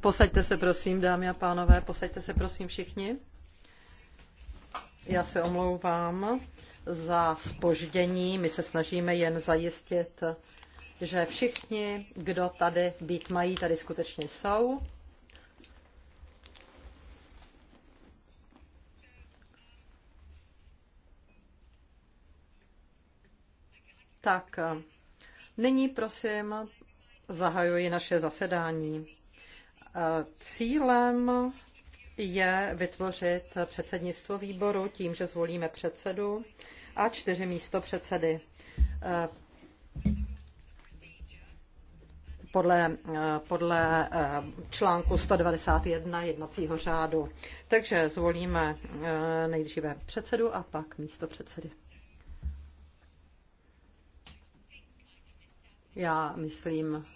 Posaďte se prosím, dámy a pánové, posaďte se prosím všichni. Já se omlouvám za spoždění. My se snažíme jen zajistit, že všichni, kdo tady být mají, tady skutečně jsou. Tak, nyní prosím Zahajuji naše zasedání. E, cílem je vytvořit předsednictvo výboru tím, že zvolíme předsedu a čtyři místo předsedy. E, podle, e, podle článku 191 jednacího řádu. Takže zvolíme nejdříve předsedu a pak místo předsedy. Já myslím,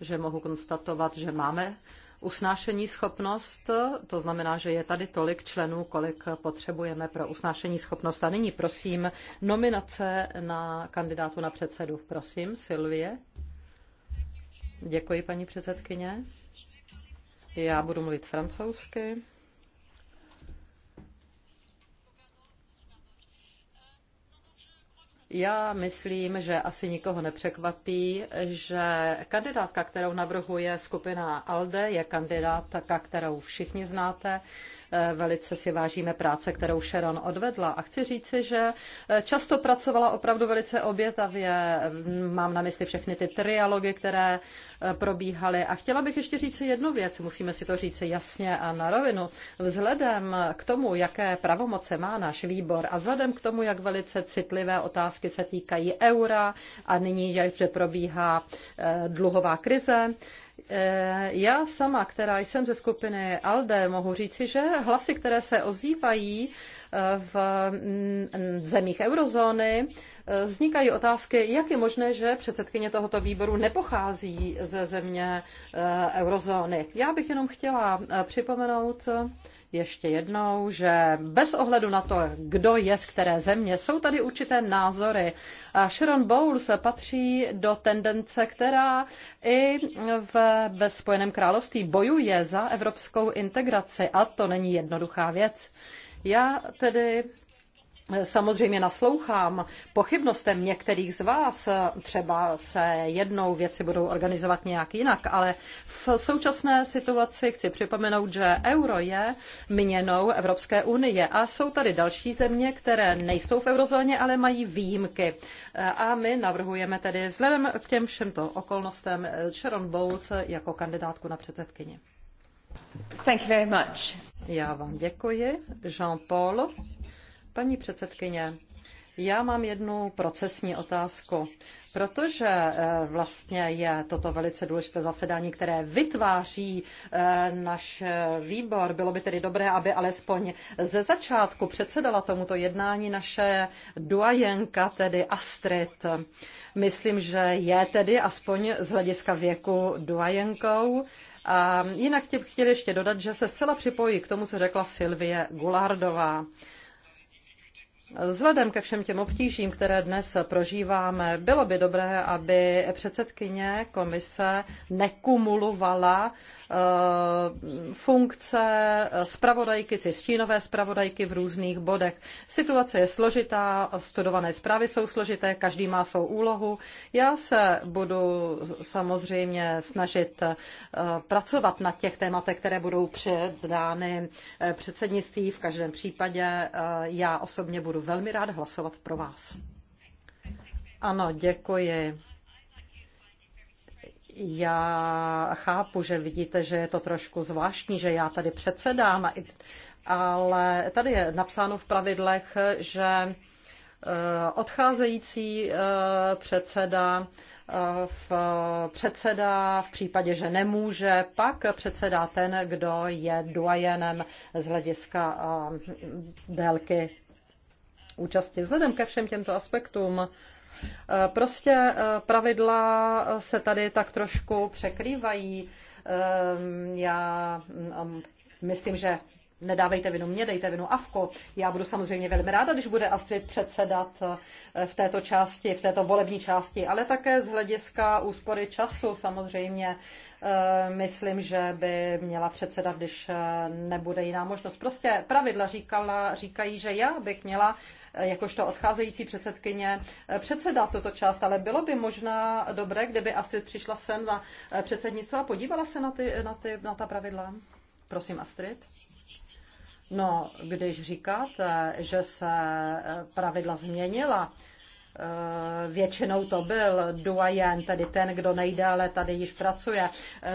že mohu konstatovat, že máme usnášení schopnost, to znamená, že je tady tolik členů, kolik potřebujeme pro usnášení schopnost. A nyní prosím nominace na kandidátu na předsedu. Prosím, Silvie. Děkuji, paní předsedkyně. Já budu mluvit francouzsky. Já myslím, že asi nikoho nepřekvapí, že kandidátka, kterou navrhuje skupina ALDE, je kandidátka, kterou všichni znáte, Eh, velice si vážíme práce, kterou Sharon odvedla. A chci říci, že eh, často pracovala opravdu velice obětavě. Mm, mám na mysli všechny ty trialogy, které eh, probíhaly. A chtěla bych ještě říci jednu věc, musíme si to říci jasně a na rovinu. Vzhledem k tomu, jaké pravomoce má náš výbor a vzhledem k tomu, jak velice citlivé otázky se týkají eura a nyní, že probíhá dluhová krize, Eh, já sama, která jsem ze skupiny ALDE, mohu říci, že hlasy, které se ozývají eh, mm, v zemích eurozóny, eh, vznikají otázky, jak je možné, že předsedkyně tohoto výboru nepochází ze země eurozóny. Já bych jenom chtěla připomenout, ještě jednou, že bez ohledu na to, kdo je z které země, jsou tady určité názory. A Sharon Bowles patří do tendence, která i v Spojeném království bojuje za evropskou integraci a to není jednoduchá věc. Já tedy samozřejmě naslouchám pochybnostem některých z vás, třeba se jednou věci budou organizovat nějak jinak, ale v současné situaci chci připomenout, že euro je měnou Evropské unie a jsou tady další země, které nejsou v eurozóně, ale mají výjimky. A my navrhujeme tedy vzhledem k těm všemto okolnostem Sharon Bowles jako kandidátku na předsedkyni. Thank you very much. Já vám děkuji, Jean-Paul. Paní předsedkyně, já mám jednu procesní otázku, protože eh, vlastně je toto velice důležité zasedání, které vytváří eh, náš eh, výbor. Bylo by tedy dobré, aby alespoň ze začátku předsedala tomuto jednání naše duajenka, tedy Astrid. Myslím, že je tedy aspoň z hlediska věku duajenkou. A jinak chtěl ještě dodat, že se zcela připojí k tomu, co řekla Silvie Gulardová. Vzhledem ke všem těm obtížím, které dnes prožíváme, bylo by dobré, aby předsedkyně komise nekumulovala Eh, funkce zpravodajky, či stínové zpravodajky v různých bodech. Situace je složitá, studované zprávy jsou složité, každý má svou úlohu. Já se budu samozřejmě snažit eh, pracovat na těch tématech, které budou předány eh, předsednictví. V každém případě já osobně budu velmi rád hlasovat pro vás. Ano, děkuji. Já chápu, že vidíte, že je to trošku zvláštní, že já tady předsedám, ale tady je napsáno v pravidlech, že eh, odcházející eh, předseda eh, v předseda v případě, že nemůže, pak předseda ten, kdo je duajenem z hlediska délky účasti. Vzhledem ke všem těmto aspektům Eh, prostě eh, pravidla eh, se tady tak trošku překrývají. Ehm, já mm, mm, myslím, že nedávejte vinu mě, dejte vinu Avko. Já budu samozřejmě velmi ráda, když bude Astrid předsedat v této části, v této volební části, ale také z hlediska úspory času samozřejmě myslím, že by měla předsedat, když nebude jiná možnost. Prostě pravidla říkala, říkají, že já bych měla jakožto odcházející předsedkyně eh, předsedá tuto část, ale bylo by možná dobré, kdyby Astrid přišla sem na eh, předsednictvo a podívala se na, ty, na, ty, na ta pravidla. Prosím, Astrid. No, když říkáte, že se eh, pravidla změnila, většinou to byl duajen, tedy ten, kdo nejdéle tady již pracuje,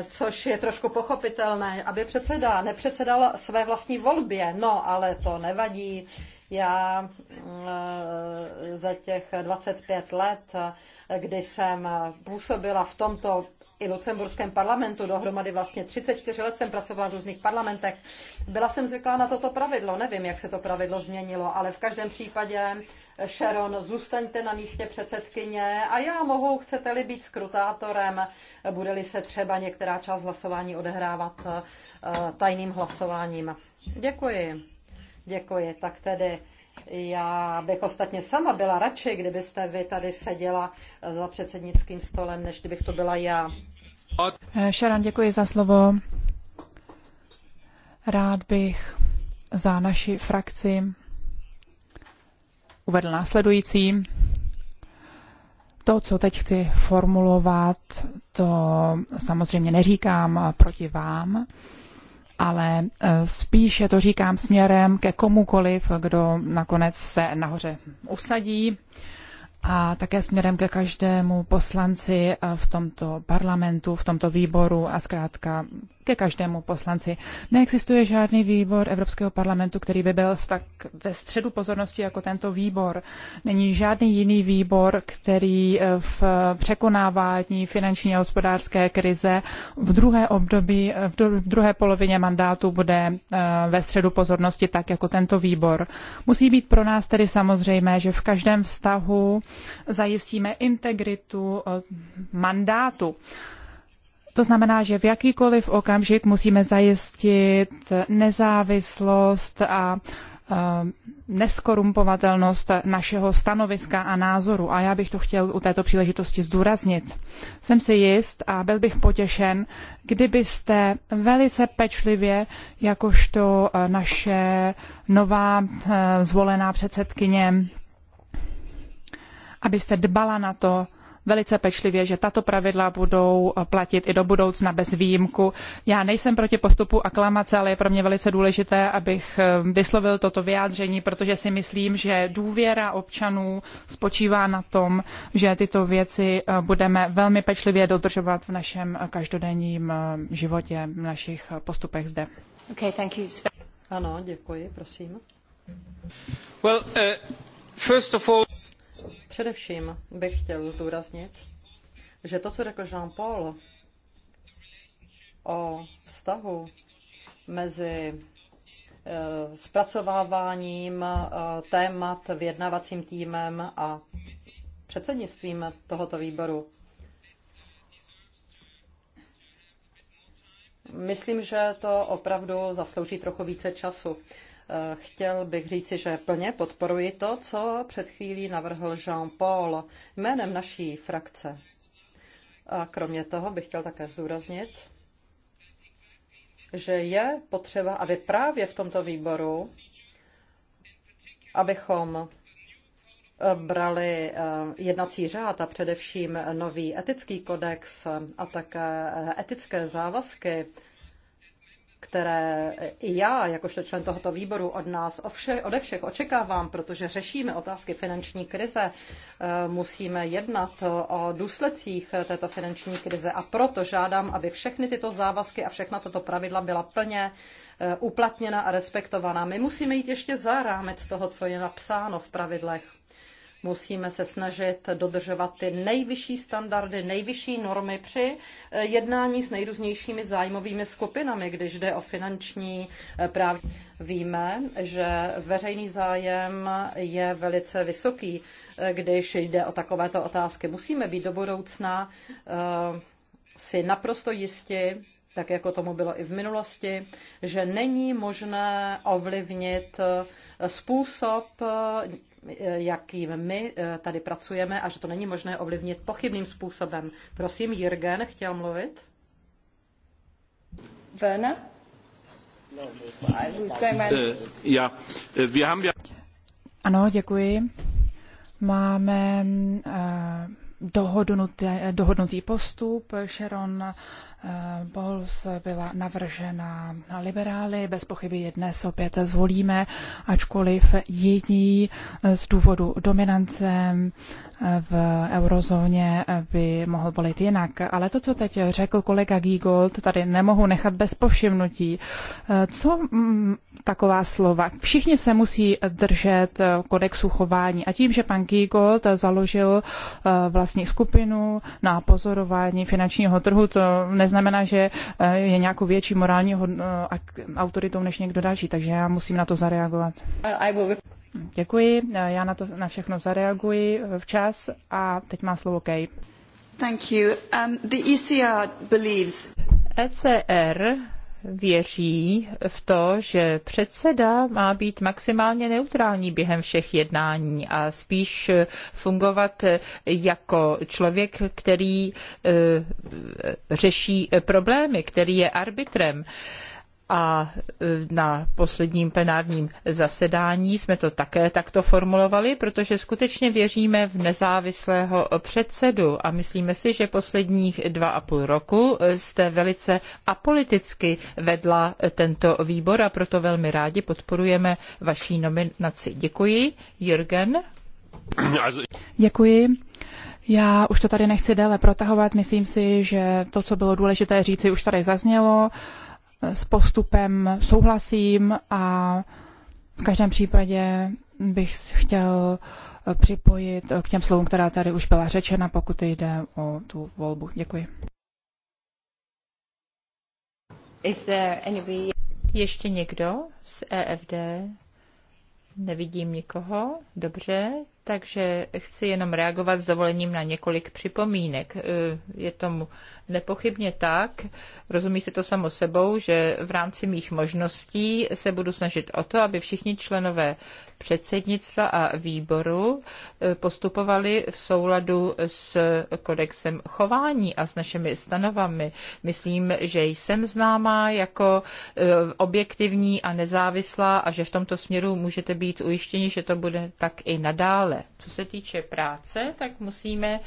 což je trošku pochopitelné, aby předseda nepředsedal své vlastní volbě. No, ale to nevadí. Já eh, za těch 25 let, kdy jsem působila v tomto i lucemburském parlamentu, dohromady vlastně 34 let jsem pracovala v různých parlamentech. Byla jsem zvyklá na toto pravidlo, nevím, jak se to pravidlo změnilo, ale v každém případě, Sharon, zůstaňte na místě předsedkyně a já mohu, chcete-li být skrutátorem, bude-li se třeba některá část hlasování odehrávat eh, tajným hlasováním. Děkuji. Děkuji. Tak tedy já bych ostatně sama byla radši, kdybyste vy tady seděla za předsednickým stolem, než kdybych to byla já. Šaran, děkuji za slovo. Rád bych za naši frakci uvedl následující. To, co teď chci formulovat, to samozřejmě neříkám proti vám, ale eh, spíše to říkám směrem ke komukoliv, kdo nakonec se nahoře usadí a také směrem ke každému poslanci eh, v tomto parlamentu, v tomto výboru a zkrátka ke každému poslanci. Neexistuje žádný výbor Evropského parlamentu, který by byl v tak ve středu pozornosti jako tento výbor. Není žádný jiný výbor, který eh, v překonávání finanční a hospodářské krize v druhé období, eh, v druhé polovině mandátu bude eh, ve středu pozornosti tak jako tento výbor. Musí být pro nás tedy samozřejmé, že v každém vztahu zajistíme integritu mandátu. To znamená, že v jakýkoliv okamžik musíme zajistit nezávislost a eh, neskorumpovatelnost našeho stanoviska a názoru. A já bych to chtěl u této příležitosti zdůraznit. Jsem si jist a byl bych potěšen, kdybyste velice pečlivě, jakožto eh, naše nová eh, zvolená předsedkyně, abyste dbala na to, velice pečlivě, že tato pravidla budou eh, platit i do budoucna bez výjimku. Já nejsem proti postupu aklamace, ale je pro mě velice důležité, abych eh, vyslovil toto vyjádření, protože si myslím, že důvěra občanů spočívá na tom, že tyto věci eh, budeme velmi pečlivě dodržovat v našem každodenním životě, v našich postupech zde. Okay, thank you. Ano, děkuji, prosím. Well, uh, first of all... Především bych chtěl zdůraznit, že to, co řekl Jean-Paul o vztahu mezi eh, zpracováváním eh, témat vyjednávacím týmem a předsednictvím tohoto výboru. Myslím, že to opravdu zaslouží trochu více času. Chtěl bych říci, že plně podporuji to, co před chvílí navrhl Jean-Paul jménem naší frakce. A kromě toho bych chtěl také zdůraznit, že je potřeba, aby právě v tomto výboru, abychom eh, brali eh, jednací řád a především nový etický kodex a také eh, etické závazky které i já, jakožto člen tohoto výboru, od nás ovše, ode všech očekávám, protože řešíme otázky finanční krize, eh, musíme jednat eh, o důsledcích eh, této finanční krize a proto žádám, aby všechny tyto závazky a všechna tato pravidla byla plně uplatněna a respektovaná. My musíme jít ještě za rámec toho, co je napsáno v pravidlech. Musíme se snažit dodržovat ty nejvyšší standardy, nejvyšší normy při eh, jednání s nejrůznějšími zájmovými skupinami, když jde o finanční eh, právě. Víme, že veřejný zájem je velice vysoký, eh, když jde o takovéto otázky. Musíme být do budoucna si naprosto jisti, tak jako tomu bylo i v minulosti, že není možné ovlivnit způsob jakým my eh, tady pracujeme a že to není možné ovlivnit pochybným způsobem. Prosím, Jürgen chtěl mluvit. Werner? Eh, eh, ano, děkuji. Máme dohodnutý, dohodnutý postup. Sharon Bowles eh, byla navržena liberály, bez pochyby je dnes opět zvolíme, ačkoliv jiní z důvodu dominance v eurozóně by mohl volit jinak. Ale to, co teď řekl kolega Giegold, tady nemohu nechat bez povšimnutí. Co mm, taková slova? Všichni se musí držet kodexu chování. A tím, že pan Giegold založil eh, vlastní skupinu na pozorování finančního trhu, to neznamená, že eh, je nějakou větší morální eh, autoritou než někdo další. Takže já musím na to zareagovat. Děkuji, já na to na všechno zareaguji včas a teď má slovo Kej. Thank you. Um, the ECR believes... ECR věří v to, že předseda má být maximálně neutrální během všech jednání a spíš fungovat jako člověk, který eh, řeší problémy, který je arbitrem. Uh, a e, na posledním plenárním zasedání jsme to také takto formulovali, protože skutečně věříme v nezávislého předsedu a myslíme si, že posledních dva a půl roku e, jste velice apoliticky vedla tento výbor a proto velmi rádi podporujeme vaší nominaci. Děkuji. Jürgen? Děkuji. Já už to tady nechci déle protahovat, myslím si, že to, co bylo důležité říci, už tady zaznělo s postupem souhlasím a v každém případě bych chtěl eh, připojit eh, k těm slovům, která tady už byla řečena, pokud jde o tu volbu. Děkuji. Is there anybody... Ještě někdo z EFD? Nevidím nikoho. Dobře, takže chci jenom reagovat s dovolením na několik připomínek. E, je tomu nepochybně tak, rozumí se to samo sebou, že v rámci mých možností se budu snažit o to, aby všichni členové předsednictva a výboru e, postupovali v souladu s kodexem chování a s našimi stanovami. Myslím, že jsem známá jako e, objektivní a nezávislá a že v tomto směru můžete být ujištěni, že to bude tak i nadále ale co se týče práce, tak musíme e,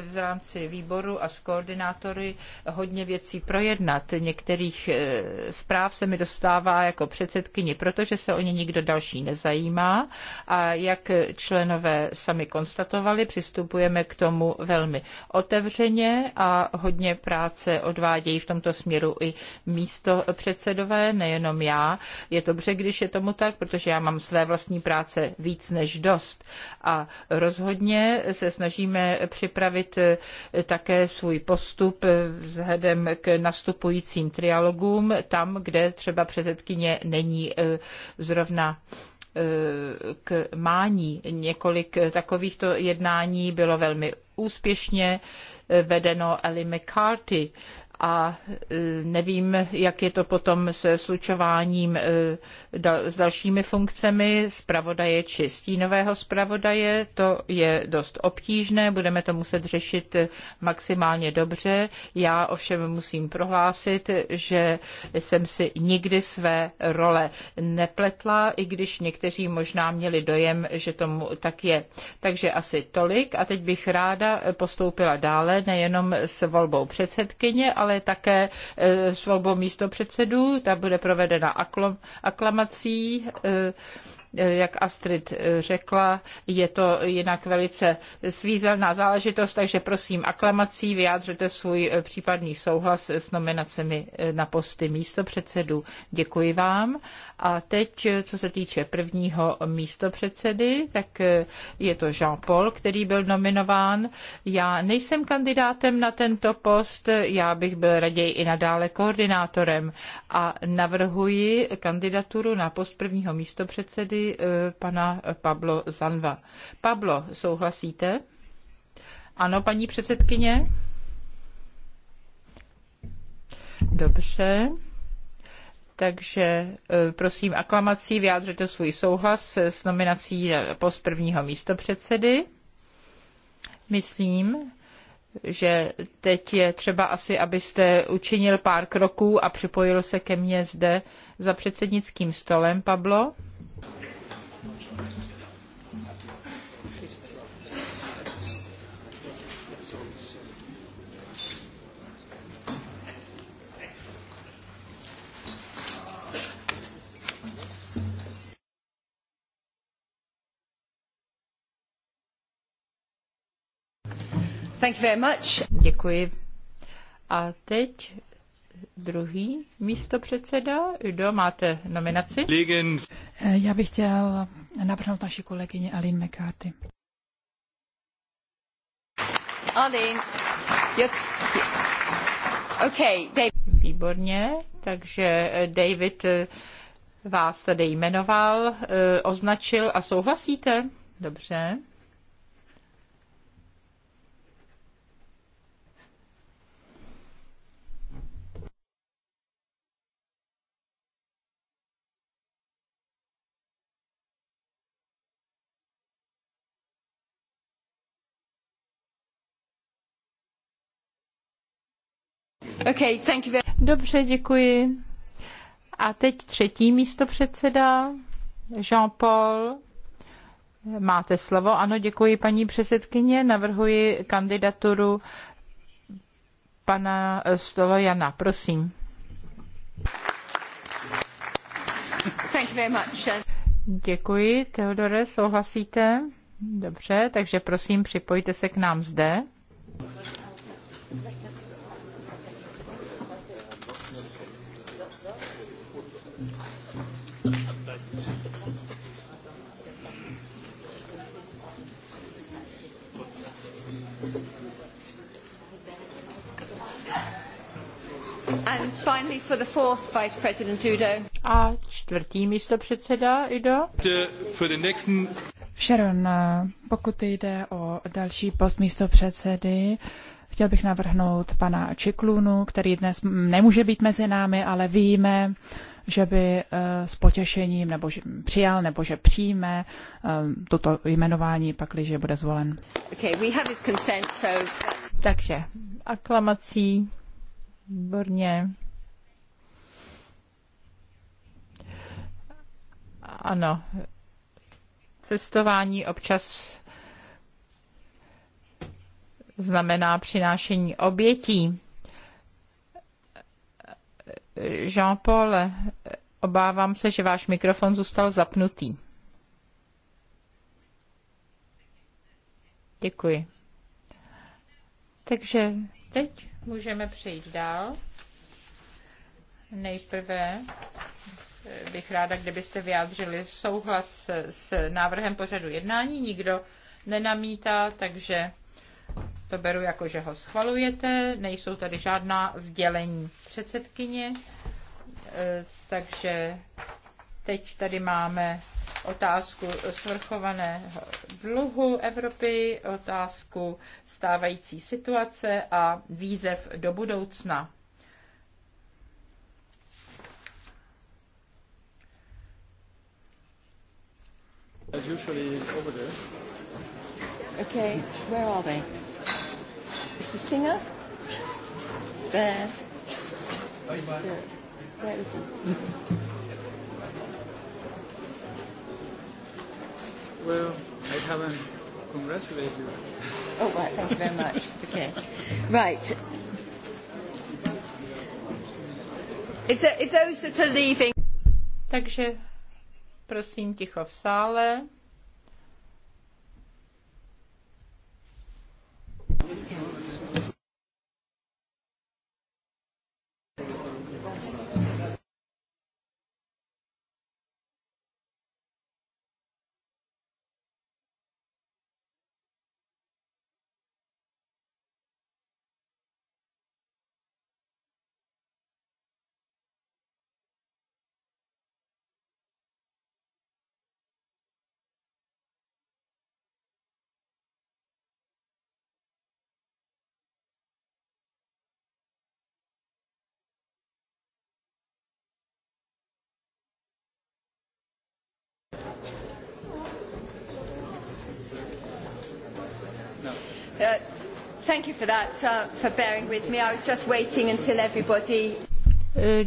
v rámci výboru a s koordinátory hodně věcí projednat. Některých e, zpráv se mi dostává jako předsedkyni, protože se o ně nikdo další nezajímá a jak členové sami konstatovali, přistupujeme k tomu velmi otevřeně a hodně práce odvádějí v tomto směru i místo předsedové, nejenom já. Je dobře, když je tomu tak, protože já mám své vlastní práce víc než dost. A rozhodně se snažíme připravit eh, také svůj postup eh, vzhledem k nastupujícím trialogům, tam, kde třeba předsedkyně není eh, zrovna k mání. Několik takovýchto jednání bylo velmi úspěšně vedeno Ellie McCarthy a nevím, jak je to potom se slučováním s dalšími funkcemi zpravodaje či stínového zpravodaje. To je dost obtížné, budeme to muset řešit eh, maximálně dobře. Já ovšem musím prohlásit, že jsem si nikdy své role nepletla, i když někteří možná měli dojem, že tomu tak je. Takže asi tolik a teď bych ráda eh, postoupila dále, nejenom s volbou předsedkyně, ale také eh, s volbou místo předsedů. Ta bude provedena aklamací informací eh, eh, jak Astrid eh, řekla, je to jinak velice svízelná záležitost, takže prosím aklamací vyjádřete svůj případný souhlas s nominacemi na posty místopředsedů. Děkuji vám a teď, co se týče prvního místopředsedy, tak je to Jean-Paul, který byl nominován. Já nejsem kandidátem na tento post, já bych byl raději i nadále koordinátorem a navrhuji kandidaturu na post prvního místopředsedy eh, pana Pablo Zanva. Pablo, souhlasíte? Ano, paní předsedkyně? Dobře. Takže e, prosím aklamací vyjádřete svůj souhlas s nominací post prvního místo předsedy. Myslím, že teď je třeba asi, abyste učinil pár kroků a připojil se ke mně zde za předsednickým stolem, Pablo. Děkuji. A teď druhý místo předseda. Udo, máte nominaci? Já bych chtěl navrhnout naši kolegyni Aline McCarthy. Aline, okay, David. Výborně, takže eh, David eh, vás tady jmenoval, eh, označil a souhlasíte? Dobře. Okay, thank you very... Dobře, děkuji. A teď třetí místo předseda, Jean-Paul. Máte slovo. Ano, děkuji paní předsedkyně. Navrhuji kandidaturu pana Stolojana. Prosím. Thank you very much. Děkuji, Teodore, souhlasíte? Dobře, takže prosím, připojte se k nám zde. A čtvrtý místo předseda Udo. Sharon, eh, pokud jde o další post místo předsedy, Chtěl bych navrhnout pana Čiklunu, který dnes nemůže být mezi námi, ale víme, že by eh, s potěšením nebo že přijal nebo že přijme eh, toto jmenování, pakliže bude zvolen. Okay, so... Takže aklamací Výborně. Ano, cestování občas znamená přinášení obětí. Jean-Paul, obávám se, že váš mikrofon zůstal zapnutý. Děkuji. Takže teď Můžeme přejít dál. Nejprve bych ráda, kdybyste vyjádřili souhlas s návrhem pořadu jednání. Nikdo nenamítá, takže to beru jako, že ho schvalujete. Nejsou tady žádná sdělení předsedkyně, eh, takže Teď tady máme otázku svrchovaného dluhu Evropy, otázku stávající situace a výzev do budoucna. As usually over there. Okay, where are they? Is the singer? There. where is he? Well, I haven't congratulated you. Oh, right, thank you very much. okay. Right. If, the, if those that are leaving... Takže prosím ticho v sále.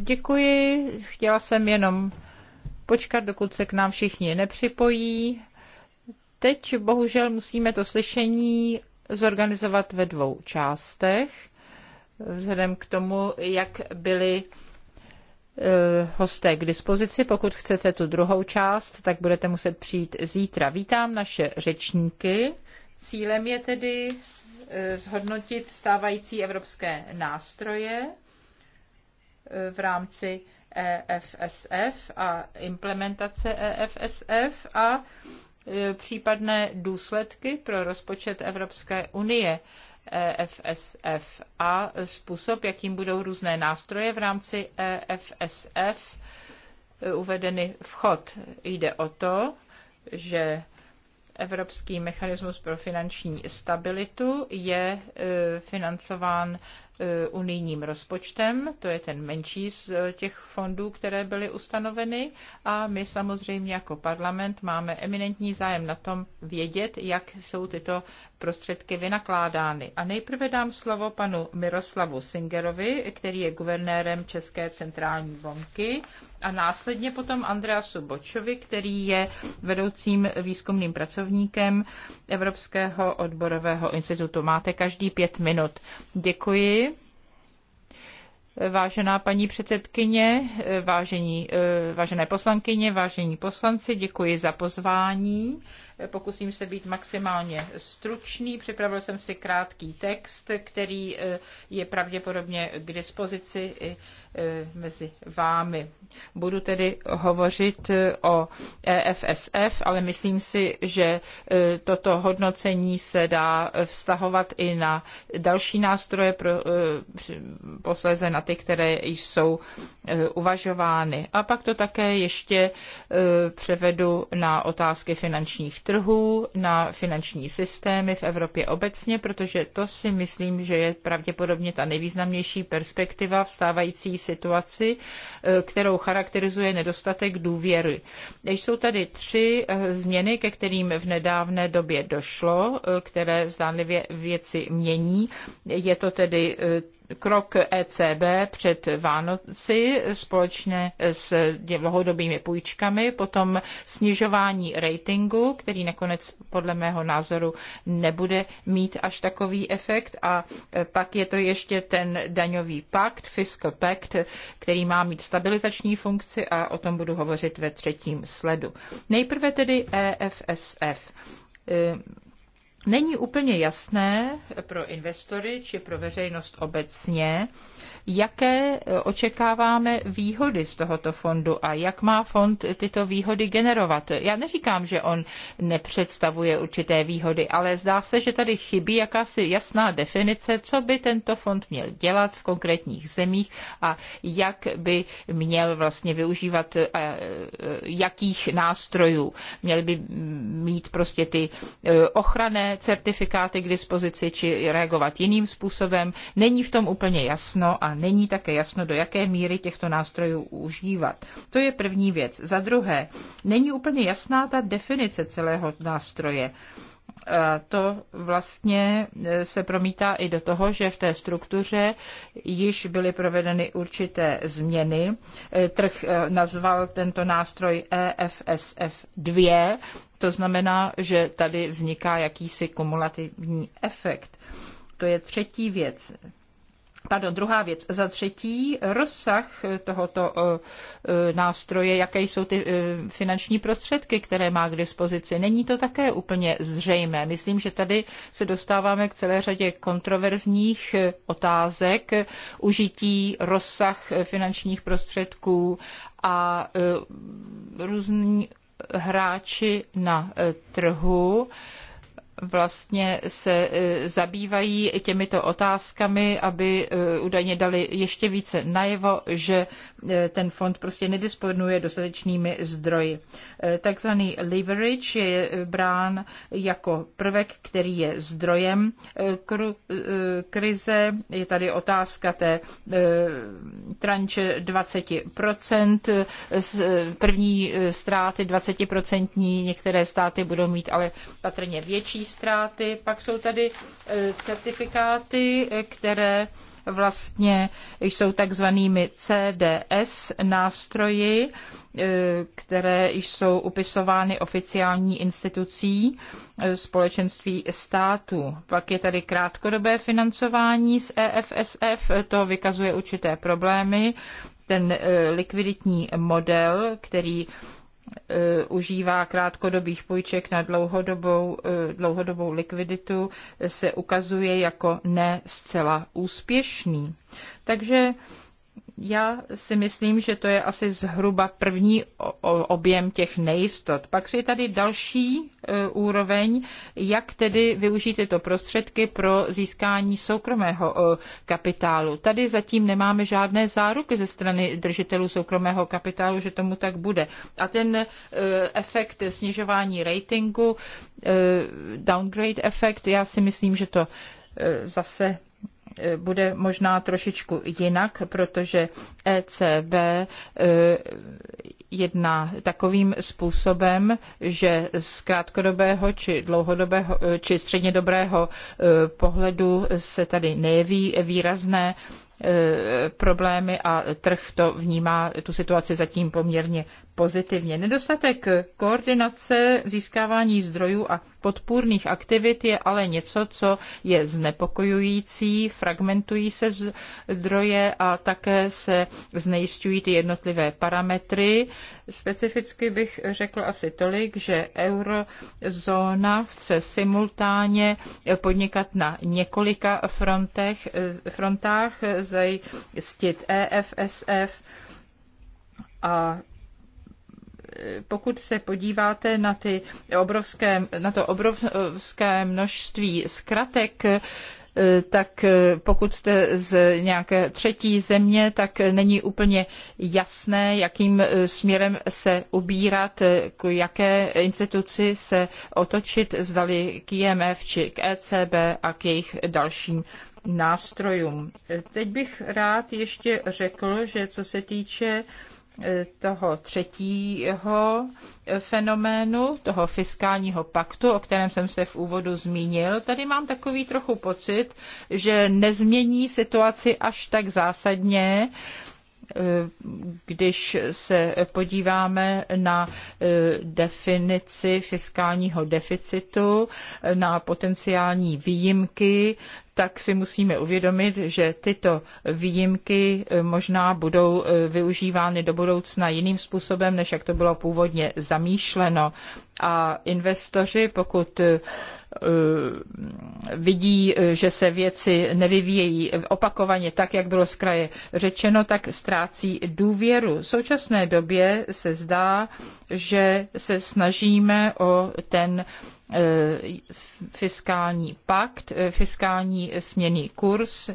Děkuji, chtěla jsem jenom počkat, dokud se k nám všichni nepřipojí. Teď bohužel musíme to slyšení zorganizovat ve dvou částech, vzhledem k tomu, jak byly eh, hosté k dispozici. Pokud chcete tu druhou část, tak budete muset přijít zítra. Vítám naše řečníky. Cílem je tedy zhodnotit stávající evropské nástroje eh, v rámci EFSF a implementace EFSF a eh, případné důsledky pro rozpočet Evropské unie EFSF a způsob, jakým budou různé nástroje v rámci EFSF eh, uvedeny v chod. Jde o to, že Evropský mechanismus pro finanční stabilitu je e, financován Eh, unijním rozpočtem, to je ten menší z eh, těch fondů, které byly ustanoveny a my samozřejmě jako parlament máme eminentní zájem na tom vědět, jak jsou tyto prostředky vynakládány. A nejprve dám slovo panu Miroslavu Singerovi, který je guvernérem České centrální banky a následně potom Andreasu Bočovi, který je vedoucím výzkumným pracovníkem Evropského odborového institutu. Máte každý pět minut. Děkuji Vážená paní předsedkyně, vážení, eh, vážené poslankyně, vážení poslanci, děkuji za pozvání. Pokusím se být maximálně stručný. Připravil jsem si krátký text, který eh, je pravděpodobně k dispozici i eh, mezi vámi. Budu tedy hovořit eh, o EFSF, ale myslím si, že toto hodnocení se dá vztahovat i na další nástroje, pro, posléze na ty, které jsou uvažovány. A pak to také ještě převedu na otázky finančních trhů, na finanční systémy v Evropě obecně, protože to si myslím, že je pravděpodobně ta nejvýznamnější perspektiva v stávající situaci, eh, kterou charakterizuje nedostatek důvěry. Jsou tady tři eh, změny, ke kterým v nedávné době došlo, eh, které zdánlivě věci mění. Je to tedy krok ECB před Vánoci společně s dlouhodobými půjčkami, potom snižování ratingu, který nakonec podle mého názoru nebude mít až takový efekt a e, pak je to ještě ten daňový pakt, fiscal pact, který má mít stabilizační funkci a o tom budu hovořit ve třetím sledu. Nejprve tedy EFSF Není úplně jasné pro investory či pro veřejnost obecně, jaké eh, očekáváme výhody z tohoto fondu a jak má fond tyto výhody generovat. Já neříkám, že on nepředstavuje určité výhody, ale zdá se, že tady chybí jakási jasná definice, co by tento fond měl dělat v konkrétních zemích a jak by měl vlastně využívat eh, eh, jakých nástrojů. Měl by mít prostě ty ochranné certifikáty k dispozici či reagovat jiným způsobem. Není v tom úplně jasno a není také jasno, do jaké míry těchto nástrojů užívat. To je první věc. Za druhé, není úplně jasná ta definice celého nástroje. A to vlastně e, se promítá i do toho, že v té struktuře již byly provedeny určité změny. E, trh e, nazval tento nástroj EFSF 2, to znamená, že tady vzniká jakýsi kumulativní efekt. To je třetí věc. Pardon, druhá věc. Za třetí, rozsah tohoto eh, eh, nástroje, jaké jsou ty eh, finanční prostředky, které má k dispozici. Není to také úplně zřejmé. Myslím, že tady se dostáváme k celé řadě kontroverzních otázek, užití, rozsah finančních prostředků a různí hráči na trhu vlastně se e, zabývají těmito otázkami, aby e, údajně dali ještě více najevo, že e, ten fond prostě nedisponuje dostatečnými zdroji. Takzvaný leverage je brán jako prvek, který je zdrojem krize. Je tady otázka té tranče 20%, první ztráty 20%, některé státy budou mít ale patrně větší ztráty, pak jsou tady e, certifikáty, které vlastně jsou takzvanými CDS nástroji, e, které jsou upisovány oficiální institucí e, společenství států. Pak je tady krátkodobé financování z EFSF, to vykazuje určité problémy. Ten likviditní model, který Eh, užívá krátkodobých půjček na dlouhodobou, eh, dlouhodobou likviditu, se ukazuje jako ne zcela úspěšný. Takže já si myslím, že to je asi zhruba první objem těch nejistot. Pak je tady další e, úroveň, jak tedy využít tyto prostředky pro získání soukromého e, kapitálu. Tady zatím nemáme žádné záruky ze strany držitelů soukromého kapitálu, že tomu tak bude. A ten e, efekt snižování ratingu, downgrade efekt, já si myslím, že to zase bude možná trošičku jinak, protože ECB eh, jedná takovým způsobem, že z krátkodobého či dlouhodobého eh, či střednědobého eh, pohledu se tady nejeví výrazné problémy a trh to vnímá tu situaci zatím poměrně pozitivně. Nedostatek koordinace získávání zdrojů a podpůrných aktivit je ale něco, co je znepokojující, fragmentují se zdroje a také se znejistují ty jednotlivé parametry. Specificky bych řekl asi tolik, že eurozóna chce simultánně podnikat na několika frontech, frontách, zajistit EFSF, a pokud se podíváte na, ty obrovské, na to obrovské množství zkratek, eh, tak eh, pokud jste z nějaké třetí země, tak není úplně jasné, jakým eh, směrem se ubírat, k jaké instituci se otočit, zdali k IMF či k ECB a k jejich dalším nástrojům. Teď bych rád ještě řekl, že co se týče toho třetího fenoménu, toho fiskálního paktu, o kterém jsem se v úvodu zmínil, tady mám takový trochu pocit, že nezmění situaci až tak zásadně, Eh, když se podíváme na eh, definici fiskálního deficitu, eh, na potenciální výjimky, tak si musíme uvědomit, že tyto výjimky možná budou využívány do budoucna jiným způsobem, než jak to bylo původně zamýšleno. A investoři, pokud Eh, vidí, eh, že se věci nevyvíjejí opakovaně tak, jak bylo z kraje řečeno, tak ztrácí důvěru. V současné době se zdá, že se snažíme o ten eh, fiskální pakt, fiskální směný kurz.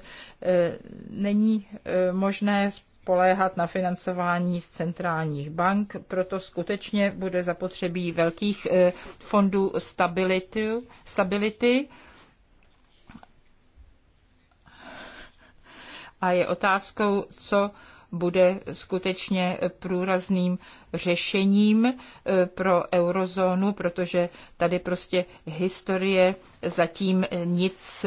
Není možné spoléhat na financování z centrálních bank, proto skutečně bude zapotřebí velkých eh, fondů stability, stability a je otázkou, co bude skutečně průrazným řešením eh, pro eurozónu, protože tady prostě historie zatím nic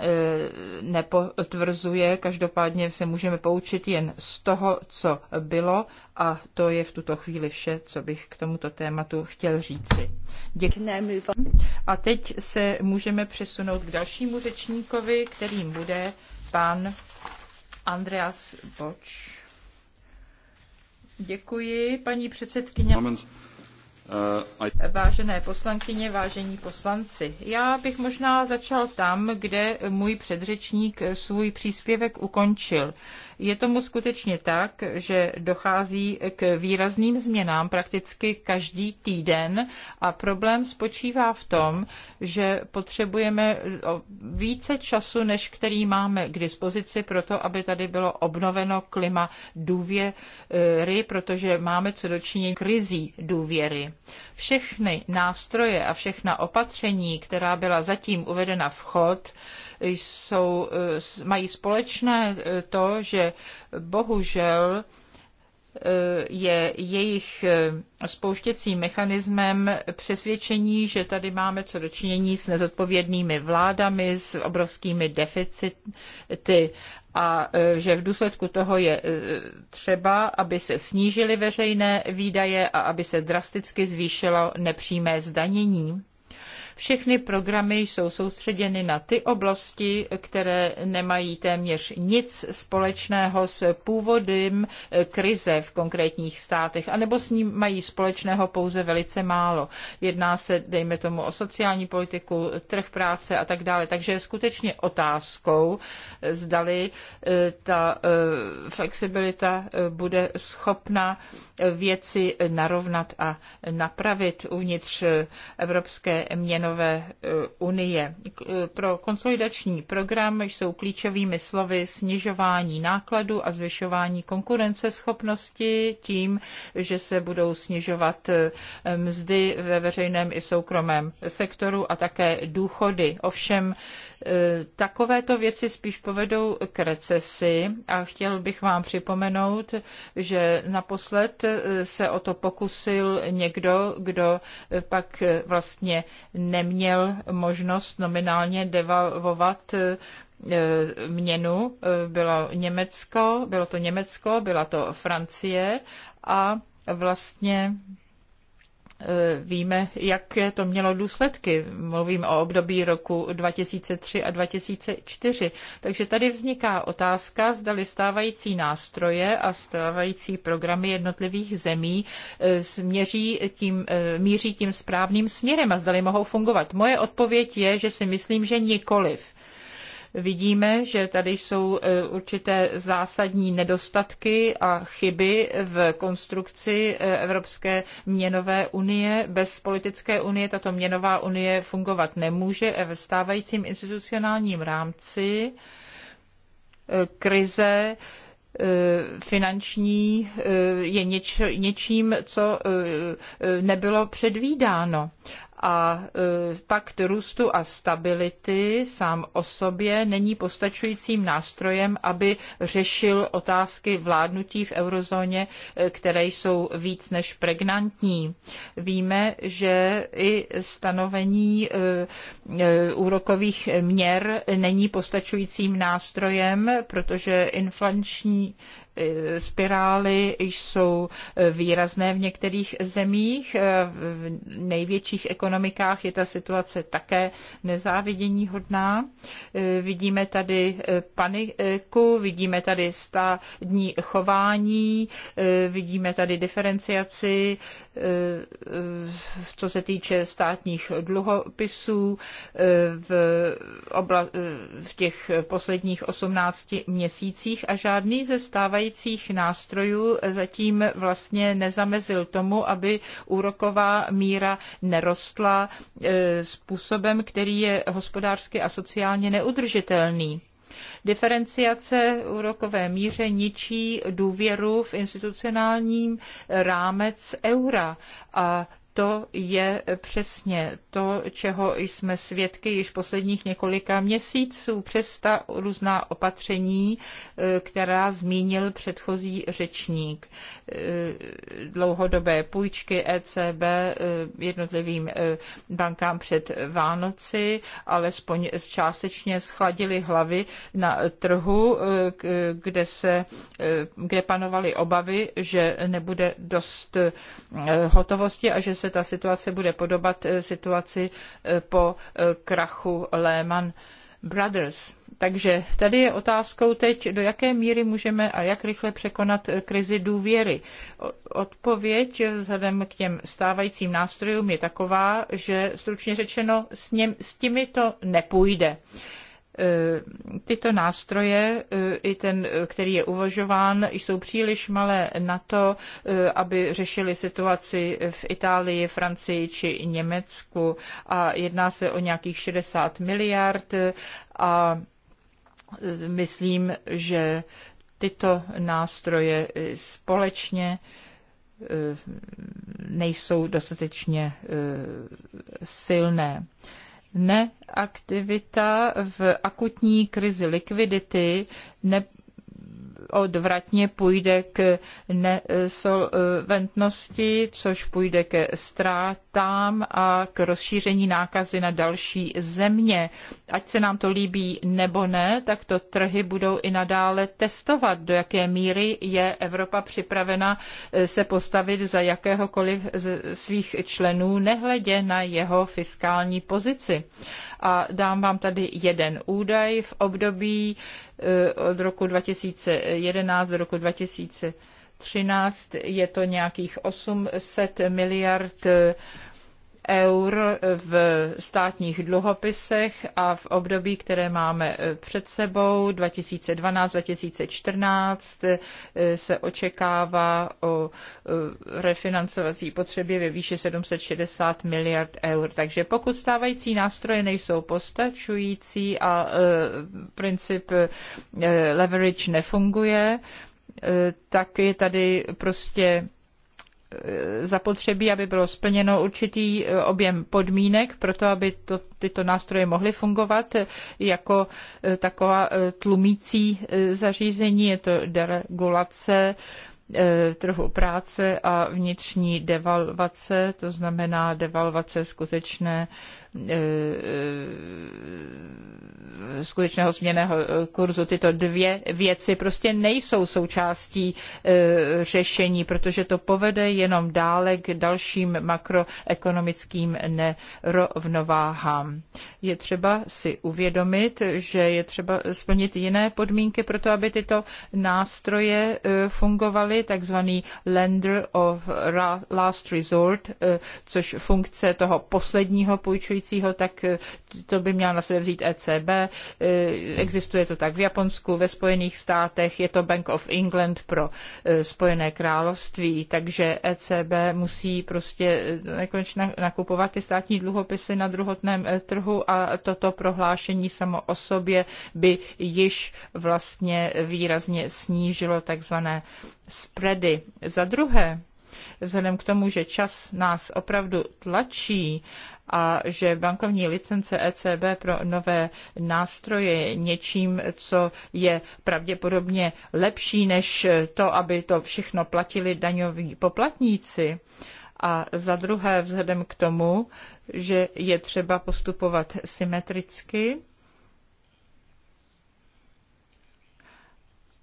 Eh, nepotvrzuje. Každopádně se můžeme poučit jen z toho, co bylo a to je v tuto chvíli vše, co bych k tomuto tématu chtěl říci. Děkuji. A teď se můžeme přesunout k dalšímu řečníkovi, kterým bude pan Andreas Boč. Děkuji, paní předsedkyně. Moment. Uh, Vážené poslankyně, vážení poslanci, já bych možná začal tam, kde můj předřečník svůj příspěvek ukončil. Je tomu skutečně tak, že dochází k výrazným změnám prakticky každý týden a problém spočívá v tom, že potřebujeme více času, než který máme k dispozici pro to, aby tady bylo obnoveno klima důvěry, protože máme co dočinit krizí důvěry. Všechny nástroje a všechna opatření, která byla zatím uvedena v chod, jsou, mají společné e, to, že bohužel eh, je jejich eh, spouštěcím mechanismem přesvědčení, že tady máme co dočinění s nezodpovědnými vládami, s obrovskými deficity a eh, že v důsledku toho je třeba, aby se snížily veřejné výdaje a aby se drasticky zvýšilo nepřímé zdanění. Všechny programy jsou soustředěny na ty oblasti, které nemají téměř nic společného s původem eh, krize v konkrétních státech, anebo s ním mají společného pouze velice málo. Jedná se, dejme tomu, o sociální politiku, trh práce a tak dále. Takže je skutečně otázkou, eh, zdali eh, ta flexibilita bude schopna věci narovnat a napravit uvnitř Evropské měnové členové eh, unie. Eh, pro konsolidační program jsou klíčovými slovy snižování nákladu a zvyšování konkurenceschopnosti tím, že se budou snižovat eh, mzdy ve veřejném i soukromém sektoru a také důchody. Ovšem E, takovéto věci spíš povedou k recesi a chtěl bych vám připomenout, že naposled e, se o to pokusil někdo, kdo e, pak vlastně neměl možnost nominálně devalvovat měnu. Bylo Německo, bylo to Německo, byla to Francie a vlastně Eh, víme, jaké to mělo důsledky. Mluvím o období roku 2003 a 2004. Takže tady vzniká otázka, zdali stávající nástroje a stávající programy jednotlivých zemí eh, směří tím, eh, míří tím správným směrem a zdali mohou fungovat. Moje odpověď je, že si myslím, že nikoliv. Vidíme, že tady jsou e, určité zásadní nedostatky a chyby v konstrukci e, Evropské měnové unie. Bez politické unie tato měnová unie fungovat nemůže e, ve stávajícím institucionálním rámci krize finanční je něč, něčím, co nebylo předvídáno a e, pakt růstu a stability sám o sobě není postačujícím nástrojem, aby řešil otázky vládnutí v eurozóně, e, které jsou víc než pregnantní. Víme, že i stanovení e, úrokových měr není postačujícím nástrojem, protože inflační E, spirály jsou e, výrazné v některých zemích. E, v největších ekonomikách je ta situace také nezávidění hodná. Vidíme tady paniku, vidíme tady sta dní chování, vidíme tady diferenciaci, co se týče státních dluhopisů v, obla- v těch posledních 18 měsících a žádný ze stávajících stávajících nástrojů zatím vlastně nezamezil tomu, aby úroková míra nerostla e, způsobem, který je hospodářsky a sociálně neudržitelný. Diferenciace úrokové míře ničí důvěru v institucionální rámec eura a to je přesně to, čeho jsme svědky již posledních několika měsíců přes ta různá opatření, eh, která zmínil předchozí řečník. Eh, dlouhodobé půjčky ECB eh, jednotlivým bankám před Vánoci, alespoň částečně schladili hlavy na trhu, kde, se, kde panovaly obavy, že nebude dost hotovosti a že se ta situace bude podobat eh, situaci eh, po eh, krachu Lehman Brothers. Takže tady je otázkou teď, do jaké míry můžeme a jak rychle překonat krizi důvěry. Odpověď vzhledem k těm stávajícím nástrojům je taková, že stručně řečeno s, něm, s těmi to nepůjde. E, tyto nástroje, e, i ten, který je uvažován, jsou příliš malé na to, e, aby řešili situaci v Itálii, Francii či Německu. A jedná se o nějakých 60 miliard a myslím, že tyto nástroje společně nejsou dostatečně silné neaktivita v akutní krizi likvidity ne, odvratně půjde k nesolventnosti, což půjde ke ztrátám a k rozšíření nákazy na další země. Ať se nám to líbí nebo ne, tak to trhy budou i nadále testovat, do jaké míry je Evropa připravena se postavit za jakéhokoliv z svých členů, nehledě na jeho fiskální pozici. A dám vám tady jeden údaj v období eh, od roku 2011 do roku 2013 je to nějakých 800 miliard eh, eur v státních dluhopisech a v období, které máme eh, před sebou, 2012-2014, eh, se očekává o eh, refinancovací potřebě ve výši 760 miliard eur. Takže pokud stávající nástroje nejsou postačující a princip leverage nefunguje, tak je tady prostě E, zapotřebí, aby bylo splněno určitý e, objem podmínek pro to, aby to, tyto nástroje mohly fungovat jako e, taková tlumící zařízení, je to deregulace trhu práce a vnitřní devalvace, to znamená devalvace skutečné E, e, skutečného směného kurzu. Tyto dvě věci prostě nejsou součástí e, řešení, protože to povede jenom dále k dalším makroekonomickým nerovnováhám. Je třeba si uvědomit, že je třeba splnit jiné podmínky pro to, aby tyto nástroje fungovaly, takzvaný lender of last resort, což funkce toho posledního půjčujícího cestujícího, tak eh, to by měla na sebe vzít ECB. Eh, existuje to tak v Japonsku, ve Spojených státech, je to Bank of England pro eh, Spojené království, takže ECB musí prostě nekonečně nakupovat ty státní dluhopisy na druhotném trhu a toto prohlášení samo o sobě by již vlastně výrazně snížilo takzvané spready. Za druhé, vzhledem k tomu, že čas nás opravdu tlačí a že bankovní licence ECB pro nové nástroje je něčím, co je pravděpodobně lepší než to, aby to všechno platili daňoví poplatníci. A za druhé, vzhledem k tomu, že je třeba postupovat symetricky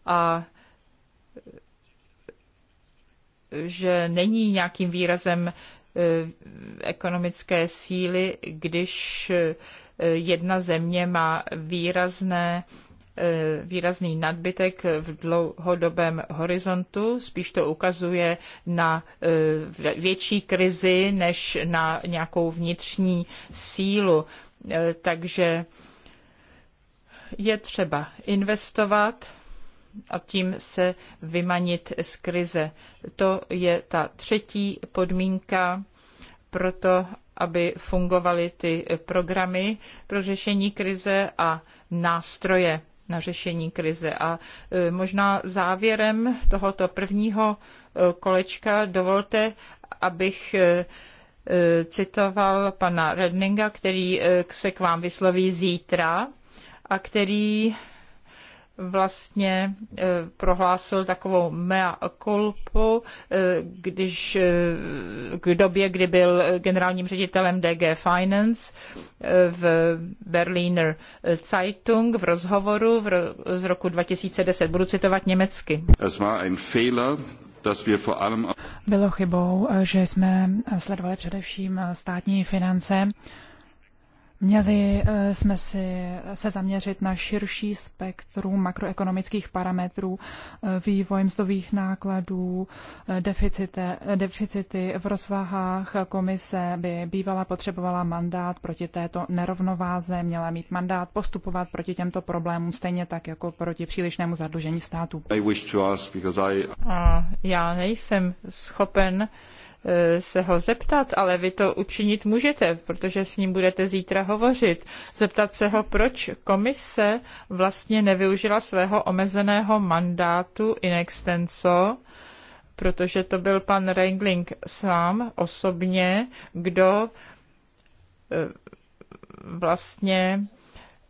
a že není nějakým výrazem Eh, ekonomické síly, když eh, jedna země má výrazné eh, výrazný nadbytek v dlouhodobém horizontu. Spíš to ukazuje na větší krizi než na nějakou vnitřní sílu. Takže je třeba investovat a tím se vymanit z krize. To je ta třetí podmínka pro to, aby fungovaly ty programy pro řešení krize a nástroje na řešení krize. A e, možná závěrem tohoto prvního e, kolečka dovolte, abych e, citoval pana Redninga, který se k vám vysloví zítra a který vlastně e, prohlásil takovou mea culpa, e, když e, k době, kdy byl generálním ředitelem DG Finance v Berliner Zeitung v rozhovoru z roku 2010. Budu citovat německy. Bylo chybou, že jsme sledovali především státní finance Měli eh, jsme si eh, se zaměřit na širší spektrum makroekonomických parametrů, eh, vývoj mzdových nákladů, deficite, deficity v rozvahách. Komise by bývala potřebovala mandát proti této nerovnováze, měla mít mandát postupovat proti těmto problémům, stejně tak jako proti přílišnému zadlužení státu. I... já nejsem schopen uh, Eh, se ho zeptat, ale vy to učinit můžete, protože s ním budete zítra hovořit. Zeptat se ho, proč komise vlastně nevyužila svého omezeného mandátu in extenso, protože to byl pan Reingling sám osobně, kdo eh, vlastně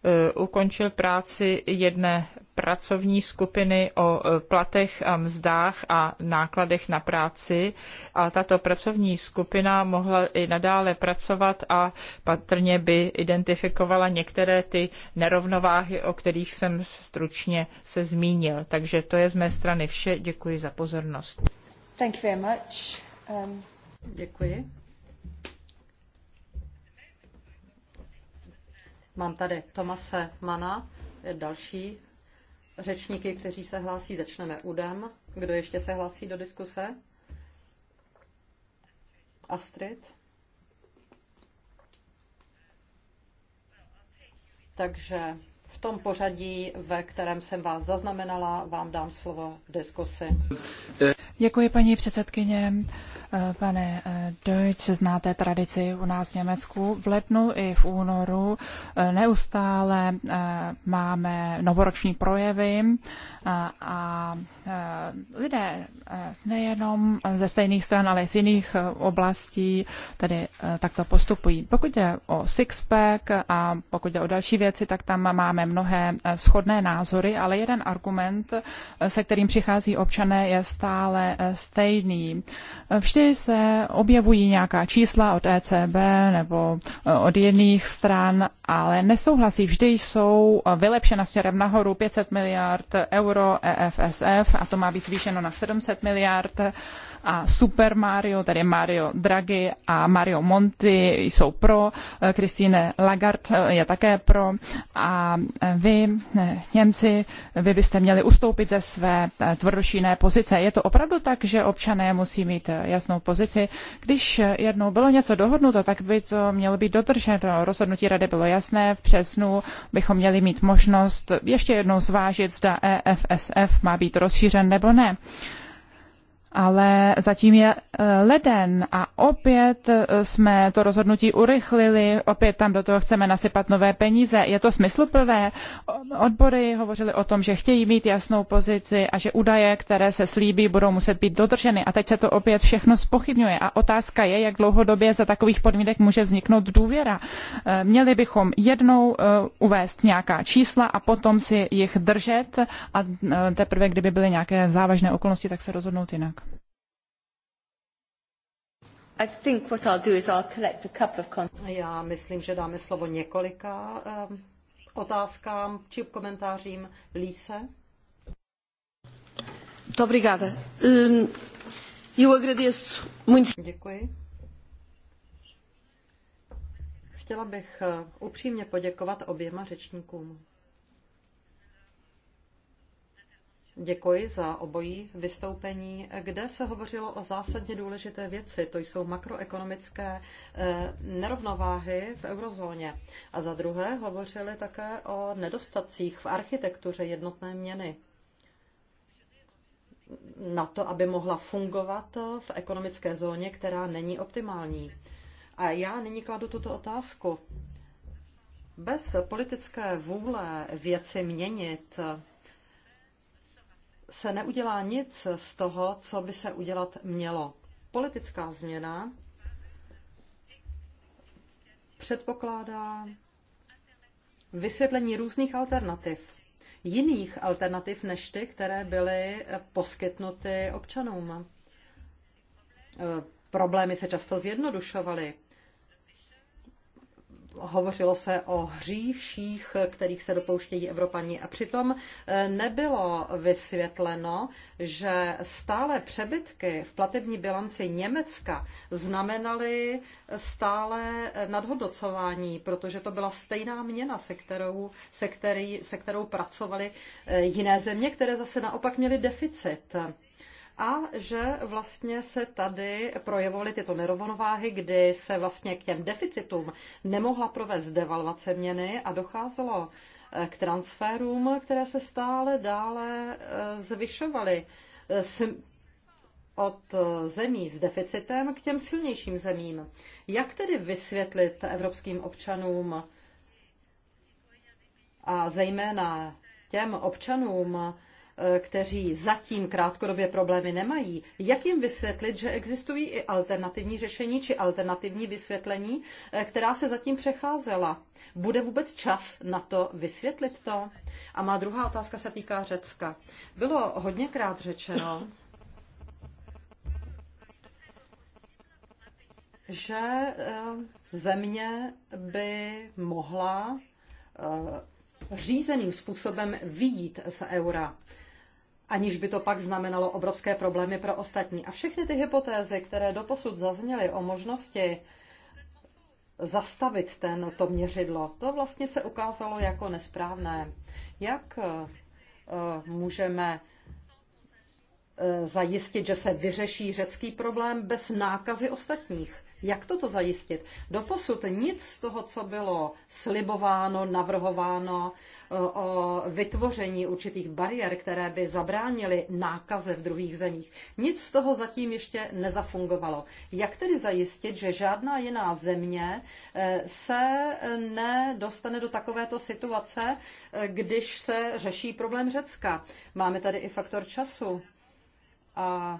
Eh, ukončil práci jedné pracovní skupiny o eh, platech a mzdách a nákladech na práci a tato pracovní skupina mohla i nadále pracovat a patrně by identifikovala některé ty nerovnováhy, o kterých jsem stručně se zmínil. Takže to je z mé strany vše. Děkuji za pozornost. Thank you very much. Um... Děkuji. Mám tady Tomase Mana, další řečníky, kteří se hlásí. Začneme Udem. Kdo ještě se hlásí do diskuse? Astrid. Takže v tom pořadí, ve kterém jsem vás zaznamenala, vám dám slovo v diskusi. Děkuji, paní předsedkyně. Eh, pane eh, Deutsch, znáte tradici u nás v Německu. V lednu i v únoru eh, neustále máme novoroční projevy a lidé nejenom ze stejných stran, ale i z jiných oblastí tedy takto postupují. Pokud je o Sixpack a pokud je o další věci, tak tam máme mnohé shodné názory, ale jeden argument, se kterým přichází občané, je stále stejný. Vždy se objevují nějaká čísla od ECB nebo e, od jiných stran, ale nesouhlasí. Vždy jsou e, vylepšena směrem nahoru 500 miliard euro EFSF a to má být zvýšeno na 700 miliard a Super Mario, tedy Mario Draghi a Mario Monti jsou pro, eh, Christine Lagarde eh, je také pro a eh, vy, Němci, vy byste měli ustoupit ze své tvrdošíné pozice. Je to opravdu tak, že občané musí mít jasnou pozici. Když jednou bylo něco dohodnuto, tak by to mělo být dodrženo. Rozhodnutí rady bylo jasné, v březnu bychom měli mít možnost ještě jednou zvážit, zda EFSF má být rozšířen nebo ne ale zatím je eh, leden a opět eh, jsme to rozhodnutí urychlili, opět tam do toho chceme nasypat nové peníze. Je to smysluplné? Odbory hovořili o tom, že chtějí mít jasnou pozici a že údaje, které se slíbí, budou muset být dodrženy. A teď se to opět všechno spochybňuje. A otázka je, jak dlouhodobě za takových podmínek může vzniknout důvěra. Eh, měli bychom jednou uvést nějaká čísla a potom si jich držet a teprve, kdyby byly nějaké závažné okolnosti, tak se rozhodnout jinak. I think what I'll do is I'll collect a couple of Já myslím, že dáme slovo několika um, otázkám či komentářím Líse. Obrigada. Um, ehm, eu agradeço muito. Děkuji. Chtěla bych eh, upřímně poděkovat oběma řečníkům. Děkuji za obojí vystoupení, kde se hovořilo o zásadně důležité věci. To jsou makroekonomické eh, nerovnováhy v eurozóně. A za druhé hovořili také o nedostacích v architektuře jednotné měny na to, aby mohla fungovat v ekonomické zóně, která není optimální. A já nyní kladu tuto otázku. Bez politické vůle věci měnit se neudělá nic z toho, co by se udělat mělo. Politická změna předpokládá vysvětlení různých alternativ. Jiných alternativ než ty, které byly poskytnuty občanům. Problémy se často zjednodušovaly hovořilo se o hříších, kterých se dopouštějí Evropani. A přitom eh, nebylo vysvětleno, že stále přebytky v platební bilanci Německa znamenaly eh, stále eh, nadhodnocování, protože to byla stejná měna, se kterou, se, který, se kterou pracovali jiné země, které zase naopak měly deficit a že vlastně se tady projevovaly tyto nerovnováhy, kdy se vlastně k těm deficitům nemohla provést devalvace měny a docházelo eh, k transferům, které se stále dále eh, zvyšovaly eh, od zemí s deficitem k těm silnějším zemím. Jak tedy vysvětlit evropským občanům a zejména těm občanům, Eh, kteří zatím krátkodobě problémy nemají, jak jim vysvětlit, že existují i alternativní řešení či alternativní vysvětlení, eh, která se zatím přecházela. Bude vůbec čas na to vysvětlit to? A má druhá otázka se týká Řecka. Bylo hodněkrát řečeno, že eh, země by mohla řízeným způsobem vyjít z eura aniž by to pak znamenalo obrovské problémy pro ostatní. A všechny ty hypotézy, které doposud zazněly o možnosti zastavit ten, to měřidlo, to vlastně se ukázalo jako nesprávné. Jak eh, můžeme eh, zajistit, že se vyřeší řecký problém bez nákazy ostatních? Jak toto zajistit? Doposud nic z toho, co bylo slibováno, navrhováno eh, o vytvoření určitých bariér, které by zabránily nákaze v druhých zemích, nic z toho zatím ještě nezafungovalo. Jak tedy zajistit, že žádná jiná země eh, se nedostane do takovéto situace, eh, když se řeší problém Řecka? Máme tady i faktor času. A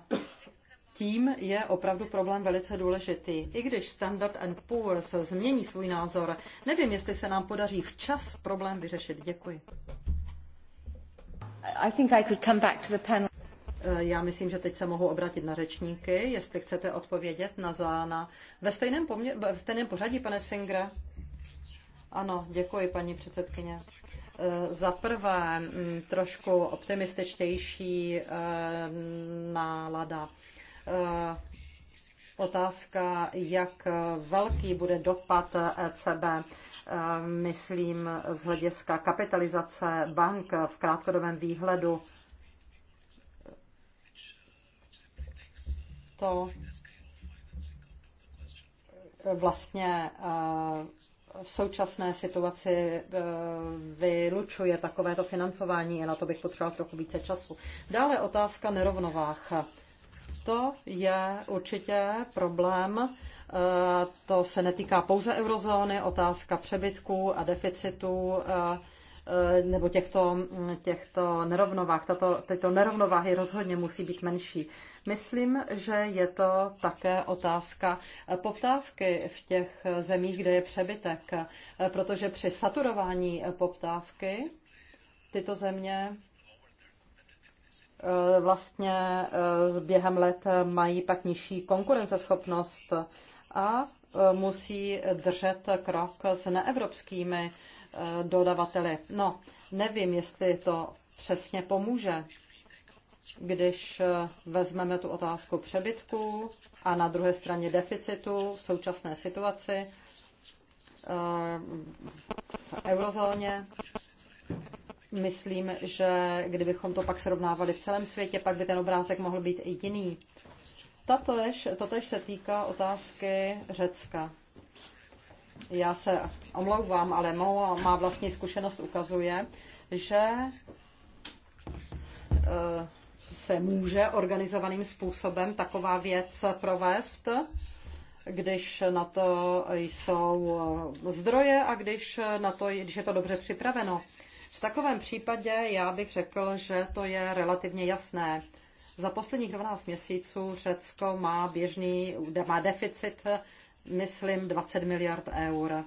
tím je opravdu problém velice důležitý. I když Standard and Poor's změní svůj názor, nevím, jestli se nám podaří včas problém vyřešit. Děkuji. I think I could come back to the panel. Eh, já myslím, že teď se mohu obratit na řečníky, jestli chcete odpovědět na zána. Ve stejném, pomě- ve stejném pořadí, pane Singre? Ano, děkuji, paní předsedkyně. Eh, za prvé, mm, trošku optimističtější eh, nálada. Eh, otázka, jak velký bude dopad ECB, eh, myslím, z hlediska kapitalizace bank v krátkodobém výhledu. To vlastně eh, v současné situaci vylučuje takovéto financování, a na to bych potřeboval trochu více času. Dále otázka nerovnováh. To je určitě problém. E, to se netýká pouze eurozóny, otázka přebytků a deficitů e, e, nebo těchto, těchto nerovnovách. Tato, tyto nerovnováhy rozhodně musí být menší. Myslím, že je to také otázka poptávky v těch zemích, kde je přebytek, protože při saturování poptávky tyto země Eh, vlastně eh, s během let mají pak nižší konkurenceschopnost a eh, musí držet krok s neevropskými dodavateli. No, nevím, jestli to přesně pomůže, když vezmeme tu otázku přebytku a na druhé straně deficitu v současné situaci v eurozóně Myslím, že kdybychom to pak srovnávali v celém světě, pak by ten obrázek mohl být i jiný. Tatež, totež se týká otázky Řecka. Já se omlouvám, ale mou, má vlastní zkušenost ukazuje, že eh, se může organizovaným způsobem taková věc provést, když na to jsou zdroje a když, na to, když je to dobře připraveno. V takovém případě já bych řekl, že to je relativně jasné. Za posledních 12 měsíců Řecko má běžný, má deficit, myslím, 20 miliard eur eh,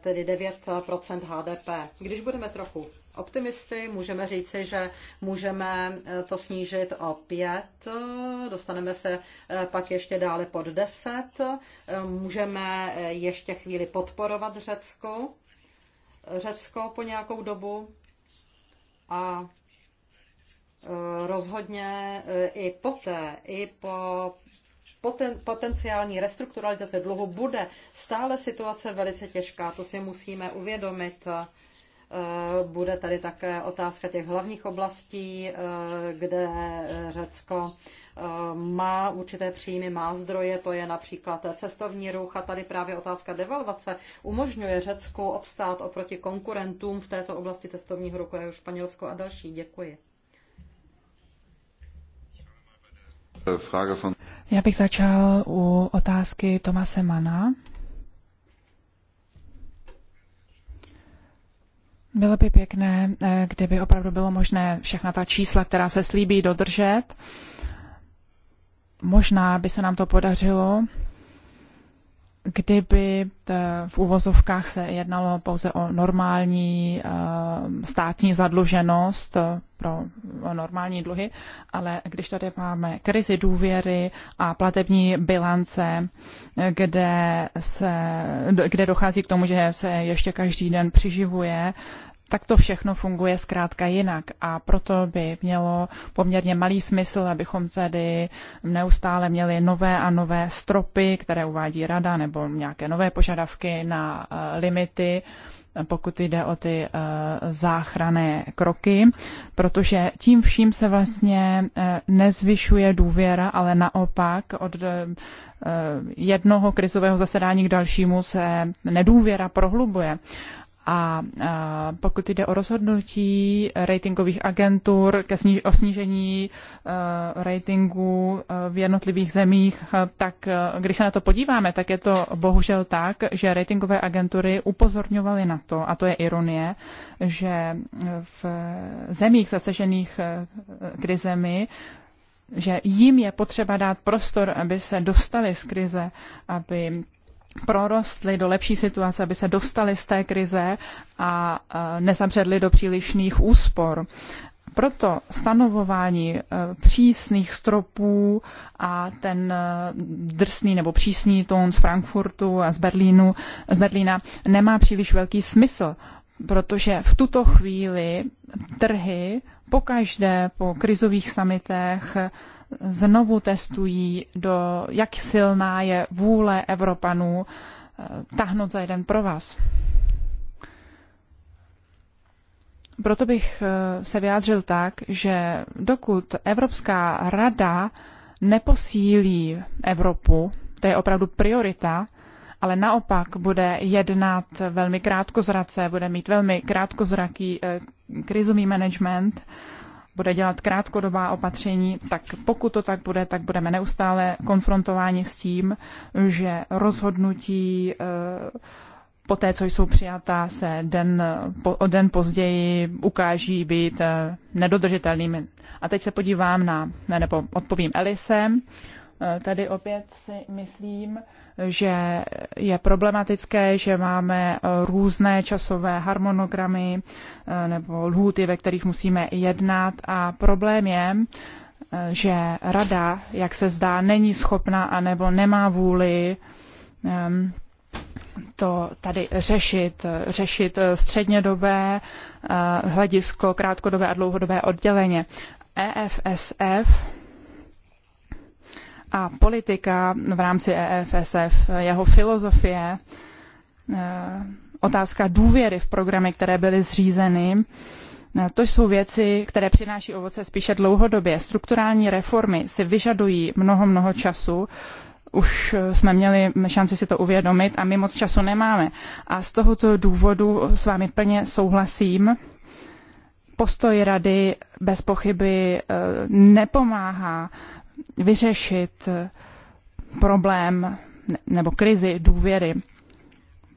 tedy 9 HDP. Když budeme trochu optimisty, můžeme říci, že můžeme eh, to snížit o 5, dostaneme se eh, pak ještě dále pod 10, eh, můžeme ještě chvíli podporovat Řecko, Řecko po nějakou dobu a rozhodně i poté, i po poten, potenciální restrukturalizace dluhu bude stále situace velice těžká, to si musíme uvědomit. Eh, bude tady také otázka těch hlavních oblastí, eh, kde Řecko eh, má určité příjmy, má zdroje, to je například cestovní ruch a tady právě otázka devalvace umožňuje Řecku obstát oproti konkurentům v této oblasti cestovního ruchu, jako Španělsko a další. Děkuji. Já bych začal u otázky Tomase Mana. Bylo by pěkné, eh, kdyby opravdu bylo možné všechna ta čísla, která se slíbí, dodržet. Možná by se nám to podařilo kdyby eh, v uvozovkách se jednalo pouze o normální eh, státní zadluženost eh, pro normální dluhy, ale když tady máme krizi důvěry a platební bilance, kde, se, kde dochází k tomu, že se ještě každý den přiživuje tak to všechno funguje zkrátka jinak a proto by mělo poměrně malý smysl, abychom tedy neustále měli nové a nové stropy, které uvádí rada nebo nějaké nové požadavky na eh, limity, pokud jde o ty eh, záchrané kroky, protože tím vším se vlastně eh, nezvyšuje důvěra, ale naopak od jednoho krizového zasedání k dalšímu se nedůvěra prohlubuje. A pokud jde o rozhodnutí ratingových agentur ke sníž, o snížení e, ratingu e, v jednotlivých zemích, e, tak když se na to podíváme, tak je to bohužel tak, že ratingové agentury upozorňovaly na to, a to je ironie, že v zemích zasažených krizemi že jim je potřeba dát prostor, aby se dostali z krize, aby prorostly do lepší situace, aby se dostali z té krize a e, nezabředli do přílišných úspor. Proto stanovování e, přísných stropů a ten e, drsný nebo přísný tón z Frankfurtu a z, Berlínu, z Berlína nemá příliš velký smysl, protože v tuto chvíli trhy pokaždé po krizových samitech znovu testují, do, jak silná je vůle Evropanů eh, tahnout za jeden pro vás. Proto bych eh, se vyjádřil tak, že dokud Evropská rada neposílí Evropu, to je opravdu priorita, ale naopak bude jednat velmi krátkozrace, bude mít velmi krátkozraký eh, krizový management, bude dělat krátkodobá opatření, tak pokud to tak bude, tak budeme neustále konfrontováni s tím, že rozhodnutí eh, po té, co jsou přijatá, se den, po, o den později ukáží být eh, nedodržitelnými. A teď se podívám na, ne, nebo odpovím Elise. Eh, tady opět si myslím, že je problematické, že máme různé časové harmonogramy eh, nebo lhůty, ve kterých musíme jednat a problém je, eh, že rada, jak se zdá, není schopna anebo nemá vůli ehm, to tady řešit, řešit střednědobé eh, hledisko, krátkodobé a dlouhodobé odděleně. EFSF a politika v rámci EFSF, jeho filozofie, eh, otázka důvěry v programy, které byly zřízeny, eh, to jsou věci, které přináší ovoce spíše dlouhodobě. Strukturální reformy si vyžadují mnoho, mnoho času. Už eh, jsme měli šanci si to uvědomit a my moc času nemáme. A z tohoto důvodu s vámi plně souhlasím. Postoj rady bez pochyby nepomáhá vyřešit eh, problém nebo krizi důvěry.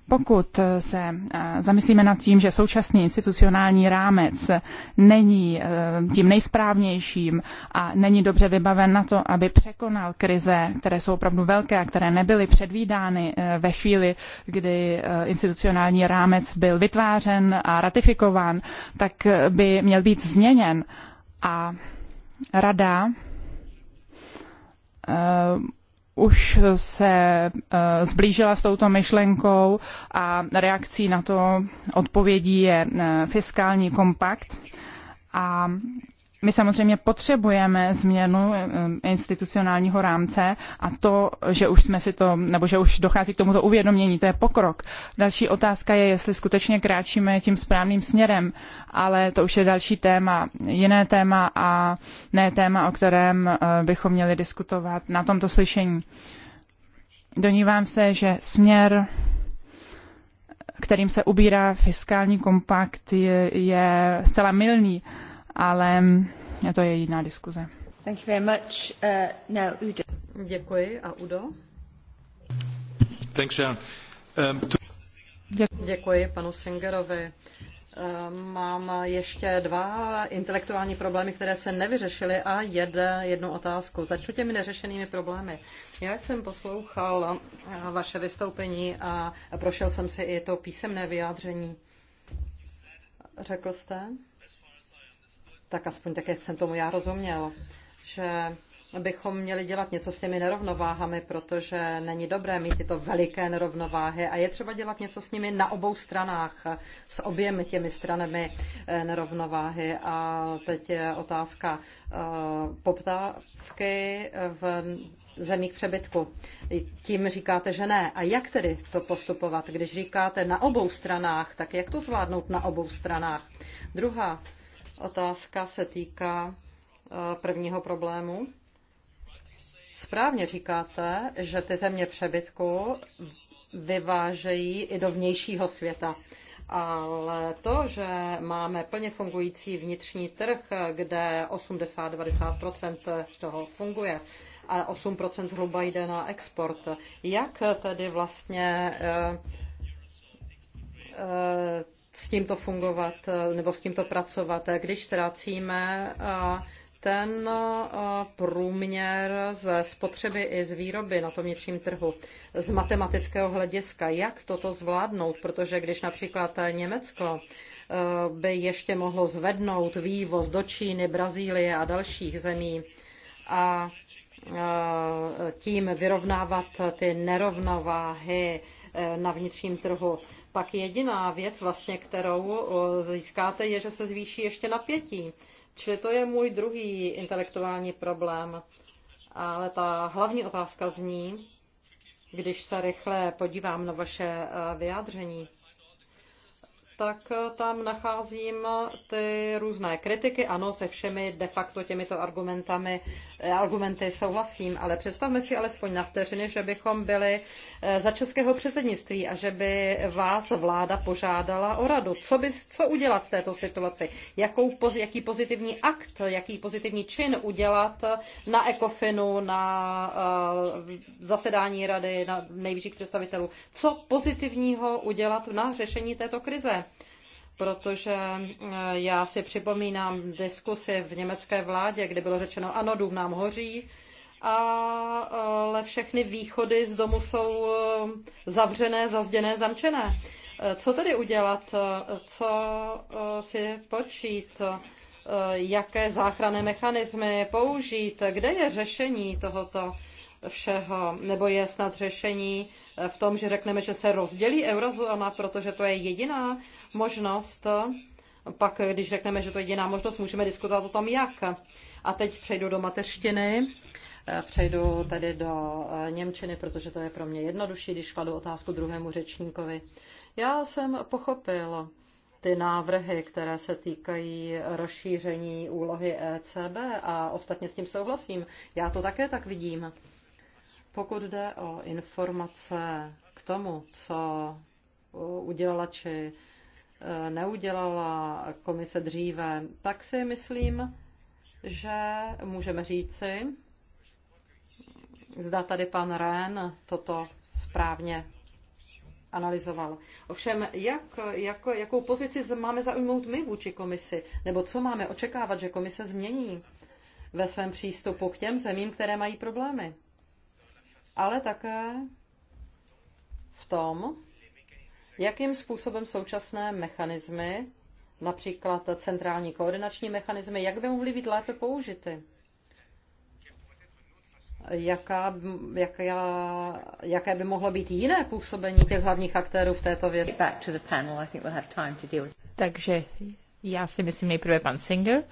Pokud eh, se eh, zamyslíme nad tím, že současný institucionální rámec není tím nejsprávnějším a není dobře vybaven na to, aby překonal krize, které jsou opravdu velké a které nebyly předvídány ve chvíli, kdy institucionální rámec byl vytvářen a ratifikován, tak by měl být změněn. A rada Eh, už se eh, zblížila s touto myšlenkou a reakcí na to odpovědí je eh, fiskální kompakt. A my samozřejmě potřebujeme změnu eh, institucionálního rámce a to, že už jsme si to, nebo že už dochází k tomuto uvědomění, to je pokrok. Další otázka je, jestli skutečně kráčíme tím správným směrem, ale to už je další téma, jiné téma a ne téma, o kterém eh, bychom měli diskutovat na tomto slyšení. Donívám se, že směr kterým se ubírá fiskální kompakt, je, je zcela milný ale to je jiná diskuze. Thank you very much. Uh, now Udo. Děkuji. A Udo? Thanks, Sharon. Um, to... Děkuji panu Singerovi. Uh, mám ještě dva intelektuální problémy, které se nevyřešily a jedna, jednu otázku. Začnu těmi neřešenými problémy. Já jsem poslouchal uh, vaše vystoupení a prošel jsem si i to písemné vyjádření. Řekl jste, tak aspoň tak, jak jsem tomu já rozuměl, že bychom měli dělat něco s těmi nerovnováhami, protože není dobré mít tyto veliké nerovnováhy a je třeba dělat něco s nimi na obou stranách, s oběmi těmi stranami eh, nerovnováhy. A teď je otázka eh, poptávky eh, v zemích přebytku. Tím říkáte, že ne. A jak tedy to postupovat, když říkáte na obou stranách, tak jak to zvládnout na obou stranách? Druhá otázka se týká eh, prvního problému. Správně říkáte, že ty země přebytku vyvážejí i do vnějšího světa. Ale to, že máme plně fungující vnitřní trh, kde 80-90% toho funguje a 8% zhruba jde na export, jak tedy vlastně eh, eh, s tímto fungovat eh, nebo s tímto pracovat, eh, když ztrácíme eh, ten průměr ze spotřeby i z výroby na tom vnitřním trhu z matematického hlediska. Jak toto zvládnout? Protože když například Německo by ještě mohlo zvednout vývoz do Číny, Brazílie a dalších zemí a tím vyrovnávat ty nerovnováhy na vnitřním trhu, pak jediná věc, vlastně, kterou získáte, je, že se zvýší ještě napětí. Čili to je můj druhý intelektuální problém. Ale ta hlavní otázka zní, když se rychle podívám na vaše eh, vyjádření, tak eh, tam nacházím eh, ty různé kritiky. Ano, se všemi de facto těmito argumentami, eh, argumenty souhlasím, ale představme si alespoň na vteřiny, že bychom byli za českého předsednictví a že by vás vláda požádala o radu. Co, by, co udělat v této situaci? Jakou, jaký pozitivní akt, jaký pozitivní čin udělat na ECOFINu, na zasedání rady, na nejvyšších představitelů? Co pozitivního udělat na řešení této krize? protože eh, já si připomínám diskusy v německé vládě, kdy bylo řečeno, ano, dům nám hoří, ale všechny východy z domu jsou eh, zavřené, zazděné, zamčené. Eh, co tedy udělat? Co si počít? Jaké záchranné mechanismy použít? Kde je řešení tohoto všeho, nebo je snad řešení eh, v tom, že řekneme, že se rozdělí eurozóna, protože to je jediná možnost. Pak, když řekneme, že to je jediná možnost, můžeme diskutovat o tom, jak. A teď přejdu do mateřštiny. Eh, přejdu tedy do eh, Němčiny, protože to je pro mě jednodušší, když kladu otázku druhému řečníkovi. Já jsem pochopil ty návrhy, které se týkají rozšíření úlohy ECB a ostatně s tím souhlasím. Já to také tak vidím. Pokud jde o informace k tomu, co udělala či e, neudělala komise dříve, tak si myslím, že můžeme říci, zda tady pan Rén toto správně analyzoval. Ovšem, jak, jak, jakou pozici máme zaujmout my vůči komisi, nebo co máme očekávat, že komise změní ve svém přístupu k těm zemím, které mají problémy? ale také v tom, jakým způsobem současné mechanismy, například centrální koordinační mechanismy, jak by mohly být lépe použity jaká, jaká, jaké by mohlo být jiné působení těch hlavních aktérů v této věci. Takže já si myslím nejprve pan Singer.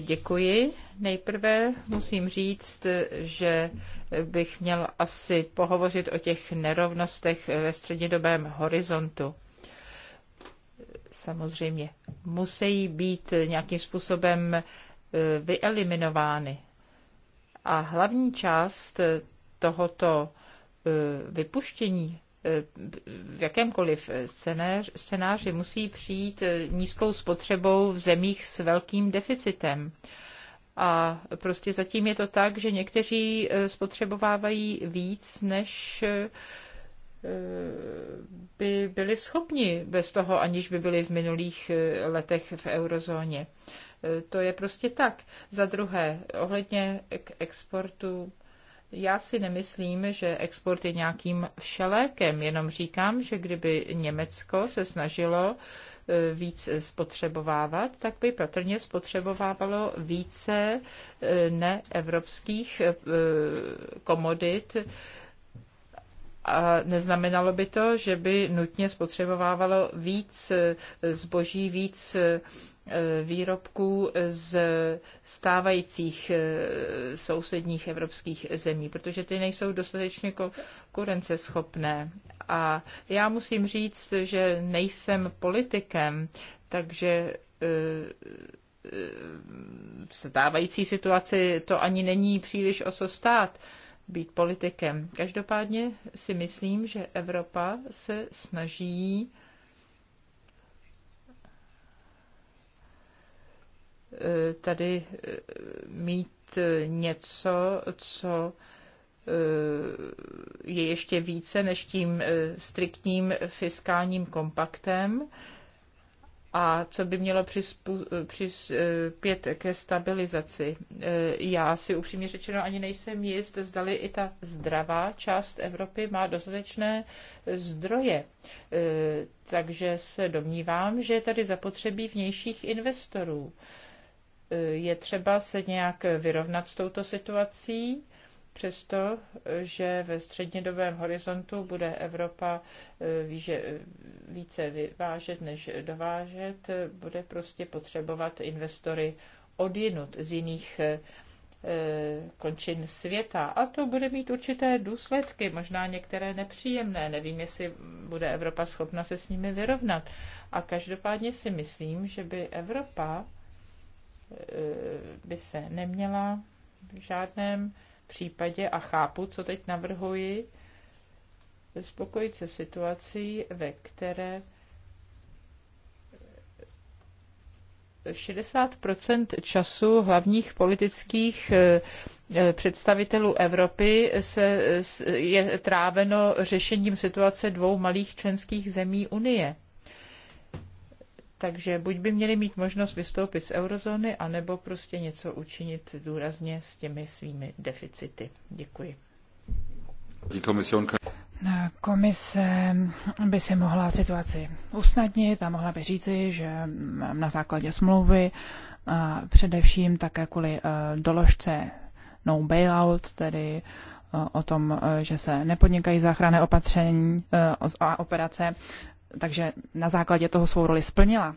Děkuji. Nejprve musím říct, že bych měl asi pohovořit o těch nerovnostech ve střednědobém horizontu. Samozřejmě musí být nějakým způsobem e, vyeliminovány. A hlavní část tohoto e, vypuštění e, v jakémkoliv scénáři, scénáři musí přijít nízkou spotřebou v zemích s velkým deficitem. A prostě zatím je to tak, že někteří eh, spotřebovávají víc, než eh, by byli schopni bez toho, aniž by byli v minulých eh, letech v eurozóně. To je prostě tak. Za druhé, ohledně k exportu, já si nemyslím, že export je nějakým všelékem, jenom říkám, že kdyby Německo se snažilo víc spotřebovávat, tak by patrně spotřebovávalo více eh, neevropských eh, komodit, a neznamenalo by to, že by nutně spotřebovávalo víc eh, zboží, víc výrobků z stávajících sousedních evropských zemí, protože ty nejsou dostatečně konkurenceschopné. A já musím říct, že nejsem politikem, takže v e, e, stávající situaci to ani není příliš o co stát být politikem. Každopádně si myslím, že Evropa se snaží e, tady mít něco, co Eh, je ještě více než tím eh, striktním fiskálním kompaktem a co by mělo eh, přispět ke stabilizaci. Já si upřímně řečeno ani nejsem jist, zdali i ta zdravá část Evropy má dostatečné zdroje. Takže se domnívám, že je tady zapotřebí vnějších investorů. Je třeba se nějak vyrovnat s touto situací přesto, že ve střednědobém horizontu bude Evropa e, e, více vyvážet než dovážet, e, bude prostě potřebovat investory odjinut z jiných končin světa. A to bude mít určité důsledky, možná některé nepříjemné. Nevím, jestli bude Evropa schopna se s nimi vyrovnat. A každopádně si myslím, že by Evropa by se neměla v žádném případě, a chápu, co teď navrhuji, spokojit se situací, ve které 60 času hlavních politických eh, eh, představitelů Evropy se je tráveno řešením situace dvou malých členských zemí Unie. Takže buď by měli mít možnost vystoupit z eurozóny, anebo prostě něco učinit důrazně s těmi svými deficity. Děkuji. Komise by si mohla situaci usnadnit a mohla by říci, že na základě smlouvy a především také kvůli e, doložce no bailout, tedy e, o tom, e, že se nepodnikají záchranné opatření a operace, takže na základě toho svou roli splnila.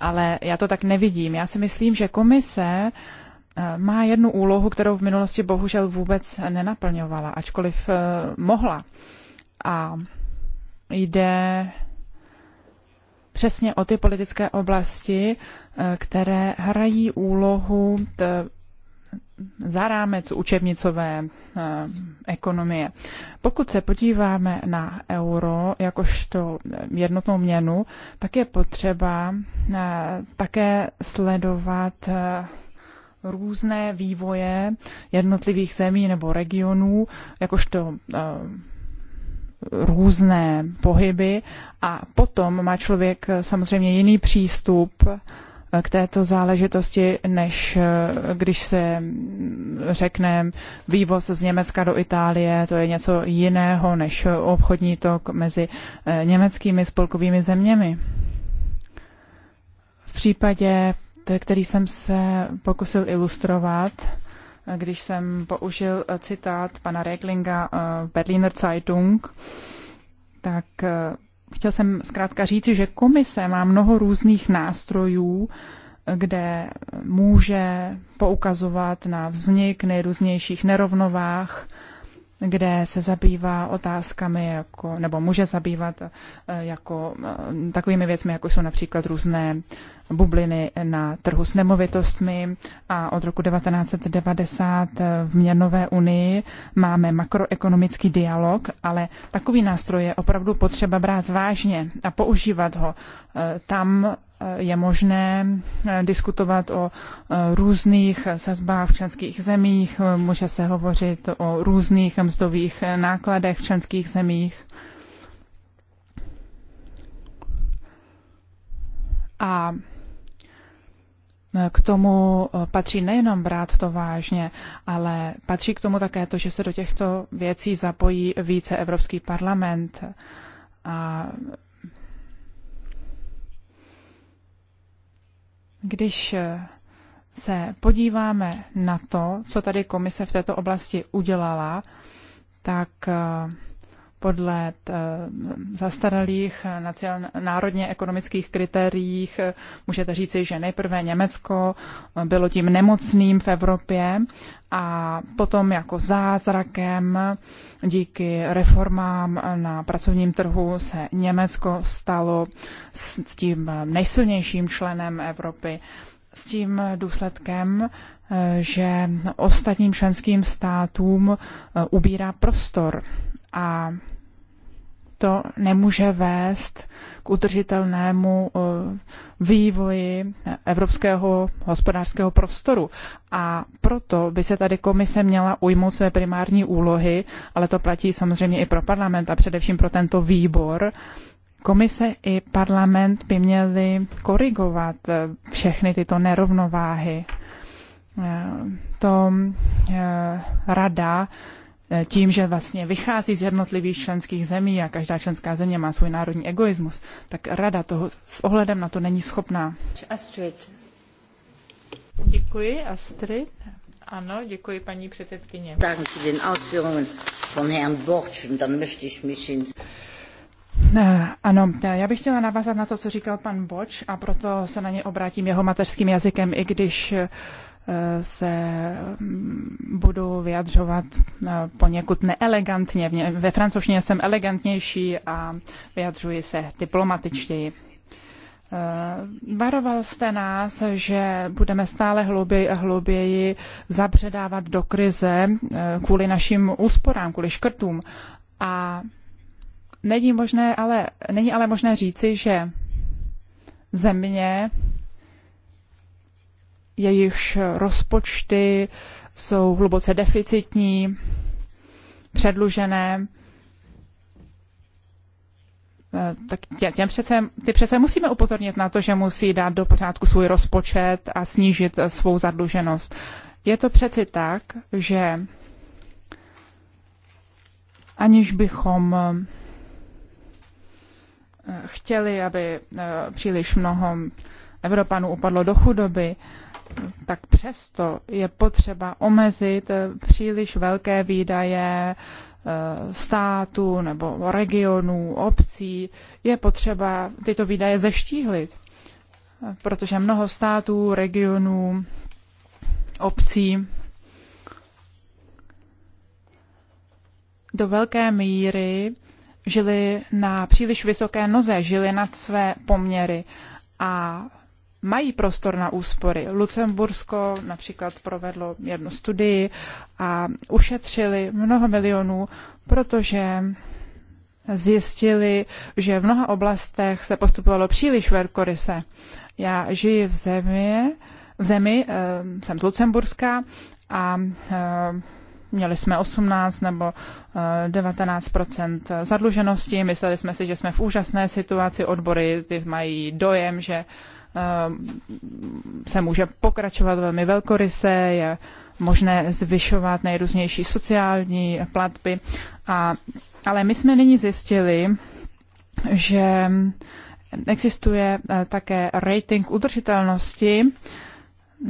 Ale já to tak nevidím. Já si myslím, že komise eh, má jednu úlohu, kterou v minulosti bohužel vůbec nenaplňovala, ačkoliv eh, mohla. A jde přesně o ty politické oblasti, eh, které hrají úlohu za rámec učebnicové eh, ekonomie. Pokud se podíváme na euro jakožto jednotnou měnu, tak je potřeba eh, také sledovat eh, různé vývoje jednotlivých zemí nebo regionů, jakožto různé pohyby a potom má člověk samozřejmě jiný přístup k této záležitosti, než eh, když se řekne vývoz z Německa do Itálie, to je něco jiného než obchodní tok mezi eh, německými spolkovými zeměmi. V případě, který jsem se pokusil ilustrovat, eh, když jsem použil citát pana Reglinga v Berliner Zeitung, tak Chtěl jsem zkrátka říci, že komise má mnoho různých nástrojů, kde může poukazovat na vznik nejrůznějších nerovnovách kde se zabývá otázkami, jako, nebo může zabývat eh, jako, eh, takovými věcmi, jako jsou například různé bubliny na trhu s nemovitostmi a od roku 1990 eh, v měnové unii máme makroekonomický dialog, ale takový nástroj je opravdu potřeba brát vážně a používat ho tam, je možné eh, diskutovat o eh, různých sazbách v členských zemích, může se hovořit o různých mzdových nákladech v členských zemích. A eh, k tomu patří nejenom brát to vážně, ale patří k tomu také to, že se do těchto věcí zapojí více Evropský parlament. A když eh, se podíváme na to, co tady komise v této oblasti udělala, tak eh, podle eh, zastaralých eh, národně ekonomických kritériích můžete říci, že nejprve Německo eh, bylo tím nemocným v Evropě a potom jako zázrakem díky reformám na pracovním trhu se Německo stalo s tím nejsilnějším členem Evropy. S tím důsledkem, že ostatním členským státům ubírá prostor. A to nemůže vést k udržitelnému eh, vývoji evropského hospodářského prostoru. A proto by se tady komise měla ujmout své primární úlohy, ale to platí samozřejmě i pro parlament a především pro tento výbor. Komise i parlament by měli korigovat eh, všechny tyto nerovnováhy. Eh, to rada Eh, tím, že vlastně vychází z jednotlivých členských zemí a každá členská země má svůj národní egoismus, tak rada toho s ohledem na to není schopná. Astrid. Děkuji, Astrid. Ano, děkuji paní předsedkyně. Eh, ano, eh, já bych chtěla navázat na to, co říkal pan Boč a proto se na ně obrátím jeho mateřským jazykem, i když se mm, budu vyjadřovat eh, poněkud neelegantně. Ve francouzštině jsem elegantnější a vyjadřuji se diplomatičtěji. Eh, varoval jste nás, že budeme stále hlouběji a hlouběji zabředávat do krize eh, kvůli našim úsporám, kvůli škrtům. A není, možné, ale, není ale možné říci, že země jejichž rozpočty jsou hluboce deficitní, předlužené, eh, tak těm přece, ty přece musíme upozornit na to, že musí dát do pořádku svůj rozpočet a snížit eh, svou zadluženost. Je to přeci tak, že aniž bychom eh, chtěli, aby příliš mnoho Evropanů upadlo do chudoby, tak přesto je potřeba omezit eh, příliš velké výdaje eh, státu nebo regionů, obcí. Je potřeba tyto výdaje zeštíhlit, eh, protože mnoho států, regionů, obcí do velké míry žili na příliš vysoké noze, žili nad své poměry a mají prostor na úspory. Lucembursko například provedlo jednu studii a ušetřili mnoho milionů, protože zjistili, že v mnoha oblastech se postupovalo příliš velkoryse. Já žiji v zemi, v zemi, eh, jsem z Lucemburska a eh, měli jsme 18 nebo 19 eh, zadluženosti. Mysleli jsme si, že jsme v úžasné situaci. Odbory ty mají dojem, že Eh, se může pokračovat velmi velkoryse, je možné zvyšovat nejrůznější sociální platby. A, ale my jsme nyní zjistili, že existuje eh, také rating udržitelnosti.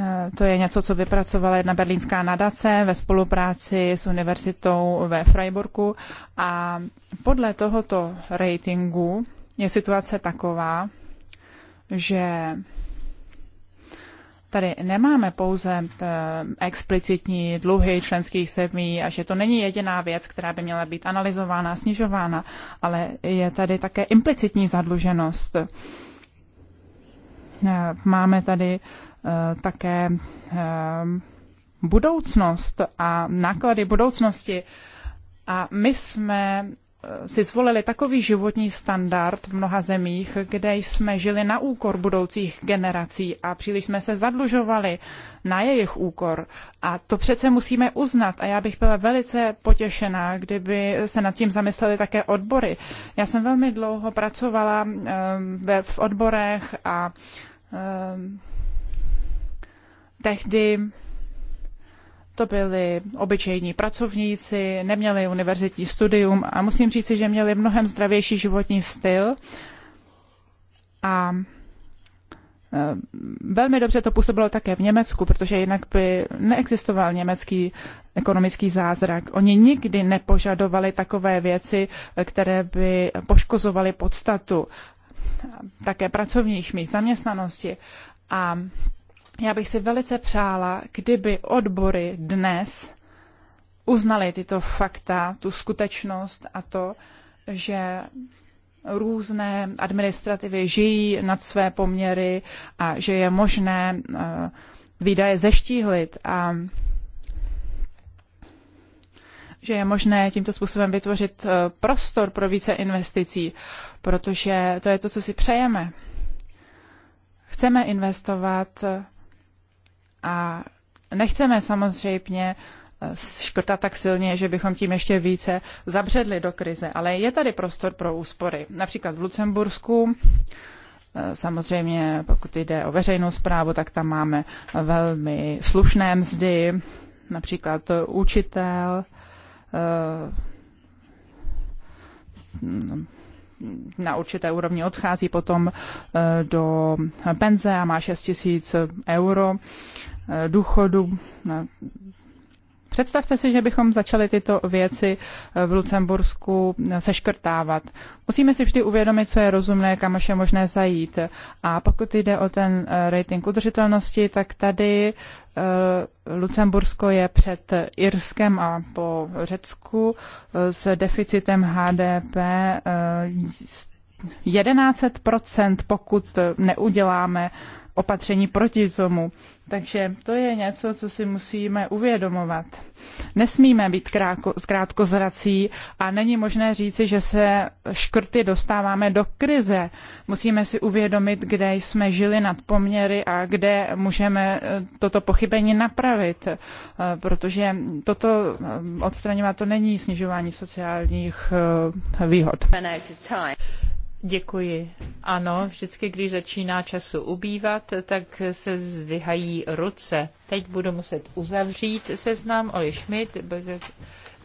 Eh, to je něco, co vypracovala jedna berlínská nadace ve spolupráci s univerzitou ve Freiburgu. A podle tohoto ratingu je situace taková, že tady nemáme pouze eh, explicitní dluhy členských zemí a že to není jediná věc, která by měla být analyzována snižována, ale je tady také implicitní zadluženost. Eh, máme tady eh, také budoucnost a náklady budoucnosti. A my jsme Eh, si zvolili takový životní standard v mnoha zemích, kde jsme žili na úkor budoucích generací a příliš jsme se zadlužovali na jejich úkor. A to přece musíme uznat a já bych byla velice potěšená, kdyby se nad tím zamysleli také odbory. Já jsem velmi dlouho pracovala eh, v odborech a eh, tehdy to byli obyčejní pracovníci, neměli univerzitní studium a musím říci, že měli mnohem zdravější životní styl a e, Velmi dobře to působilo také v Německu, protože jinak by neexistoval německý ekonomický zázrak. Oni nikdy nepožadovali takové věci, které by poškozovaly podstatu také pracovních míst, zaměstnanosti. A já bych si velice přála, kdyby odbory dnes uznaly tyto fakta, tu skutečnost a to, že různé administrativy žijí nad své poměry a že je možné eh, výdaje zeštíhlit a že je možné tímto způsobem vytvořit eh, prostor pro více investicí, protože to je to, co si přejeme. Chceme investovat eh, a nechceme samozřejmě eh, škrtat tak silně, že bychom tím ještě více zabředli do krize, ale je tady prostor pro úspory. Například v Lucembursku eh, Samozřejmě, pokud jde o veřejnou zprávu, tak tam máme velmi slušné mzdy, například učitel, eh, na určité úrovni odchází potom e, do penze a má 6 tisíc euro e, důchodu. E, Představte si, že bychom začali tyto věci eh, v Lucembursku eh, seškrtávat. Musíme si vždy uvědomit, co je rozumné, kam je možné zajít. A pokud jde o ten eh, rating udržitelnosti, tak tady Lucembursko je před Irskem a po Řecku s deficitem HDP 11 pokud neuděláme opatření proti tomu. Takže to je něco, co si musíme uvědomovat. Nesmíme být zkrátko zrací a není možné říci, že se škrty dostáváme do krize. Musíme si uvědomit, kde jsme žili nad poměry a kde můžeme eh, toto pochybení napravit, eh, protože toto eh, odstraňovat to není snižování sociálních výhod. Děkuji. Ano, vždycky, když začíná času ubývat, tak se zvyhají ruce. Teď budu muset uzavřít seznam Oli Schmidt,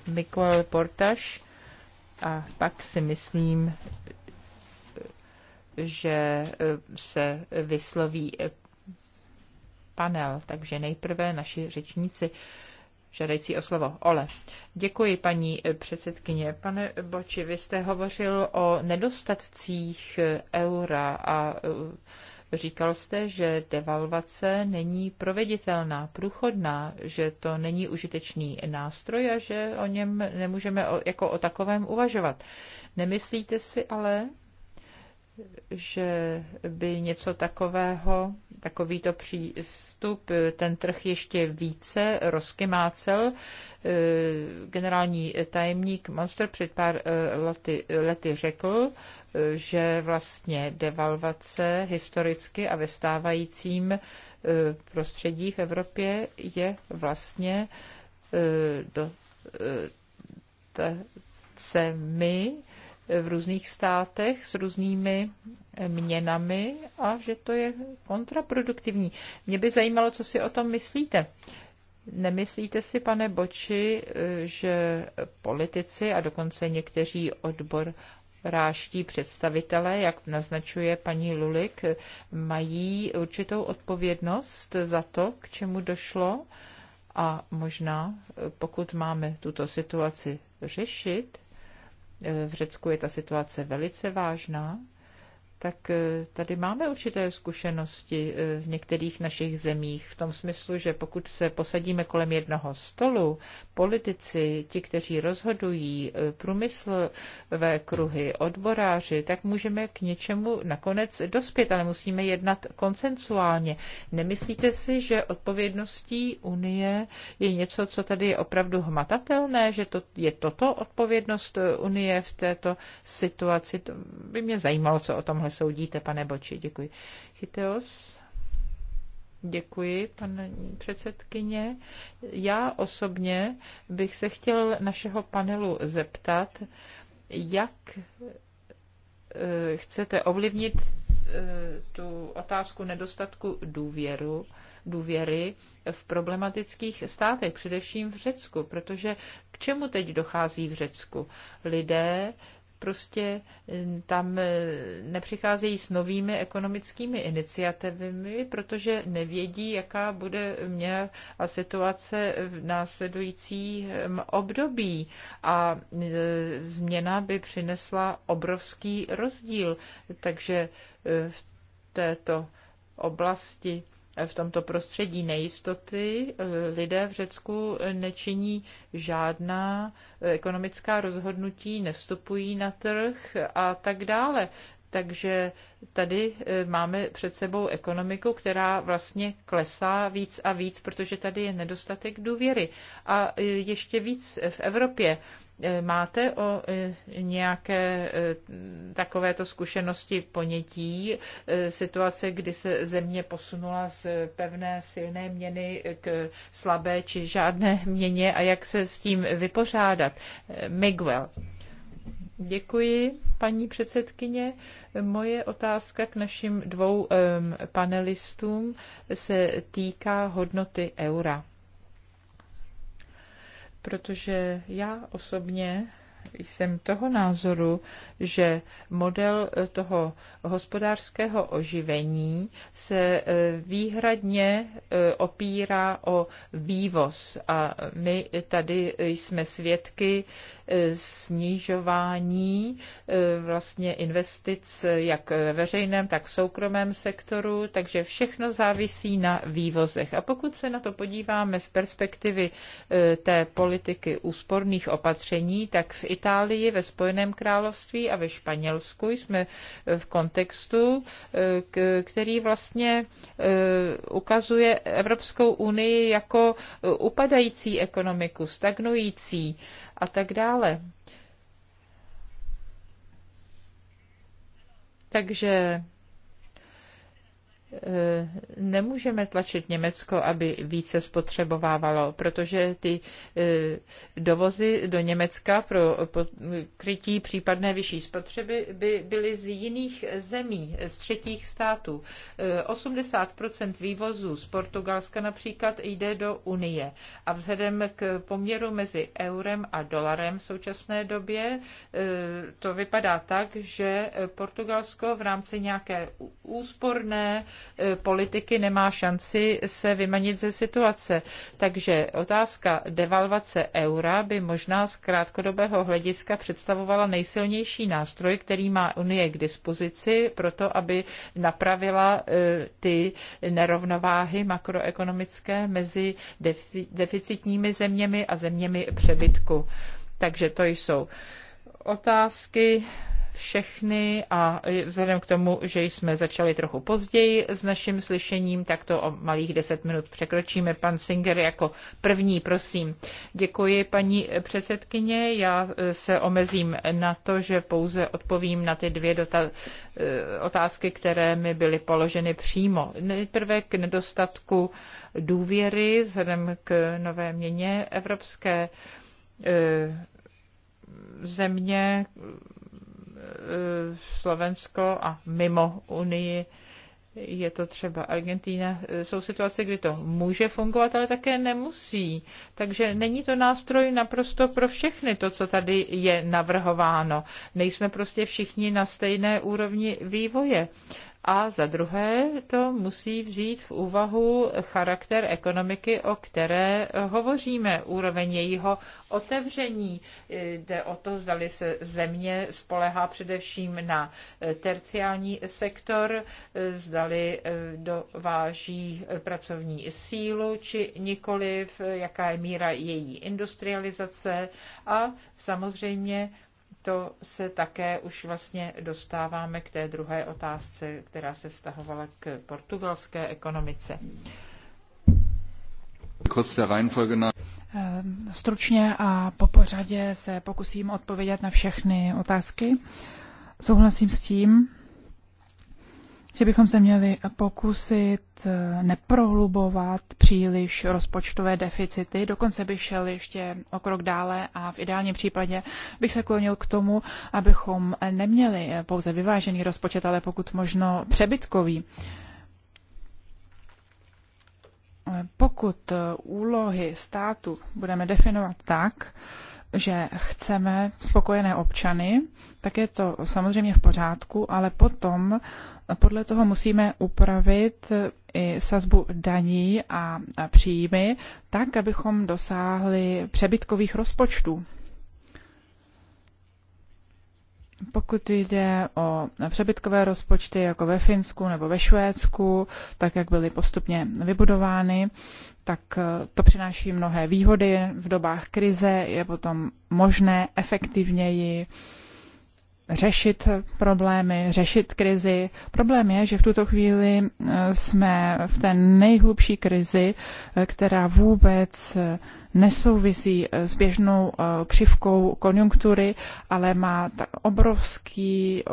Mikol Portaš a pak si myslím, že e, se vysloví e, panel. Takže nejprve naši řečníci žádající o slovo. Ole. Děkuji, paní předsedkyně. Pane Boči, vy jste hovořil o nedostatcích eura a e, Říkal jste, že devalvace není proveditelná, průchodná, že to není užitečný nástroj a že o něm nemůžeme jako o takovém uvažovat. Nemyslíte si ale, že by něco takového, takovýto přístup, ten trh ještě více rozkymácel. Eh, generální tajemník Monster před pár eh, lety, lety řekl, eh, že vlastně devalvace historicky a ve stávajícím prostředí v Evropě je vlastně do, ta, se my v různých státech s různými měnami a že to je kontraproduktivní. Mě by zajímalo, co si o tom myslíte. Nemyslíte si, pane Boči, že politici a dokonce někteří odbor ráští představitelé, jak naznačuje paní Lulik, mají určitou odpovědnost za to, k čemu došlo a možná, pokud máme tuto situaci řešit, v Řecku je ta situace velice vážná tak eh, tady máme určité zkušenosti eh, v některých našich zemích v tom smyslu, že pokud se posadíme kolem jednoho stolu, politici, ti, kteří rozhodují, eh, průmyslové kruhy, odboráři, tak můžeme k něčemu nakonec dospět, ale musíme jednat koncensuálně. Nemyslíte si, že odpovědností Unie je něco, co tady je opravdu hmatatelné, že to, je toto odpovědnost Unie v této situaci? To by mě zajímalo, co o tomhle takhle soudíte, pane Boči. Děkuji. Chyteos? Děkuji, paní předsedkyně. Já osobně bych se chtěl našeho panelu zeptat, jak eh, chcete ovlivnit eh, tu otázku nedostatku důvěru, důvěry v problematických státech, především v Řecku, protože k čemu teď dochází v Řecku? Lidé prostě eh, tam eh, nepřicházejí s novými ekonomickými iniciativami, protože nevědí, jaká bude mě a situace v následujícím hm, období. A eh, změna by přinesla obrovský rozdíl. Takže v této oblasti v tomto prostředí nejistoty eh, lidé v Řecku nečiní žádná eh, ekonomická rozhodnutí, nestupují na trh a tak dále. Takže tady eh, máme před sebou ekonomiku, která vlastně klesá víc a víc, protože tady je nedostatek důvěry. A ještě víc v Evropě. Máte o e, nějaké e, takovéto zkušenosti ponětí e, situace, kdy se země posunula z pevné silné měny k slabé či žádné měně a jak se s tím vypořádat? Miguel. Děkuji, paní předsedkyně. Moje otázka k našim dvou panelistům se týká hodnoty eura protože já osobně jsem toho názoru, že model eh, toho hospodářského oživení se eh, výhradně eh, opírá o vývoz. A my tady jsme svědky snižování eh, vlastně investic jak ve veřejném, tak v soukromém sektoru, takže všechno závisí na vývozech. A pokud se na to podíváme z perspektivy eh, té politiky úsporných opatření, tak v Itálii, ve Spojeném království a ve Španělsku jsme v kontextu, eh, který vlastně ukazuje Evropskou unii jako upadající ekonomiku, stagnující a tak dále. Takže Eh, nemůžeme tlačit Německo, aby více spotřebovávalo, protože ty eh, dovozy do Německa pro krytí případné vyšší spotřeby by byly z jiných zemí, z třetích států. 80 eh, vývozů z Portugalska například jde do Unie a vzhledem k poměru mezi eurem a dolarem v současné době to vypadá tak, že Portugalsko v rámci nějaké úsporné E, politiky nemá šanci se vymanit ze situace. Takže otázka devalvace eura by možná z krátkodobého hlediska představovala nejsilnější nástroj, který má Unie k dispozici pro to, aby napravila e, ty nerovnováhy makroekonomické mezi deficitními zeměmi a zeměmi přebytku. Takže to jsou otázky všechny a vzhledem k tomu, že jsme začali trochu později s naším slyšením, tak to o malých deset minut překročíme. Pan Singer jako první, prosím. Děkuji, paní předsedkyně. Já e, se omezím na to, že pouze odpovím na ty dvě e, otázky, které mi byly položeny přímo. Nejprve k nedostatku důvěry vzhledem k nové měně evropské e, země Eh, Slovensko a mimo Unii je to třeba Argentína, jsou situace, kdy to může fungovat, ale také nemusí. Takže není to nástroj naprosto pro všechny, to, co tady je navrhováno. Nejsme prostě všichni na stejné úrovni vývoje. A za druhé to musí vzít v úvahu charakter ekonomiky, o které hovoříme, úroveň jejího otevření, Jde o to, zdali se země spolehá především na eh, terciální sektor, eh, zdali eh, dováží pracovní sílu či nikoliv, jaká je míra její industrializace a samozřejmě to se také už vlastně dostáváme k té druhé otázce, která se vztahovala k portugalské ekonomice. Eh, stručně a po pořadě se pokusím odpovědět na všechny otázky. Souhlasím s tím, že bychom se měli pokusit eh, neprohlubovat příliš rozpočtové deficity. Dokonce bych šel ještě o krok dále a v ideálním případě bych se klonil k tomu, abychom neměli pouze vyvážený rozpočet, ale pokud možno přebytkový pokud eh, úlohy státu budeme definovat tak, že chceme spokojené občany, tak je to samozřejmě v pořádku, ale potom podle toho musíme upravit eh, i sazbu daní a příjmy tak, abychom dosáhli přebytkových rozpočtů. Pokud jde o přebytkové rozpočty, jako ve Finsku nebo ve Švédsku, tak jak byly postupně vybudovány, tak eh, to přináší mnohé výhody. V dobách krize je potom možné efektivněji řešit problémy, řešit krizi. Problém je, že v tuto chvíli eh, jsme v té nejhlubší krizi, eh, která vůbec eh, nesouvisí s běžnou křivkou konjunktury, ale má obrovský,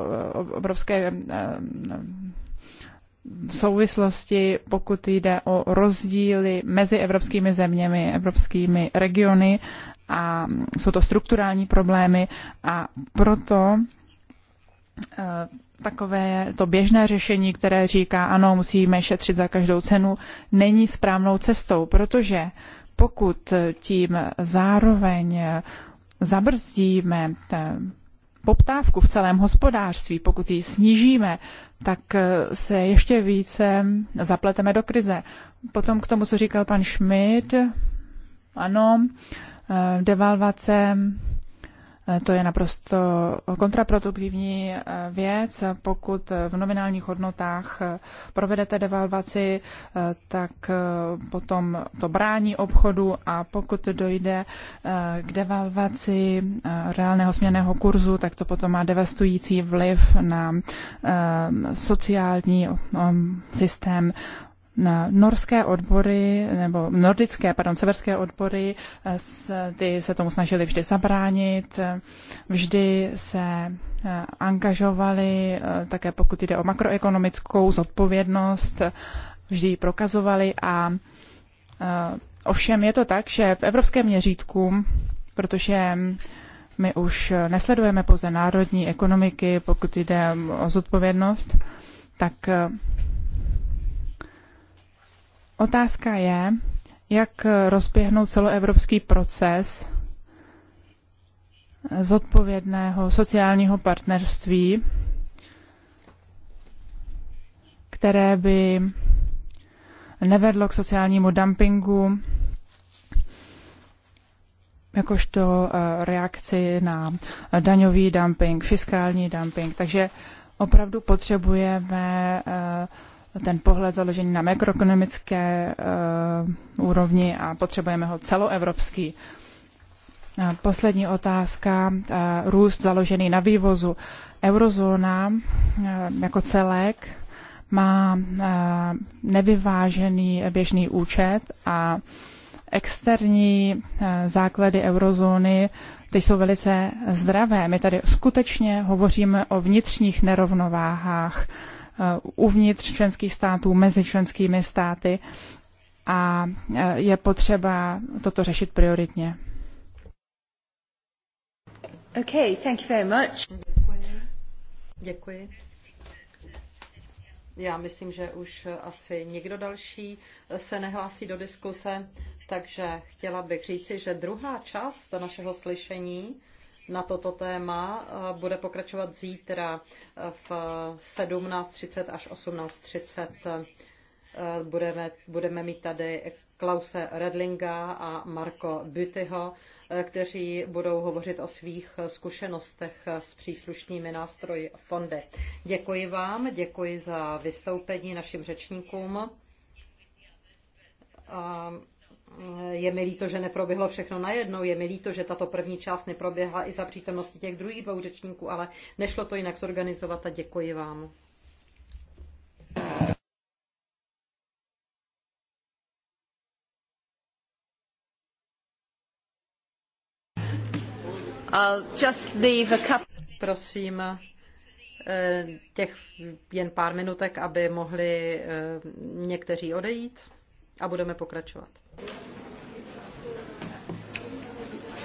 obrovské souvislosti, pokud jde o rozdíly mezi evropskými zeměmi, evropskými regiony a jsou to strukturální problémy a proto Eh, takové to běžné řešení, které říká, ano, musíme šetřit za každou cenu, není správnou cestou, protože pokud tím zároveň zabrzdíme poptávku v celém hospodářství, pokud ji snížíme, tak eh, se ještě více zapleteme do krize. Potom k tomu, co říkal pan Schmidt, ano, eh, devalvace Eh, to je naprosto kontraproduktivní eh, věc. Pokud eh, v nominálních hodnotách provedete devalvaci, tak potom to brání obchodu a pokud dojde k devalvaci reálného směného kurzu, tak to potom má devastující vliv na sociální systém norské odbory, nebo nordické, pardon, severské odbory, eh, ty se tomu snažili vždy zabránit, vždy se eh, angažovali, eh, také pokud jde o makroekonomickou zodpovědnost, vždy ji prokazovali a ovšem je to tak, že v evropském měřítku, protože my už nesledujeme pouze národní ekonomiky, pokud jde o zodpovědnost, tak Otázka je, jak rozběhnout celoevropský proces zodpovědného sociálního partnerství, které by nevedlo k sociálnímu dumpingu, jakožto eh, reakci na daňový dumping, fiskální dumping. Takže opravdu potřebujeme eh, ten pohled založený na makroekonomické uh, úrovni a potřebujeme ho celoevropský. Poslední otázka, eh, růst založený na vývozu. Eurozóna eh, jako celek má nevyvážený běžný účet a externí základy eurozóny, ty jsou velice zdravé. My tady skutečně hovoříme o vnitřních nerovnováhách Eh, uvnitř členských států, mezi členskými státy a eh, je potřeba toto řešit prioritně. Okay, thank you very much. Děkuji. Děkuji. Já myslím, že už asi nikdo další se nehlásí do diskuse, takže chtěla bych říci, že druhá část našeho slyšení na toto téma bude pokračovat zítra eh, v 17.30 eh, až 18.30. Eh, budeme, budeme mít tady Klause Redlinga a Marko Bütyho, kteří budou hovořit o svých zkušenostech s příslušnými nástroji fondy. Děkuji vám, děkuji za vystoupení našim řečníkům. Je mi líto, že neproběhlo všechno najednou, je mi líto, že tato první část neproběhla i za přítomnosti těch druhých dvou řečníků, ale nešlo to jinak zorganizovat a děkuji vám. Prosím, eh, těch jen pár minutek, aby mohli eh, někteří odejít a budeme pokračovat.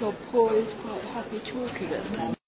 Your boy is quite happy talking.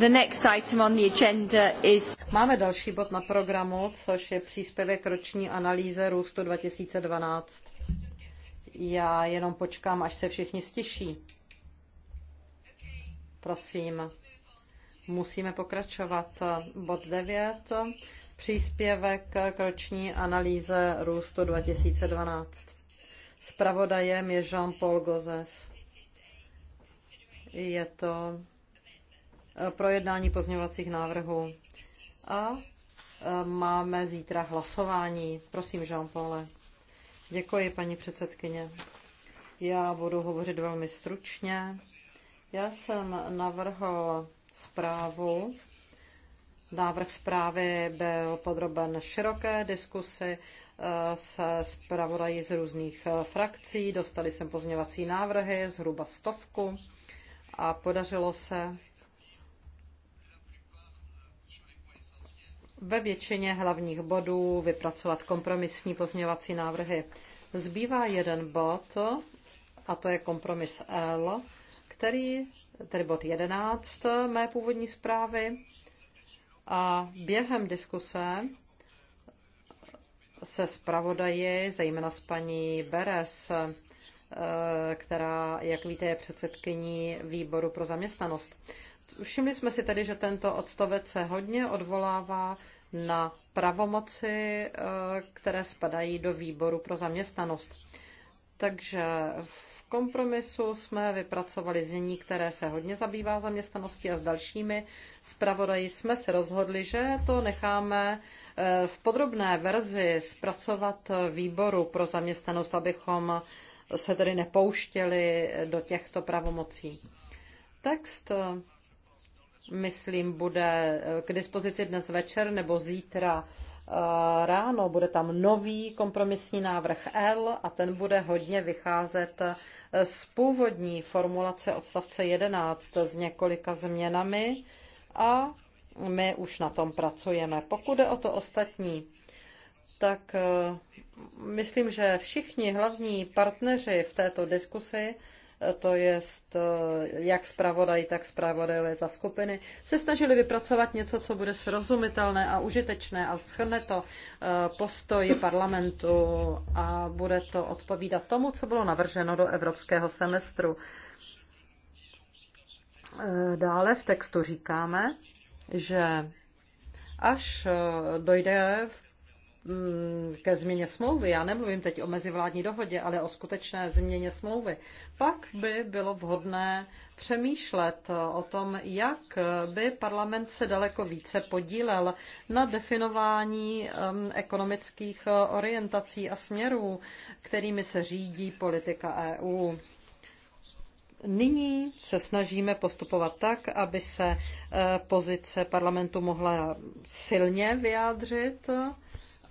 The next item on the agenda is... Máme další bod na programu, což je příspěvek roční analýze růstu 2012. Já jenom počkám, až se všichni stiší. Prosím, musíme pokračovat. Bod 9. Příspěvek k roční analýze růstu 2012. Spravodajem je Jean-Paul Gozes. Je to Eh, projednání pozměňovacích návrhů. A eh, máme zítra hlasování. Prosím, jean -Paul. Děkuji, paní předsedkyně. Já budu hovořit velmi stručně. Já jsem navrhl zprávu. Návrh zprávy byl podroben široké diskusy eh, se zpravodají z různých frakcí. Dostali jsem pozměvací návrhy, zhruba stovku a podařilo se ve většině hlavních bodů vypracovat kompromisní pozměňovací návrhy. Zbývá jeden bod, a to je kompromis L, který, tedy bod 11 mé původní zprávy, a během diskuse se zpravodaji, zejména s paní Beres, eh, která, jak víte, je předsedkyní výboru pro zaměstnanost. Všimli jsme si tedy, že tento odstavec se hodně odvolává na pravomoci, e, které spadají do výboru pro zaměstnanost. Takže v kompromisu jsme vypracovali znění, které se hodně zabývá zaměstnaností a s dalšími zpravodaji jsme se rozhodli, že to necháme e, v podrobné verzi zpracovat výboru pro zaměstnanost, abychom se tedy nepouštěli do těchto pravomocí. Text myslím, bude eh, k dispozici dnes večer nebo zítra eh, ráno. Bude tam nový kompromisní návrh L a ten bude hodně vycházet eh, z původní formulace odstavce 11 s několika změnami a my už na tom pracujeme. Pokud je o to ostatní, tak myslím, že všichni hlavní partneři v této diskusi to je e, jak zpravodaj, tak zpravodajové za skupiny, se snažili vypracovat něco, co bude srozumitelné a užitečné a schrne to e, postoj parlamentu a bude to odpovídat tomu, co bylo navrženo do evropského semestru. E, dále v textu říkáme, že až dojde v Mm, ke změně smlouvy, já nemluvím teď o mezivládní dohodě, ale o skutečné změně smlouvy, pak by bylo vhodné přemýšlet o tom, jak by parlament se daleko více podílel na definování mm, ekonomických orientací a směrů, kterými se řídí politika EU. Nyní se snažíme postupovat tak, aby se eh, pozice parlamentu mohla silně vyjádřit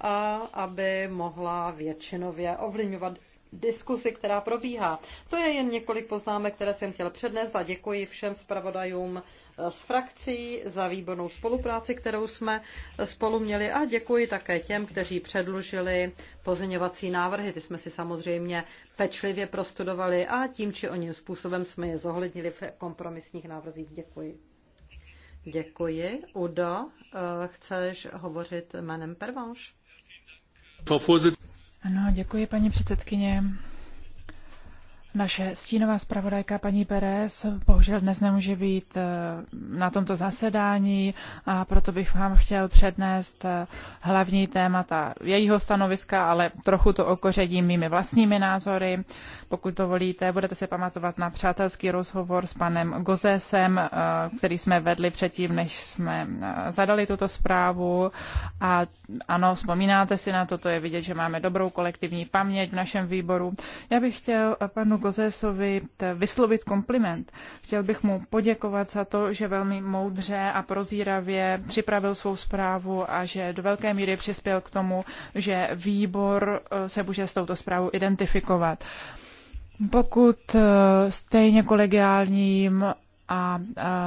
a aby mohla většinově ovlivňovat diskusi, která probíhá. To je jen několik poznámek, které jsem chtěl přednést a děkuji všem zpravodajům eh, z frakcí za výbornou spolupráci, kterou jsme eh, spolu měli a děkuji také těm, kteří předložili pozměňovací návrhy. Ty jsme si samozřejmě pečlivě prostudovali a tím či oním způsobem jsme je zohlednili v kompromisních návrzích. Děkuji. Děkuji. Udo, eh, chceš hovořit jménem Pervanš? Ano, děkuji paní předsedkyně. Naše stínová zpravodajka paní Perez bohužel dnes nemůže být eh, na tomto zasedání a proto bych vám chtěl přednést eh, hlavní témata jejího stanoviska, ale trochu to okoředím mými vlastními názory. Pokud to volíte, budete se pamatovat na přátelský rozhovor s panem Gozesem, eh, který jsme vedli předtím, než jsme zadali tuto zprávu. A ano, vzpomínáte si na to, to je vidět, že máme dobrou kolektivní paměť v našem výboru. Já bych chtěl panu Gozesovi vyslovit kompliment. Chtěl bych mu poděkovat za to, že velmi moudře a prozíravě připravil svou zprávu a že do velké míry přispěl k tomu, že výbor eh, se může s touto zprávou identifikovat. Pokud eh, stejně kolegiálním a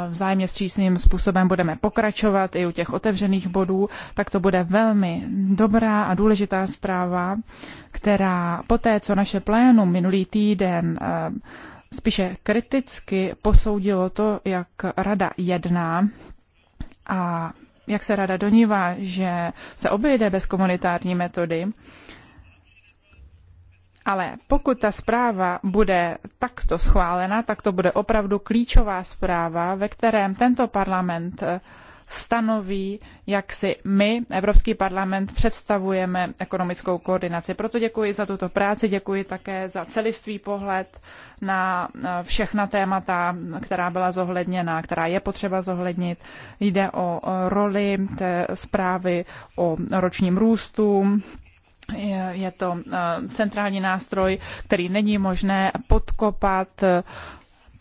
vzájemně vstřícným způsobem budeme pokračovat i u těch otevřených bodů, tak to bude velmi dobrá a důležitá zpráva, která poté, co naše plénum minulý týden spíše kriticky posoudilo to, jak rada jedná a jak se rada donívá, že se obejde bez komunitární metody, ale pokud ta zpráva bude takto schválena, tak to bude opravdu klíčová zpráva, ve kterém tento parlament eh, stanoví, jak si my, Evropský parlament, představujeme ekonomickou koordinaci. Proto děkuji za tuto práci, děkuji také za celistvý pohled na eh, všechna témata, která byla zohledněna, která je potřeba zohlednit. Jde o roli té zprávy o ročním růstu, je to eh, centrální nástroj, který není možné podkopat eh,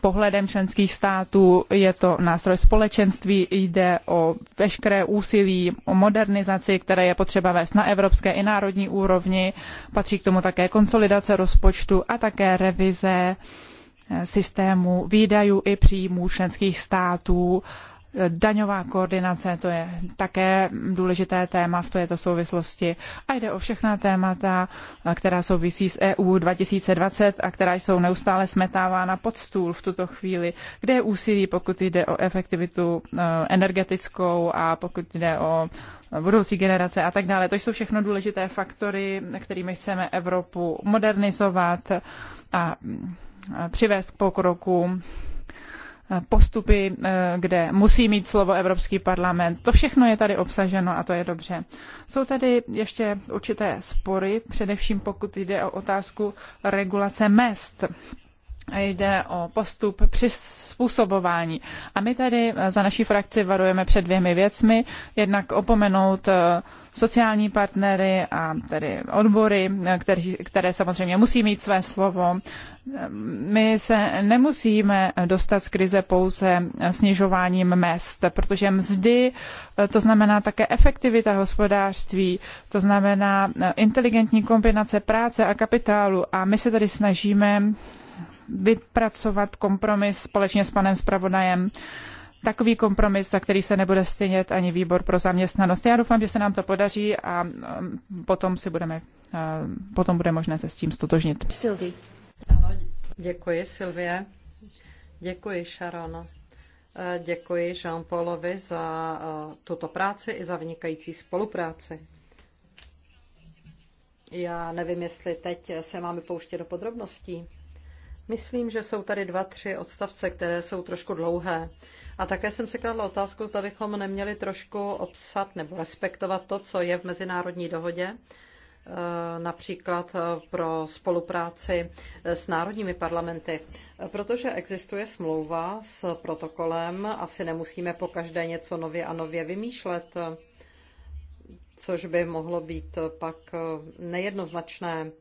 pohledem členských států. Je to nástroj společenství, jde o veškeré úsilí, o modernizaci, které je potřeba vést na evropské i národní úrovni. Patří k tomu také konsolidace rozpočtu a také revize eh, systému výdajů i příjmů členských států Daňová koordinace, to je také důležité téma v této souvislosti. A jde o všechna témata, která souvisí s EU 2020 a která jsou neustále smetávána pod stůl v tuto chvíli. Kde je úsilí, pokud jde o efektivitu e, energetickou a pokud jde o budoucí generace a tak dále. To jsou všechno důležité faktory, kterými chceme Evropu modernizovat a přivést k pokroku Eh, postupy, eh, kde musí mít slovo Evropský parlament. To všechno je tady obsaženo a to je dobře. Jsou tady ještě určité spory, především pokud jde o otázku regulace mest. Jde o postup přizpůsobování. A my tady za naší frakci varujeme před dvěmi věcmi. Jednak opomenout eh, sociální partnery a tedy odbory, který, které samozřejmě musí mít své slovo. My se nemusíme dostat z krize pouze snižováním mest, protože mzdy, to znamená také efektivita hospodářství, to znamená inteligentní kombinace práce a kapitálu a my se tady snažíme vypracovat kompromis společně s panem zpravodajem takový kompromis, za který se nebude stynět ani výbor pro zaměstnanost. Já doufám, že se nám to podaří a um, potom, si budeme, uh, potom bude možné se s tím stotožnit. Silvi. Děkuji, Silvie. Děkuji, Sharon. Uh, děkuji Jean-Paulovi za uh, tuto práci i za vynikající spolupráci. Já nevím, jestli teď se máme pouštět do podrobností. Myslím, že jsou tady dva, tři odstavce, které jsou trošku dlouhé. A také jsem si kladla otázku, zda bychom neměli trošku obsat nebo respektovat to, co je v mezinárodní dohodě, e, například e, pro spolupráci e, s národními parlamenty, protože existuje smlouva s protokolem, asi nemusíme po každé něco nově a nově vymýšlet, což by mohlo být pak nejednoznačné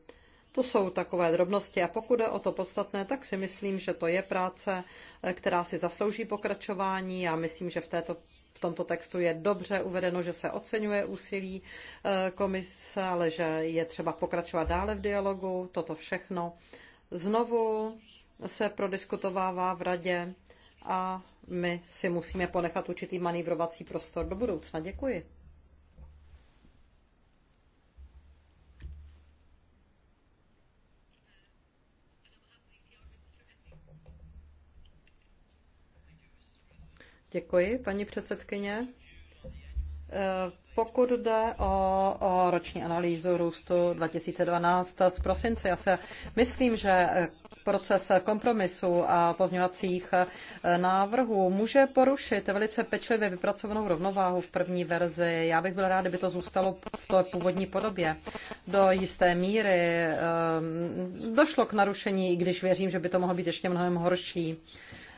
to jsou takové drobnosti a pokud je o to podstatné, tak si myslím, že to je práce, eh, která si zaslouží pokračování. Já myslím, že v této v tomto textu je dobře uvedeno, že se oceňuje úsilí eh, komise, ale že je třeba pokračovat dále v dialogu. Toto všechno znovu se prodiskutovává v radě a my si musíme ponechat určitý manévrovací prostor do budoucna. Děkuji. Děkuji, paní předsedkyně. Eh, pokud jde o, o roční analýzu růstu 2012 z prosince, já se myslím, že proces kompromisu a pozňovacích eh, návrhů může porušit velice pečlivě vypracovanou rovnováhu v první verzi. Já bych byl rád, kdyby to zůstalo v té původní podobě. Do jisté míry eh, došlo k narušení, i když věřím, že by to mohlo být ještě mnohem horší.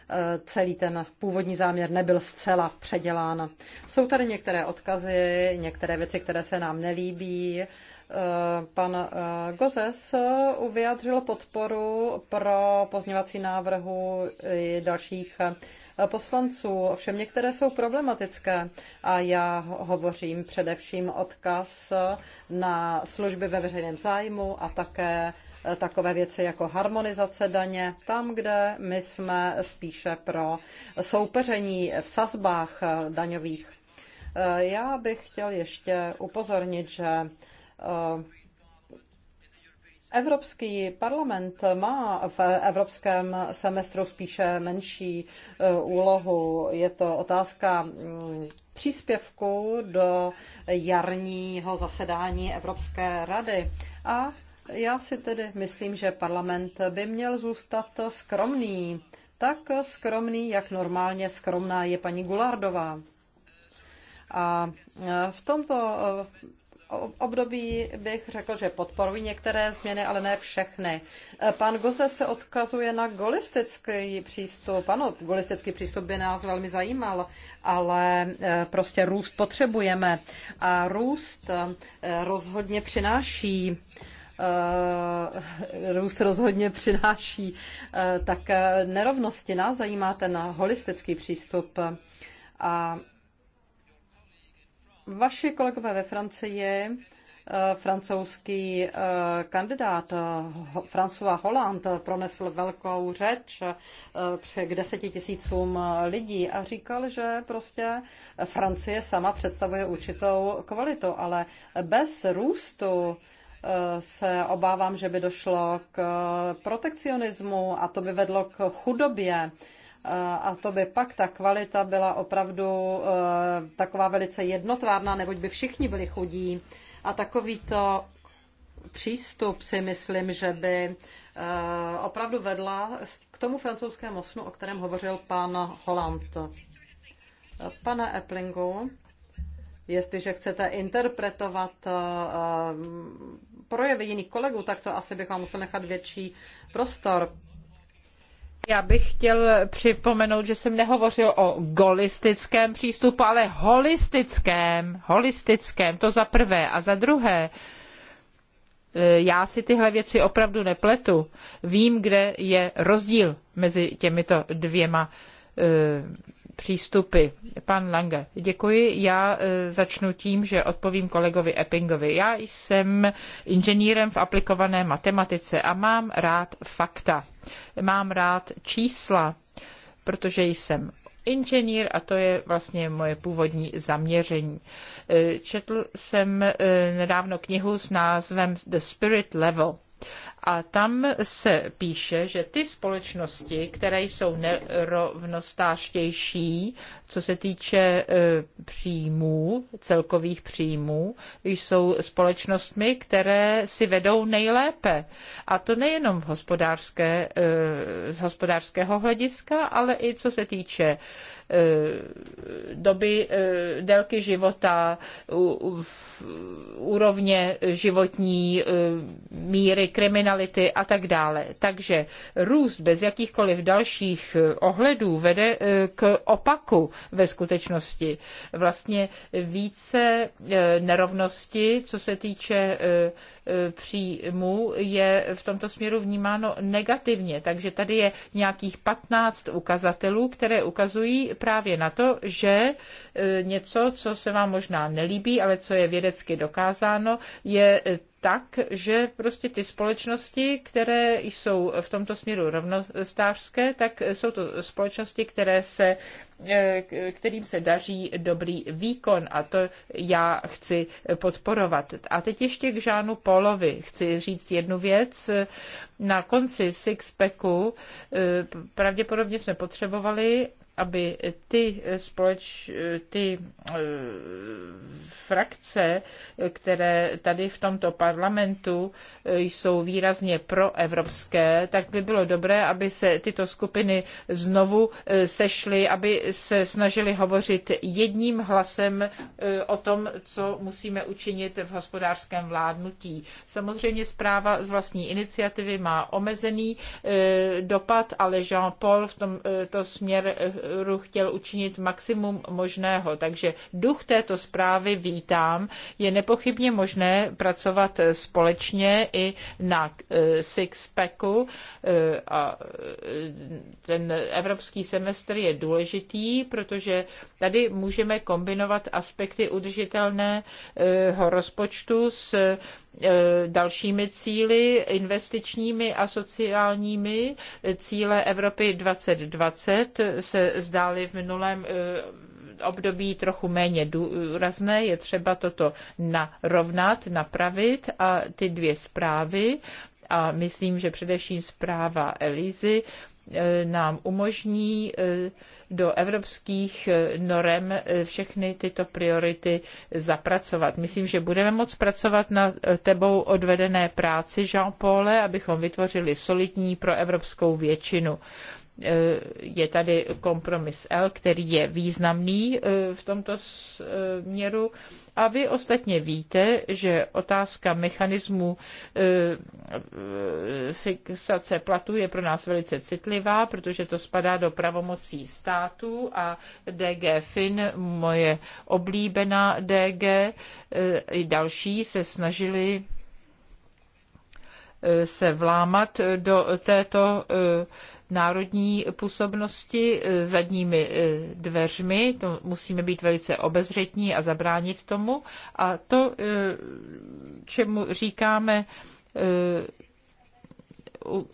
Eh, celý ten původní záměr nebyl zcela předělán. Jsou tady některé odkazy, některé věci, které se nám nelíbí, Eh, pan eh, Gozes eh, vyjádřil podporu pro pozněvací návrhu dalších poslanců. Ovšem některé jsou problematické a já hovořím především odkaz na služby ve veřejném zájmu a také takové věci jako harmonizace daně, tam, kde my jsme spíše pro soupeření v sazbách daňových. Já bych chtěl ještě upozornit, že Eh, Evropský parlament má v evropském semestru spíše menší eh, úlohu. Je to otázka mm, příspěvku do jarního zasedání Evropské rady. A já si tedy myslím, že parlament by měl zůstat skromný. Tak skromný, jak normálně skromná je paní Gulardová. A eh, v tomto období bych řekl, že podporují některé změny, ale ne všechny. Pan Goze se odkazuje na golistický přístup. Ano, golistický přístup by nás velmi zajímal, ale eh, prostě růst potřebujeme. A růst eh, rozhodně přináší eh, růst rozhodně přináší, tak nerovnosti nás zajímá ten holistický přístup. A Vaši kolegové ve Francii, eh, francouzský eh, kandidát François Hollande pronesl velkou řeč eh, k deseti tisícům lidí a říkal, že prostě Francie sama představuje určitou kvalitu, ale bez růstu se obávám, že by došlo k protekcionismu a to by vedlo k chudobě a to by pak ta kvalita byla opravdu eh, taková velice jednotvárná, neboť by všichni byli chudí. A takovýto přístup si myslím, že by eh, opravdu vedla k tomu francouzskému snu, o kterém hovořil pan Holland. Pane Eplingu, jestliže chcete interpretovat eh, projevy jiných kolegů, tak to asi bych vám musel nechat větší prostor. Já bych chtěl připomenout, že jsem nehovořil o golistickém přístupu, ale holistickém, holistickém, to za prvé. A za druhé, eh, já si tyhle věci opravdu nepletu. Vím, kde je rozdíl mezi těmito dvěma eh, přístupy. Pan Lange, děkuji. Já e, začnu tím, že odpovím kolegovi Eppingovi. Já jsem inženýrem v aplikované matematice a mám rád fakta. Mám rád čísla, protože jsem inženýr a to je vlastně moje původní zaměření. E, četl jsem e, nedávno knihu s názvem The Spirit Level a tam se píše, že ty společnosti, které jsou nerovnostářtější, co se týče e, příjmů, celkových příjmů, jsou společnostmi, které si vedou nejlépe. A to nejenom v hospodářské, e, z hospodářského hlediska, ale i co se týče Eh, doby, eh, délky života, úrovně životní, eh, míry kriminality a tak dále. Takže růst bez jakýchkoliv dalších ohledů vede k opaku ve skutečnosti. Vlastně více nerovnosti, co se týče příjmů je v tomto směru vnímáno negativně. Takže tady je nějakých 15 ukazatelů, které ukazují právě na to, že e, něco, co se vám možná nelíbí, ale co je vědecky dokázáno, je tak, že prostě ty společnosti, které jsou v tomto směru rovnostářské, tak jsou to společnosti, které se, eh, kterým se daří dobrý výkon a to já chci podporovat. A teď ještě k Žánu Polovi chci říct jednu věc. Na konci Sixpacku eh, pravděpodobně jsme potřebovali aby ty, společ, ty eh, frakce, které tady v tomto parlamentu eh, jsou výrazně proevropské, tak by bylo dobré, aby se tyto skupiny znovu eh, sešly, aby se snažili hovořit jedním hlasem o tom, co musíme učinit v hospodářském vládnutí. Samozřejmě zpráva z vlastní iniciativy má omezený dopad, ale Jean-Paul v tomto směr výboru chtěl učinit maximum možného. Takže duch této zprávy vítám. Je nepochybně možné pracovat společně i na eh, six-packu eh, a eh, ten evropský semestr je důležitý, protože tady můžeme kombinovat aspekty udržitelného rozpočtu s E, dalšími cíly, investičními a sociálními. Cíle Evropy 2020 se zdály v minulém e, období trochu méně důrazné, je třeba toto narovnat, napravit a ty dvě zprávy a myslím, že především zpráva Elízy, Eh, nám umožní eh, do evropských eh, norem všechny tyto priority zapracovat. Myslím, že budeme moc pracovat na tebou odvedené práci, Jean-Paul, abychom vytvořili solidní pro evropskou většinu. Eh, je tady kompromis L, který je významný eh, v tomto směru. A vy ostatně víte, že otázka mechanismu eh, fixace platu je pro nás velice citlivá, protože to spadá do pravomocí států a DG Fin, moje oblíbená DG, i další se snažili se vlámat do této národní působnosti e, zadními e, dveřmi. To musíme být velice obezřetní a zabránit tomu. A to, e, čemu říkáme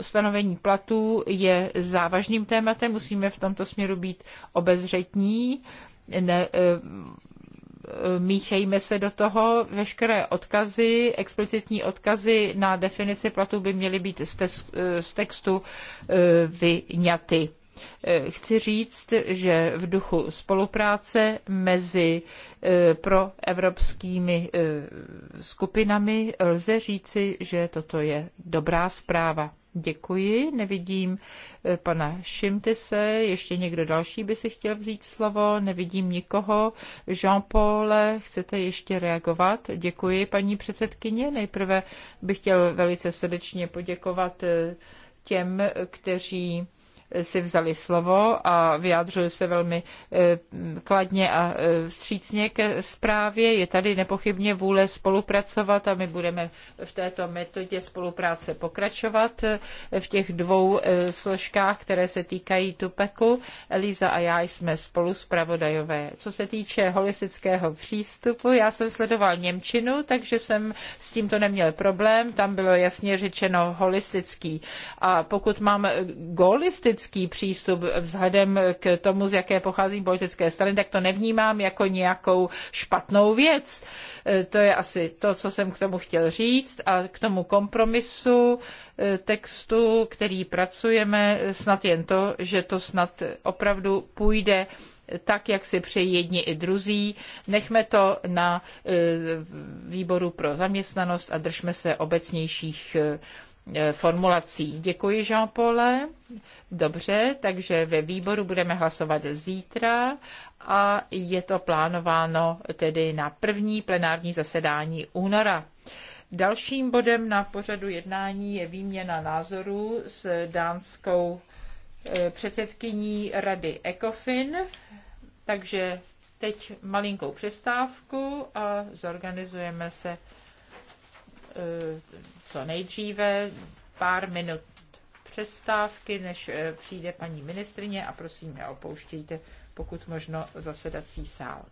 stanovení platů, je závažným tématem. Musíme v tomto směru být obezřetní ne, míchejme se do toho. Veškeré odkazy, explicitní odkazy na definici platu by měly být z textu eh, vyňaty. Eh, chci říct, že v duchu spolupráce mezi eh, proevropskými skupinami lze říci, že toto je dobrá zpráva. Děkuji, nevidím eh, pana Šimtise, ještě někdo další by si chtěl vzít slovo, nevidím nikoho. Jean-Paul, chcete ještě reagovat? Děkuji, paní předsedkyně. Nejprve bych chtěl velice srdečně poděkovat eh, těm, kteří si vzali slovo a vyjádřili se velmi e, kladně a e, vstřícně ke zprávě. Je tady nepochybně vůle spolupracovat a my budeme v této metodě spolupráce pokračovat e, v těch dvou složkách, které se týkají Tupeku. Eliza a já jsme spolu zpravodajové. Co se týče holistického přístupu, já jsem sledoval Němčinu, takže jsem s tímto neměl problém. Tam bylo jasně řečeno holistický. A pokud mám golistický, politický přístup vzhledem k tomu, z jaké pochází politické strany, tak to nevnímám jako nějakou špatnou věc. E, to je asi to, co jsem k tomu chtěl říct a k tomu kompromisu e, textu, který pracujeme, snad jen to, že to snad opravdu půjde tak, jak si přejí jedni i druzí. Nechme to na e, výboru pro zaměstnanost a držme se obecnějších formulací. Děkuji, jean paul Dobře, takže ve výboru budeme hlasovat zítra a je to plánováno tedy na první plenární zasedání února. Dalším bodem na pořadu jednání je výměna názorů s dánskou eh, předsedkyní rady ECOFIN, takže teď malinkou přestávku a zorganizujeme se eh, co nejdříve pár minut přestávky, než eh, přijde paní ministrině a prosím, neopouštějte pokud možno zasedací sál.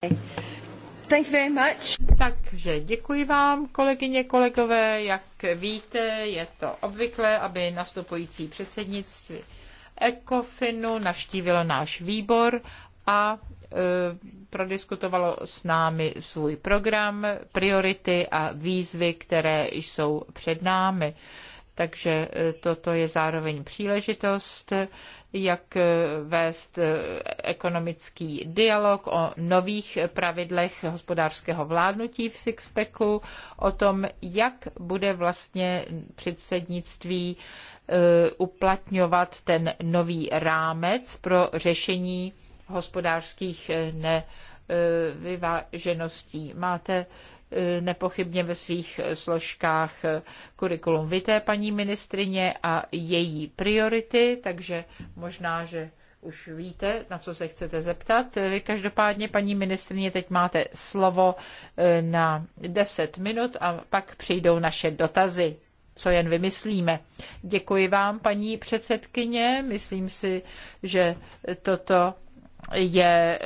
Thank you very much. Takže děkuji vám, kolegyně, kolegové. Jak víte, je to obvyklé, aby nastupující předsednictví ECOFINu navštívilo náš výbor a e, prodiskutovalo s námi svůj program, priority a výzvy, které jsou před námi. Takže e, toto je zároveň příležitost jak eh, vést eh, ekonomický dialog o nových pravidlech hospodářského vládnutí v Sixpacku, o tom, jak bude vlastně předsednictví eh, uplatňovat ten nový rámec pro řešení hospodářských nevyvážeností. Máte nepochybně ve svých složkách kurikulum vité paní ministrině a její priority, takže možná, že už víte, na co se chcete zeptat. Vy každopádně, paní ministrině, teď máte slovo e, na 10 minut a pak přijdou naše dotazy co jen vymyslíme. Děkuji vám, paní předsedkyně. Myslím si, že toto je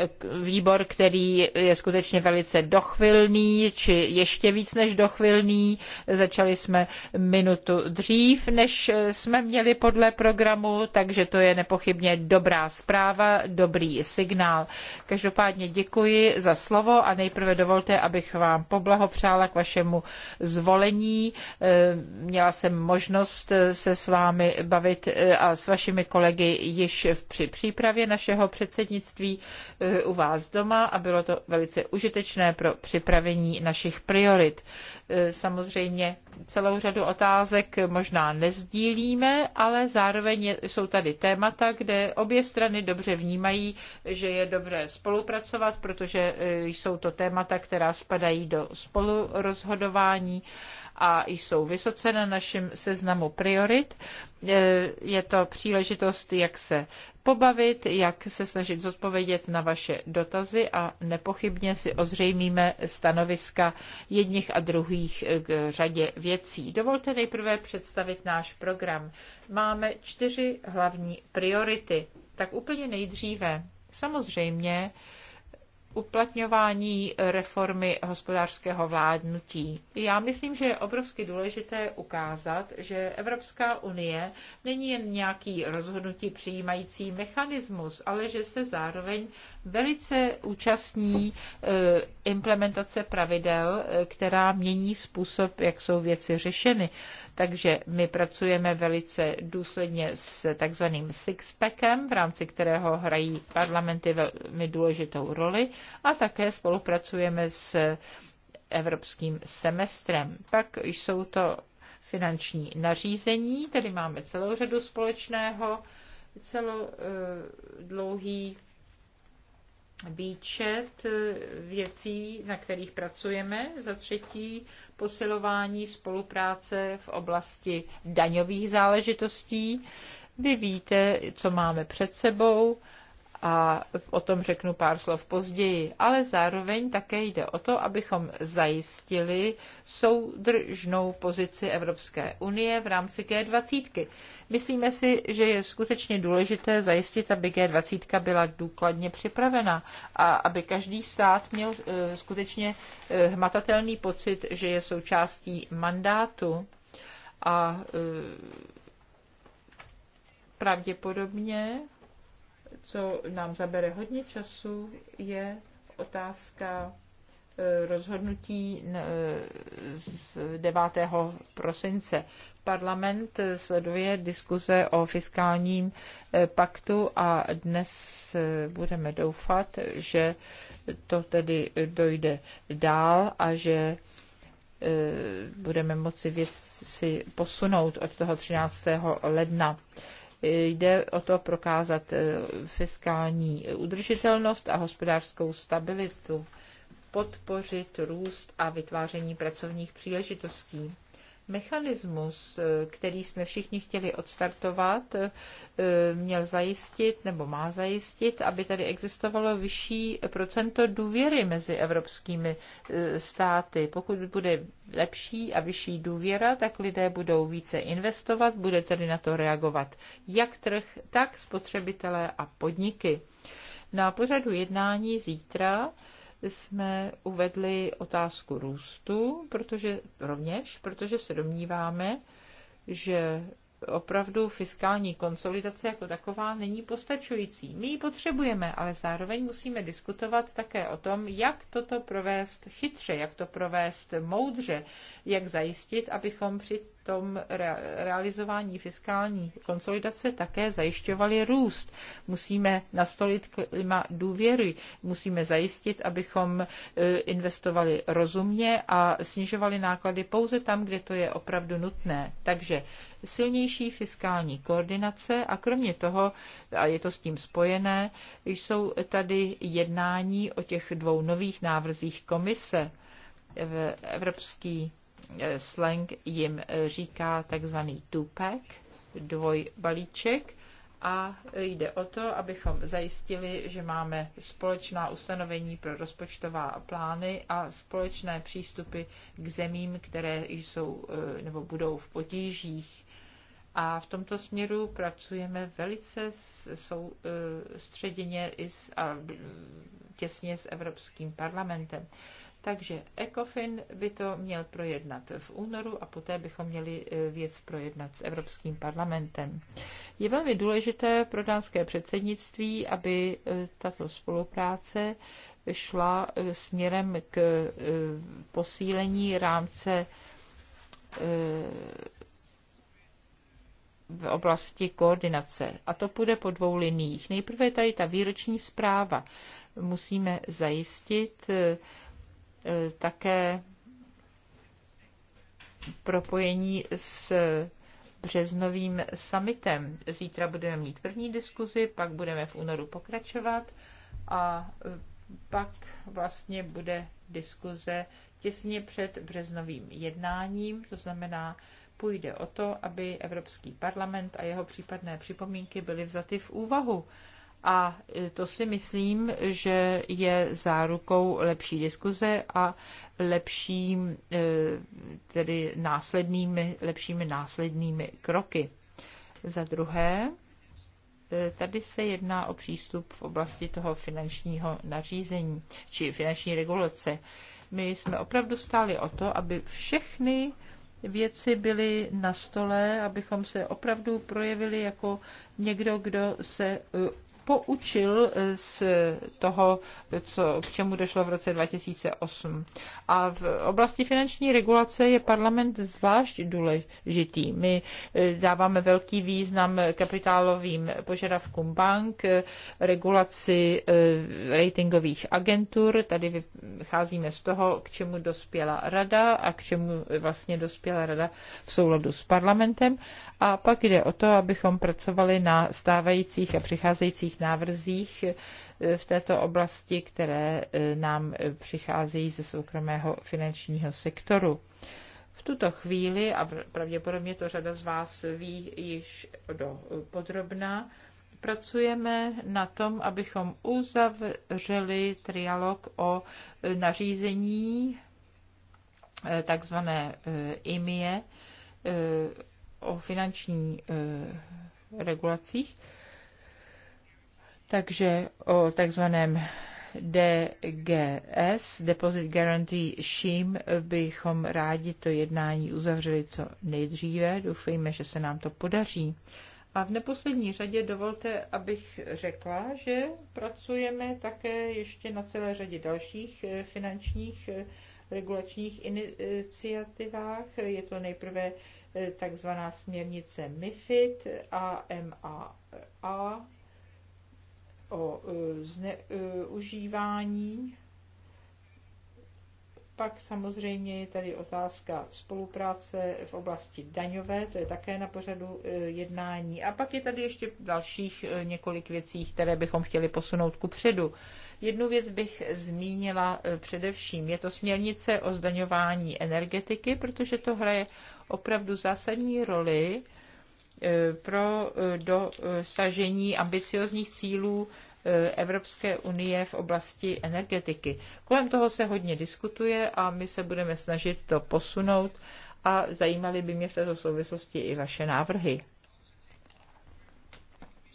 výbor, který je skutečně velice dochvilný, či ještě víc než dochvilný. Začali jsme minutu dřív, než jsme měli podle programu, takže to je nepochybně dobrá zpráva, dobrý signál. Každopádně děkuji za slovo a nejprve dovolte, abych vám poblahopřála k vašemu zvolení. Eh, měla jsem možnost eh, se s vámi bavit eh, a s vašimi kolegy již při přípravě našeho předsednictví předsednictví eh, u vás doma a bylo to velice užitečné pro připravení našich priorit. Eh, samozřejmě celou řadu otázek možná nezdílíme, ale zároveň jsou tady témata, kde obě strany dobře vnímají, že je dobré spolupracovat, protože eh, jsou to témata, která spadají do spolurozhodování a jsou vysoce na našem seznamu priorit. Je to příležitost, jak se pobavit, jak se snažit zodpovědět na vaše dotazy a nepochybně si ozřejmíme stanoviska jedních a druhých k řadě věcí. Dovolte nejprve představit náš program. Máme čtyři hlavní priority. Tak úplně nejdříve. Samozřejmě, uplatňování reformy hospodářského vládnutí. Já myslím, že je obrovsky důležité ukázat, že Evropská unie není jen nějaký rozhodnutí přijímající mechanismus, ale že se zároveň velice účastní e, implementace pravidel, e, která mění způsob, jak jsou věci řešeny. Takže my pracujeme velice důsledně s takzvaným six-packem, v rámci kterého hrají parlamenty velmi důležitou roli a také spolupracujeme s evropským semestrem. Pak jsou to finanční nařízení, tedy máme celou řadu společného, dlouhý výčet eh, věcí, na kterých pracujeme. Za třetí posilování spolupráce v oblasti daňových záležitostí. Vy víte, co máme před sebou a o tom řeknu pár slov později. Ale zároveň také jde o to, abychom zajistili soudržnou pozici Evropské unie v rámci G20. Myslíme si, že je skutečně důležité zajistit, aby G20 byla důkladně připravena a aby každý stát měl eh, skutečně eh, hmatatelný pocit, že je součástí mandátu a eh, pravděpodobně co nám zabere hodně času, je otázka e, rozhodnutí e, z 9. prosince. Parlament sleduje diskuze o fiskálním e, paktu a dnes budeme doufat, že to tedy dojde dál a že budeme moci věci posunout od toho 13. ledna. Jde o to prokázat eh, fiskální udržitelnost a hospodářskou stabilitu, podpořit růst a vytváření pracovních příležitostí mechanismus, eh, který jsme všichni chtěli odstartovat, eh, měl zajistit nebo má zajistit, aby tady existovalo vyšší procento důvěry mezi evropskými eh, státy. Pokud bude lepší a vyšší důvěra, tak lidé budou více investovat, bude tedy na to reagovat jak trh, tak spotřebitelé a podniky. Na pořadu jednání zítra jsme uvedli otázku růstu, protože rovněž, protože se domníváme, že opravdu fiskální konsolidace jako taková není postačující. My ji potřebujeme, ale zároveň musíme diskutovat také o tom, jak toto provést chytře, jak to provést moudře, jak zajistit, abychom při tom realizování fiskální konsolidace také zajišťovali růst. Musíme nastolit klima důvěry, musíme zajistit, abychom e, investovali rozumně a snižovali náklady pouze tam, kde to je opravdu nutné. Takže silnější fiskální koordinace a kromě toho, a je to s tím spojené, jsou tady jednání o těch dvou nových návrzích komise v Evropský slang jim říká takzvaný tupek, dvojbalíček, a jde o to, abychom zajistili, že máme společná ustanovení pro rozpočtová plány a společné přístupy k zemím, které jsou e, nebo budou v potížích. A v tomto směru pracujeme velice soustředěně e, i s, a těsně s Evropským parlamentem. Takže ECOFIN by to měl projednat v únoru a poté bychom měli e, věc projednat s Evropským parlamentem. Je velmi důležité pro dánské předsednictví, aby e, tato spolupráce šla e, směrem k posílení rámce v oblasti koordinace. A to půjde po dvou liních. Nejprve je tady ta výroční zpráva. Musíme zajistit, E, také propojení s březnovým summitem. Zítra budeme mít první diskuzi, pak budeme v únoru pokračovat a pak vlastně bude diskuze těsně před březnovým jednáním, to znamená, půjde o to, aby Evropský parlament a jeho případné připomínky byly vzaty v úvahu a to si myslím, že je zárukou lepší diskuze a lepším, eh, tedy následnými, lepšími následnými kroky. Za druhé, eh, tady se jedná o přístup v oblasti toho finančního nařízení či finanční regulace. My jsme opravdu stáli o to, aby všechny věci byly na stole, abychom se opravdu projevili jako někdo, kdo se eh, poučil eh, z toho, co, k čemu došlo v roce 2008. A v oblasti finanční regulace je parlament zvlášť důležitý. My eh, dáváme velký význam kapitálovým požadavkům bank, eh, regulaci ratingových agentur. Tady vycházíme z toho, k čemu dospěla rada a k čemu vlastně dospěla rada v souladu s parlamentem. A pak jde o to, abychom pracovali na stávajících a přicházejících pozměňovacích návrzích eh, v této oblasti, které eh, nám přicházejí ze soukromého finančního sektoru. V tuto chvíli, a pravděpodobně to řada z vás ví již do eh, podrobna, pracujeme na tom, abychom uzavřeli trialog o nařízení takzvané IMIE o finanční regulacích takže o takzvaném DGS, Deposit Guarantee Scheme, bychom rádi to jednání uzavřeli co nejdříve. Doufejme, že se nám to podaří. A v neposlední řadě dovolte, abych řekla, že pracujeme také ještě na celé řadě dalších eh, finančních eh, regulačních iniciativách. Je to nejprve eh, takzvaná směrnice MIFID a MAA, o e, zneužívání. Pak samozřejmě je tady otázka spolupráce v oblasti daňové, to je také na pořadu e, jednání. A pak je tady ještě dalších e, několik věcí, které bychom chtěli posunout ku předu. Jednu věc bych zmínila především. Je to směrnice o zdaňování energetiky, protože to hraje opravdu zásadní roli pro dosažení ambiciozních cílů Eh, Evropské unie v oblasti energetiky. Kolem toho se hodně diskutuje a my se budeme snažit to posunout a zajímaly by mě v této souvislosti i vaše návrhy.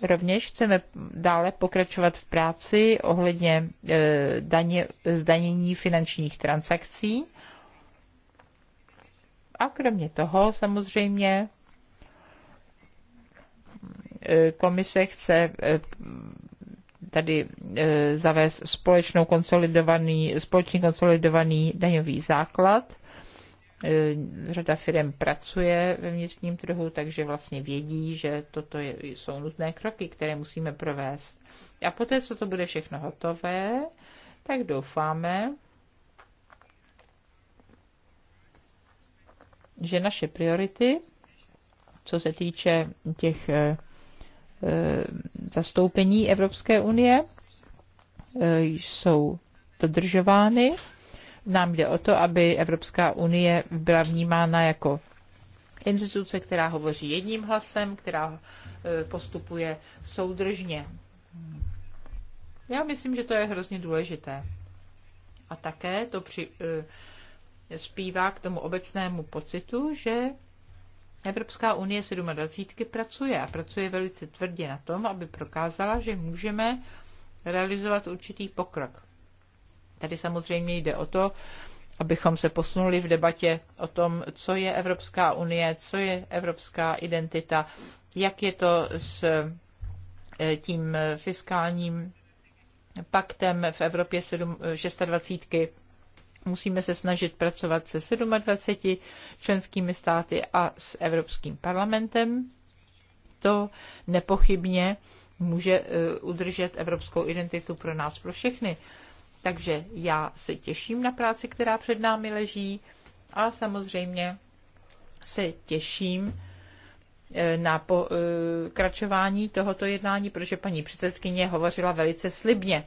Rovněž chceme dále pokračovat v práci ohledně eh, daně, zdanění finančních transakcí. A kromě toho samozřejmě eh, komise chce tady e, zavést společnou konsolidovaný, společný konsolidovaný daňový základ. E, řada firm pracuje ve vnitřním trhu, takže vlastně vědí, že toto je, jsou nutné kroky, které musíme provést. A poté, co to bude všechno hotové, tak doufáme, že naše priority, co se týče těch e, Eh, zastoupení Evropské unie eh, jsou dodržovány. Nám jde o to, aby Evropská unie byla vnímána jako instituce, která hovoří jedním hlasem, která eh, postupuje soudržně. Já myslím, že to je hrozně důležité. A také to při, zpívá k tomu obecnému pocitu, že Evropská unie 27 pracuje a pracuje velice tvrdě na tom, aby prokázala, že můžeme realizovat určitý pokrok. Tady samozřejmě jde o to, abychom se posunuli v debatě o tom, co je Evropská unie, co je evropská identita, jak je to s eh, tím fiskálním paktem v Evropě 7, 26. Eh, Musíme se snažit pracovat se 27 členskými státy a s Evropským parlamentem. To nepochybně může e, udržet evropskou identitu pro nás, pro všechny. Takže já se těším na práci, která před námi leží a samozřejmě se těším e, na pokračování e, tohoto jednání, protože paní předsedkyně hovořila velice slibně.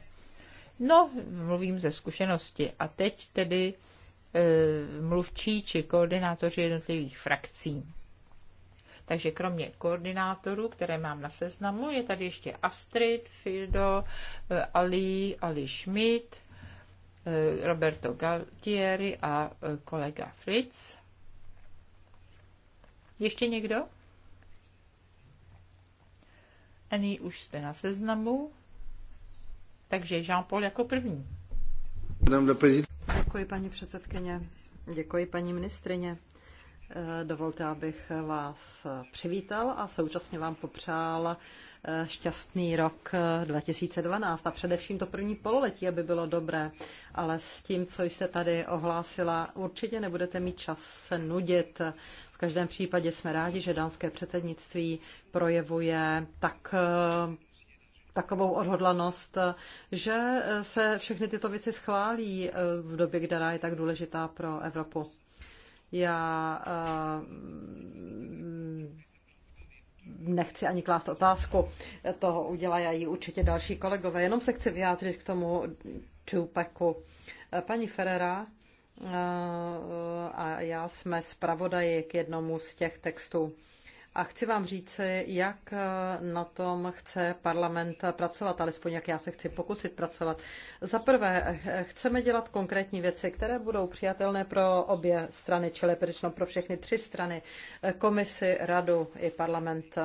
No, mluvím ze zkušenosti. A teď tedy e, mluvčí či koordinátoři jednotlivých frakcí. Takže kromě koordinátorů, které mám na seznamu, je tady ještě Astrid, Fildo, e, Ali, Ali Schmidt, e, Roberto Galtieri a e, kolega Fritz. Ještě někdo? Ani už jste na seznamu. Takže Jean-Paul jako první. Děkuji, paní předsedkyně. Děkuji, paní ministrině. Eh, dovolte, abych vás přivítal a současně vám popřál eh, šťastný rok 2012 eh, a především to první pololetí, aby bylo dobré. Ale s tím, co jste tady ohlásila, určitě nebudete mít čas se nudit. V každém případě jsme rádi, že dánské předsednictví projevuje tak takovou odhodlanost, že se všechny tyto věci schválí eh, v době, která je tak důležitá pro Evropu. Já eh, nechci ani klást otázku, toho udělají určitě další kolegové, jenom se chci vyjádřit k tomu Tupacu. Eh, paní Ferrera a já jsme zpravodaji k jednomu z těch textů. A chci vám říci, jak eh, na tom chce parlament pracovat, alespoň jak já se chci pokusit pracovat. Za prvé, eh, chceme dělat konkrétní věci, které budou přijatelné pro obě strany, čili přečno pro všechny tři strany, eh, komisi, radu i parlament.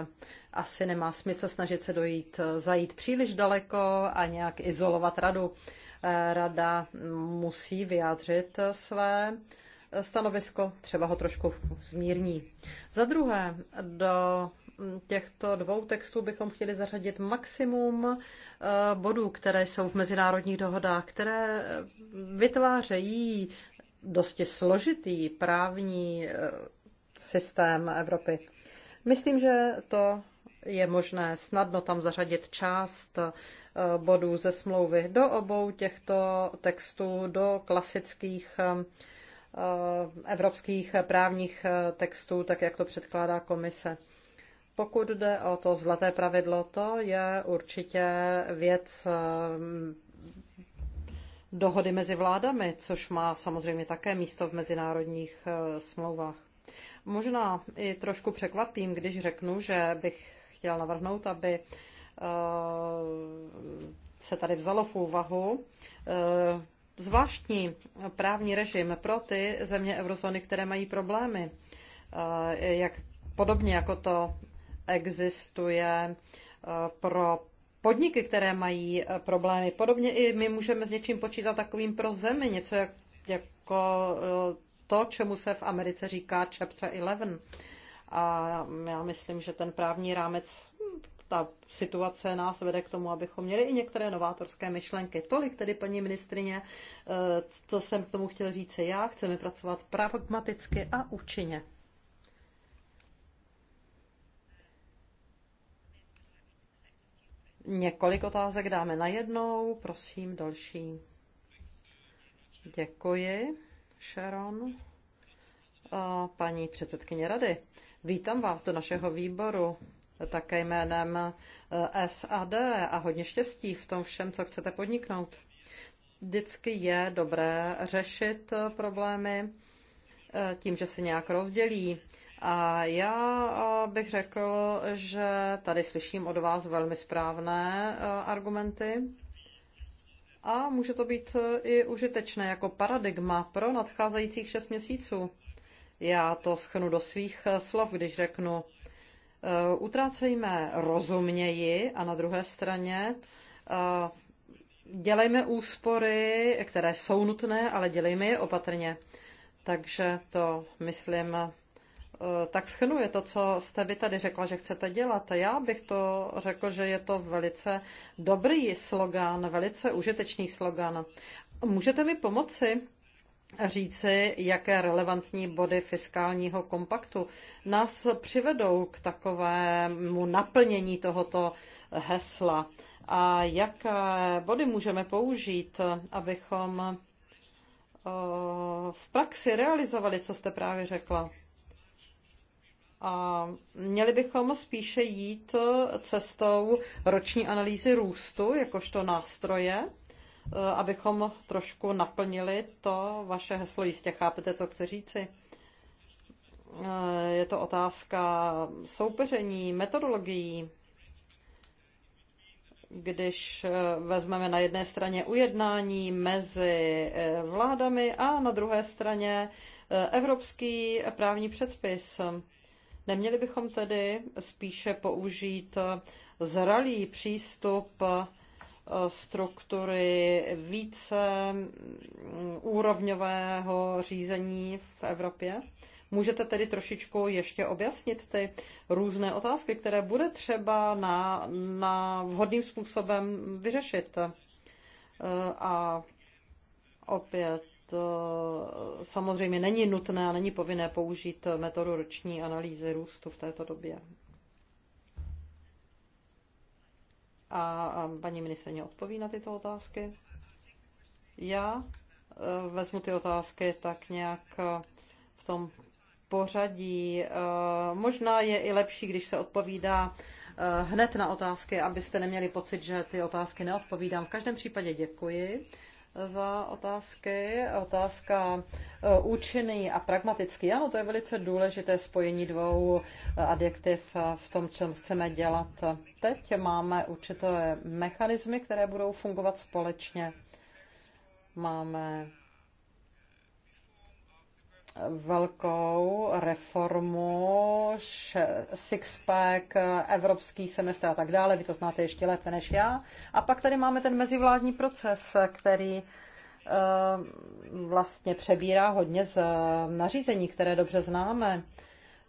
Asi nemá smysl snažit se dojít, zajít příliš daleko a nějak izolovat radu. Rada musí vyjádřit své stanovisko, třeba ho trošku zmírní. Za druhé, do těchto dvou textů bychom chtěli zařadit maximum eh, bodů, které jsou v mezinárodních dohodách, které vytvářejí dosti složitý právní eh, systém Evropy. Myslím, že to je možné snadno tam zařadit část eh, bodů ze smlouvy do obou těchto textů, do klasických Eh, evropských právních eh, textů, tak jak to předkládá komise. Pokud jde o to zlaté pravidlo, to je určitě věc eh, dohody mezi vládami, což má samozřejmě také místo v mezinárodních smlouvách. Možná i trošku překvapím, když řeknu, že bych chtěla navrhnout, aby se tady vzalo v úvahu zvláštní právní režim pro ty země eurozóny, které mají problémy. Eh, jak podobně jako to existuje eh, pro podniky, které mají eh, problémy. Podobně i my můžeme s něčím počítat takovým pro zemi, něco jak, jako to, čemu se v Americe říká Chapter 11. A já myslím, že ten právní rámec ta situace nás vede k tomu, abychom měli i některé novátorské myšlenky. Tolik tedy, paní ministrině, eh, co jsem k tomu chtěl říct já. Chceme pracovat pragmaticky a účinně. Několik otázek dáme na jednou. Prosím, další. Děkuji, Sharon. Paní předsedkyně rady, vítám vás do našeho výboru také jménem eh, SAD a hodně štěstí v tom všem, co chcete podniknout. Vždycky je dobré řešit eh, problémy eh, tím, že se nějak rozdělí. A já bych řekl, že tady slyším od vás velmi správné argumenty a může to být i užitečné jako paradigma pro nadcházejících šest měsíců. Já to schnu do svých slov, když řeknu, Eh, utrácejme rozumněji a na druhé straně eh, dělejme úspory, které jsou nutné, ale dělejme je opatrně. Takže to, myslím, eh, tak schnuje to, co jste vy tady řekla, že chcete dělat. Já bych to řekl, že je to velice dobrý slogan, velice užitečný slogan. Můžete mi pomoci říci, jaké relevantní body fiskálního kompaktu nás přivedou k takovému naplnění tohoto hesla a jaké body můžeme použít, abychom v praxi realizovali, co jste právě řekla. A měli bychom spíše jít cestou roční analýzy růstu jakožto nástroje, Eh, abychom trošku naplnili to vaše heslo. Jistě chápete, co chci říci. Eh, je to otázka soupeření, metodologií. Když eh, vezmeme na jedné straně ujednání mezi vládami a na druhé straně evropský právní předpis, neměli bychom tedy spíše použít zralý přístup struktury více úrovňového řízení v Evropě? Můžete tedy trošičku ještě objasnit ty různé otázky, které bude třeba na, na vhodným způsobem vyřešit. E, a opět e, samozřejmě není nutné a není povinné použít metodu roční analýzy růstu v této době. a paní ministrině odpoví na tyto otázky. Já e, vezmu ty otázky tak nějak e, v tom pořadí. E, možná je i lepší, když se odpovídá hned na otázky, abyste neměli pocit, že ty otázky neodpovídám. V každém případě děkuji za otázky. Otázka e, účinný a pragmatický. Ano, to je velice důležité spojení dvou e, adjektiv e, v tom, co chceme dělat. Teď máme určité mechanismy, které budou fungovat společně. Máme velkou reformu, six-pack, evropský semestr a tak dále. Vy to znáte ještě lépe než já. A pak tady máme ten mezivládní proces, který eh, vlastně přebírá hodně z eh, nařízení, které dobře známe.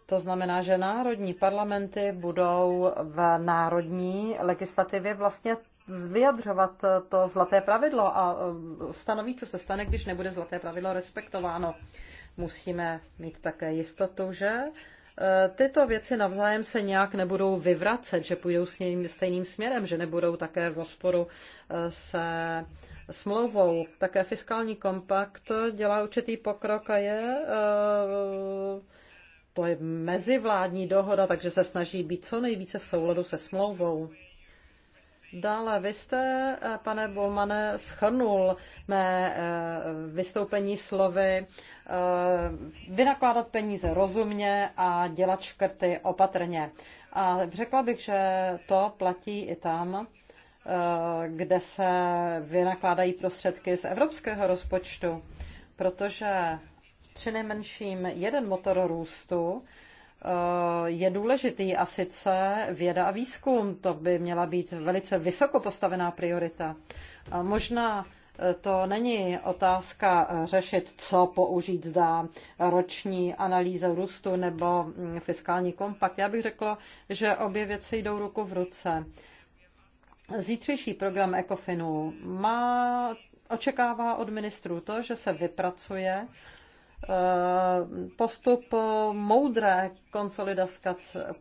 To znamená, že národní parlamenty budou v národní legislativě vlastně vyjadřovat to zlaté pravidlo a eh, stanoví, co se stane, když nebude zlaté pravidlo respektováno. Musíme mít také jistotu, že e, tyto věci navzájem se nějak nebudou vyvracet, že půjdou stejným směrem, že nebudou také v rozporu e, se smlouvou. Také fiskální kompakt dělá určitý pokrok a je e, to je mezivládní dohoda, takže se snaží být co nejvíce v souladu se smlouvou. Dále vy jste, pane Bulmane, schrnul mé vystoupení slovy Eh, vynakládat peníze rozumně a dělat škrty opatrně. A řekla bych, že to platí i tam, eh, kde se vynakládají prostředky z evropského rozpočtu, protože přinejmenším jeden motor růstu eh, je důležitý a sice věda a výzkum. To by měla být velice vysoko postavená priorita. A možná to není otázka eh, řešit, co použít za roční analýzu růstu nebo mm, fiskální kompakt. Já bych řekla, že obě věci jdou ruku v ruce. Zítřejší program ECOFINu má, očekává od ministrů to, že se vypracuje uh, Eh, postup moudré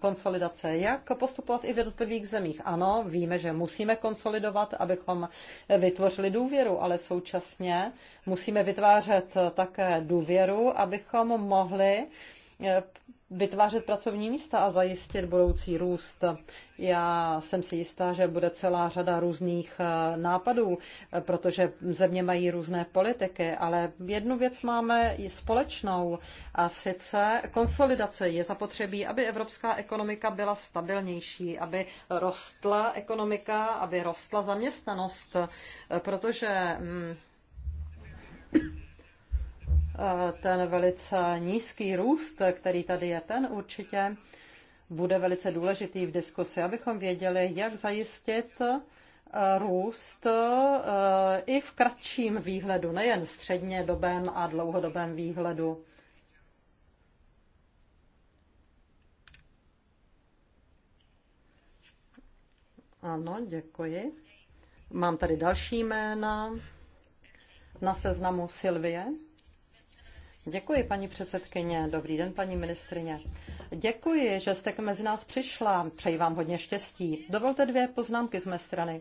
konsolidace, jak postupovat i v jednotlivých zemích. Ano, víme, že musíme konsolidovat, abychom vytvořili důvěru, ale současně musíme vytvářet také důvěru, abychom mohli uh, Eh, vytvářet pracovní místa a zajistit budoucí růst. Já jsem si jistá, že bude celá řada různých eh, nápadů, eh, protože země mají různé politiky, ale jednu věc máme i společnou a sice konsolidace. Je zapotřebí, aby evropská ekonomika byla stabilnější, aby rostla ekonomika, aby rostla zaměstnanost, protože... Hmm, Eh, ten velice nízký růst, který tady je, ten určitě bude velice důležitý v diskusi, abychom věděli, jak zajistit eh, růst eh, i v kratším výhledu, nejen středně dobém a dlouhodobém výhledu. Ano, děkuji. Mám tady další jména na seznamu Silvie. Děkuji, paní předsedkyně. Dobrý den, paní ministrině. Děkuji, že jste mezi nás přišla. Přeji vám hodně štěstí. Dovolte dvě poznámky z mé strany.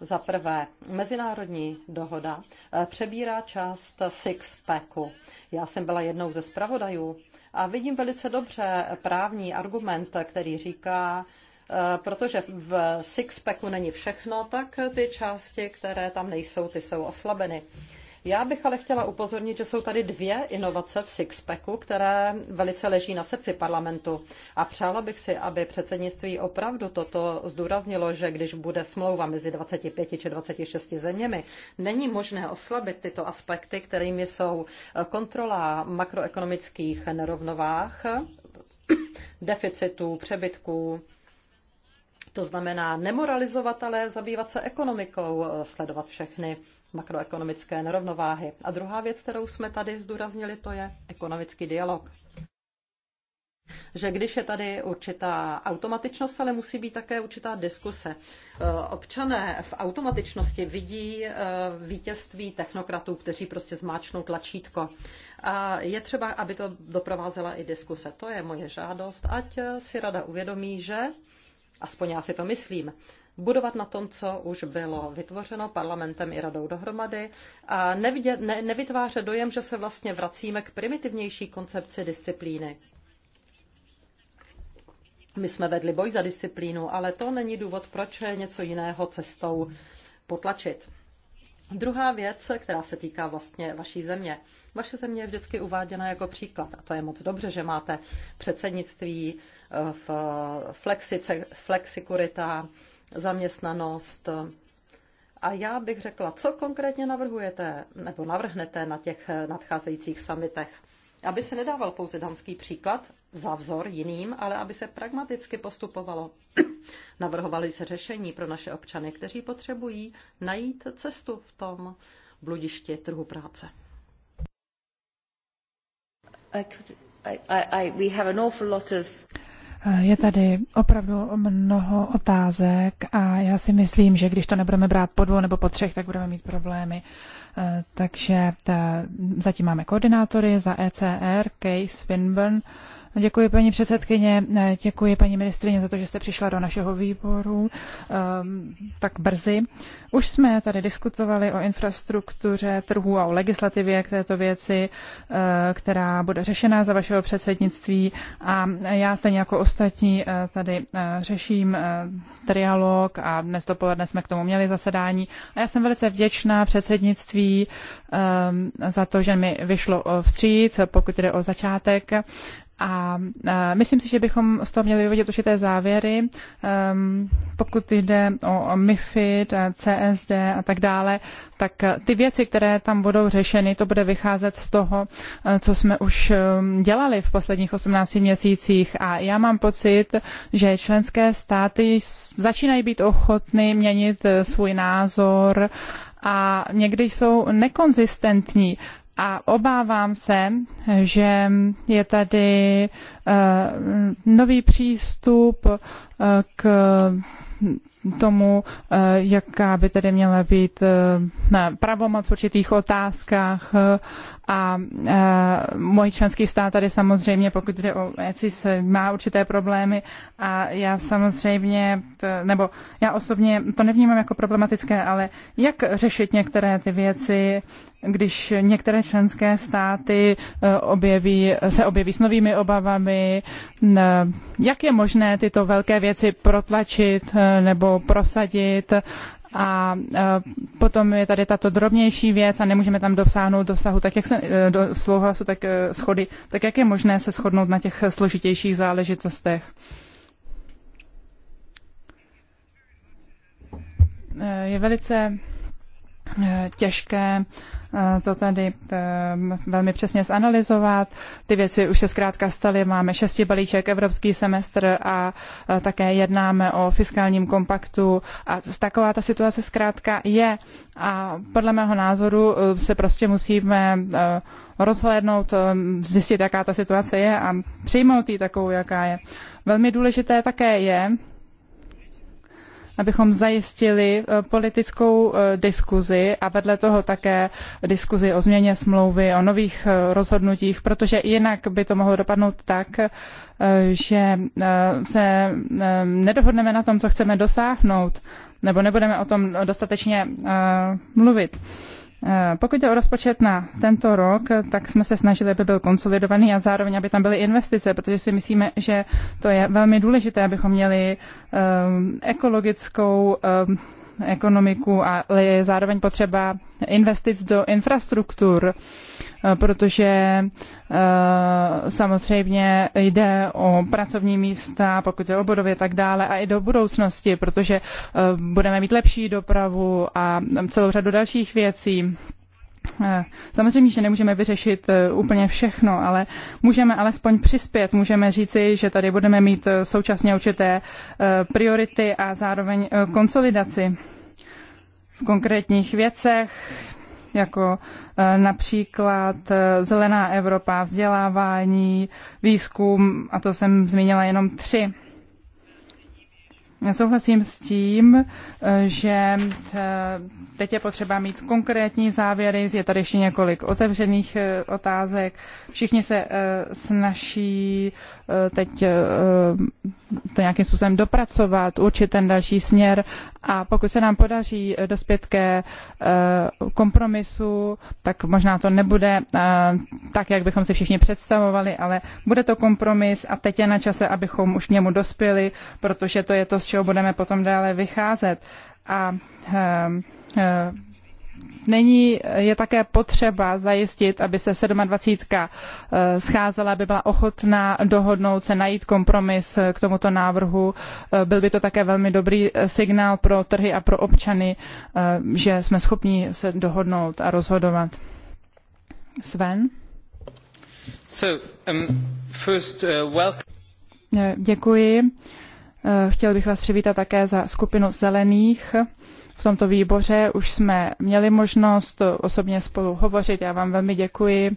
Za prvé, mezinárodní dohoda eh, přebírá část six-packu. Já jsem byla jednou ze zpravodajů a vidím velice dobře právní argument, který říká, eh, protože v six-packu není všechno, tak ty části, které tam nejsou, ty jsou oslabeny. Já bych ale chtěla upozornit, že jsou tady dvě inovace v Sixpacku, které velice leží na srdci parlamentu. A přála bych si, aby předsednictví opravdu toto zdůraznilo, že když bude smlouva mezi 25 či 26 zeměmi, není možné oslabit tyto aspekty, kterými jsou eh, kontrola makroekonomických nerovnovách, deficitů, přebytků, to znamená nemoralizovat, ale zabývat se ekonomikou, eh, sledovat všechny makroekonomické nerovnováhy. A druhá věc, kterou jsme tady zdůraznili, to je ekonomický dialog. Že když je tady určitá automatičnost, ale musí být také určitá diskuse. Eh, občané v automatičnosti vidí eh, vítězství technokratů, kteří prostě zmáčnou tlačítko. A je třeba, aby to doprovázela i diskuse. To je moje žádost, ať si rada uvědomí, že aspoň já si to myslím, budovat na tom, co už bylo vytvořeno parlamentem i radou dohromady a nevidět, ne, nevytvářet dojem, že se vlastně vracíme k primitivnější koncepci disciplíny. My jsme vedli boj za disciplínu, ale to není důvod, proč je něco jiného cestou potlačit. Druhá věc, která se týká vlastně vaší země. Vaše země je vždycky uváděna jako příklad a to je moc dobře, že máte předsednictví eh, v eh, flexice, flexikurita, zaměstnanost. A já bych řekla, co konkrétně navrhujete nebo navrhnete na těch nadcházejících samitech? Aby se nedával pouze danský příklad za vzor jiným, ale aby se pragmaticky postupovalo. Navrhovali se řešení pro naše občany, kteří potřebují najít cestu v tom bludišti trhu práce. I could, I, I, we have an awful lot of... Je tady opravdu mnoho otázek a já si myslím, že když to nebudeme brát po dvou nebo po třech, tak budeme mít problémy. Eh, takže ta, zatím máme koordinátory za ECR, Kay Swinburne, Děkuji paní předsedkyně, děkuji paní ministrině za to, že jste přišla do našeho výboru um, tak brzy. Už jsme tady diskutovali o infrastruktuře trhu a o legislativě k této věci, uh, která bude řešena za vašeho předsednictví a já se jako ostatní uh, tady uh, řeším uh, trialog a dnes dopoledne jsme k tomu měli zasedání a já jsem velice vděčná předsednictví um, za to, že mi vyšlo vstříc, pokud jde o začátek a myslím si, že bychom z toho měli vyvodit určité závěry, ehm, pokud jde o MIFID, CSD a tak dále, tak eh, ty věci, které tam budou řešeny, to bude vycházet z toho, eh, co jsme už ehm, dělali v posledních 18 měsících. A já mám pocit, že členské státy začínají být ochotny měnit eh, svůj názor a někdy jsou nekonzistentní. A obávám se, že je tady eh, nový přístup k tomu, eh, jaká by tedy měla být eh, ne, pravomoc v určitých otázkách a eh, můj členský stát tady samozřejmě, pokud jde o ECIS, má určité problémy a já samozřejmě, nebo já osobně to nevnímám jako problematické, ale jak řešit některé ty věci, když některé členské státy objeví, se objeví s novými obavami, jak je možné tyto velké věci protlačit eh, nebo prosadit a eh, potom je tady tato drobnější věc a nemůžeme tam dosáhnout dosahu tak, jak se, eh, do souhlasu, tak schody, tak jak je možné se shodnout na těch složitějších záležitostech. Je velice těžké Eh, to tady eh, velmi přesně zanalizovat. Ty věci už se zkrátka staly. Máme šesti balíček, evropský semestr a eh, také jednáme o fiskálním kompaktu. A taková ta situace zkrátka je. A podle mého názoru se prostě musíme rozhlédnout, zjistit, jaká ta situace je a přijmout ji takovou, jaká je. Velmi důležité také je, abychom zajistili eh, politickou eh, diskuzi a vedle toho také diskuzi o změně smlouvy, o nových eh, rozhodnutích, protože jinak by to mohlo dopadnout tak, že se nedohodneme na tom, co chceme dosáhnout, nebo nebudeme o tom dostatečně mluvit. Eh, pokud jde o rozpočet na tento rok, tak jsme se snažili, aby byl konsolidovaný a zároveň, aby tam byly investice, protože si myslíme, že to je velmi důležité, abychom měli eh, ekologickou eh, ekonomiku, ale je zároveň potřeba investic do infrastruktur, eh, protože eh, samozřejmě jde o pracovní místa, pokud je o budovy a tak dále, a i do budoucnosti, protože eh, budeme mít lepší dopravu a celou řadu dalších věcí. Eh, samozřejmě, že nemůžeme vyřešit eh, úplně všechno, ale můžeme alespoň přispět, můžeme říci, že tady budeme mít eh, současně určité priority a zároveň konsolidaci v konkrétních věcech, jako například zelená Evropa, vzdělávání, výzkum, a to jsem zmínila jenom tři. Já Souhlasím s tím, eh, že eh, teď je potřeba mít konkrétní závěry, je tady ještě několik otevřených eh, otázek. Všichni se snaží teď to nějakým způsobem dopracovat, určit ten další směr a pokud se nám podaří dospět ke kompromisu, tak možná to nebude tak, jak bychom si všichni představovali, ale bude to kompromis a teď je na čase, abychom už k němu dospěli, protože to je to čeho budeme potom dále vycházet. A ehm, ehm, Není, je také potřeba zajistit, aby se 27. Eh, scházela, aby byla ochotná dohodnout se, najít kompromis eh, k tomuto návrhu. Eh, byl by to také velmi dobrý signál pro trhy a pro občany, že jsme schopni se dohodnout a rozhodovat. Sven? So, um, first, uh, Děkuji. Eh, chtěl bych vás přivítat také za skupinu zelených v tomto výboře. Už jsme měli možnost osobně spolu hovořit. Já vám velmi děkuji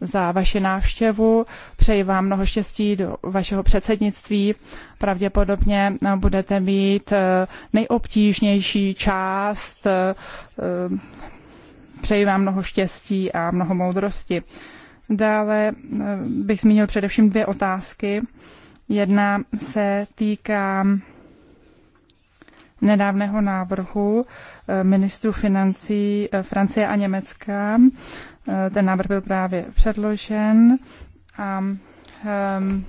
za vaši návštěvu. Přeji vám mnoho štěstí do vašeho předsednictví. Pravděpodobně eh, budete mít eh, nejobtížnější část. Přeji vám mnoho štěstí a mnoho moudrosti. Dále bych zmínil především dvě otázky, Jedna se týká nedávného návrhu eh, ministrů financí eh, Francie a Německa. Eh, ten návrh byl právě předložen a um,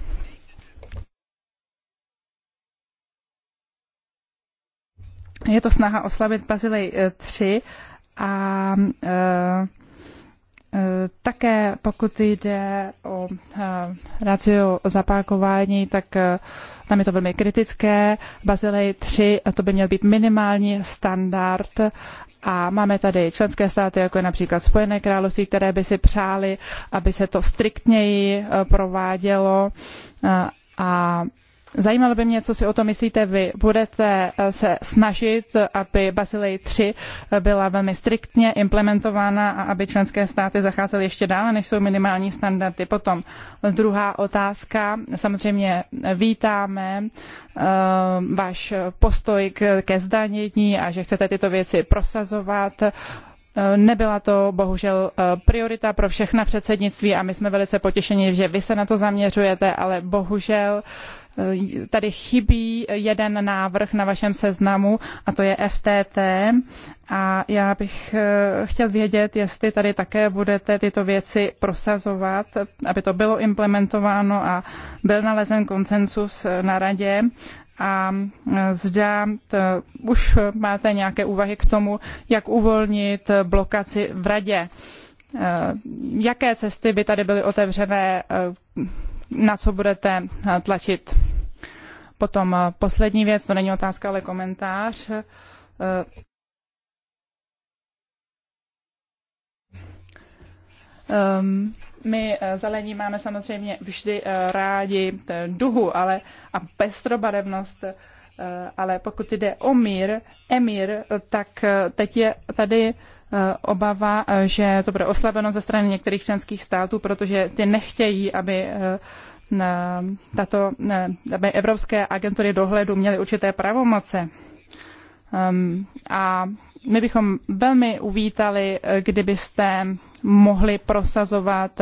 je to snaha oslavit Bazilej 3 a Eh, také pokud jde o eh, ratio zapákování, tak eh, tam je to velmi kritické. Bazilej 3, to by měl být minimální standard a máme tady členské státy, jako je například Spojené království, které by si přáli, aby se to striktněji provádělo a Zajímalo by mě, co si o to myslíte vy. Budete eh, se snažit, aby Basilej 3 eh, byla velmi striktně implementována a aby členské státy zacházely ještě dále, než jsou minimální standardy. Potom druhá otázka. Samozřejmě vítáme eh, váš postoj ke zdanění a že chcete tyto věci prosazovat. Nebyla to bohužel priorita pro všechna předsednictví a my jsme velice potěšeni, že vy se na to zaměřujete, ale bohužel uh, tady chybí jeden návrh na vašem seznamu a to je FTT a já bych eh, chtěl vědět, jestli tady také budete tyto věci prosazovat, aby to bylo implementováno a byl nalezen konsensus na radě a eh, zda eh, už máte nějaké úvahy k tomu, jak uvolnit blokaci v radě. Jaké cesty by tady byly otevřené na co budete eh, tlačit. Potom eh, poslední věc, to není otázka, ale komentář. Um, my zelení máme samozřejmě vždy rádi duhu ale, a pestrobarevnost, ale pokud jde o mír, emír, tak teď je tady Eh, obava, eh, že to bude oslabeno ze strany některých členských států, protože ty nechtějí, aby eh, tato, aby evropské agentury dohledu měly určité pravomoce. Ehm, a my bychom velmi uvítali, kdybyste mohli prosazovat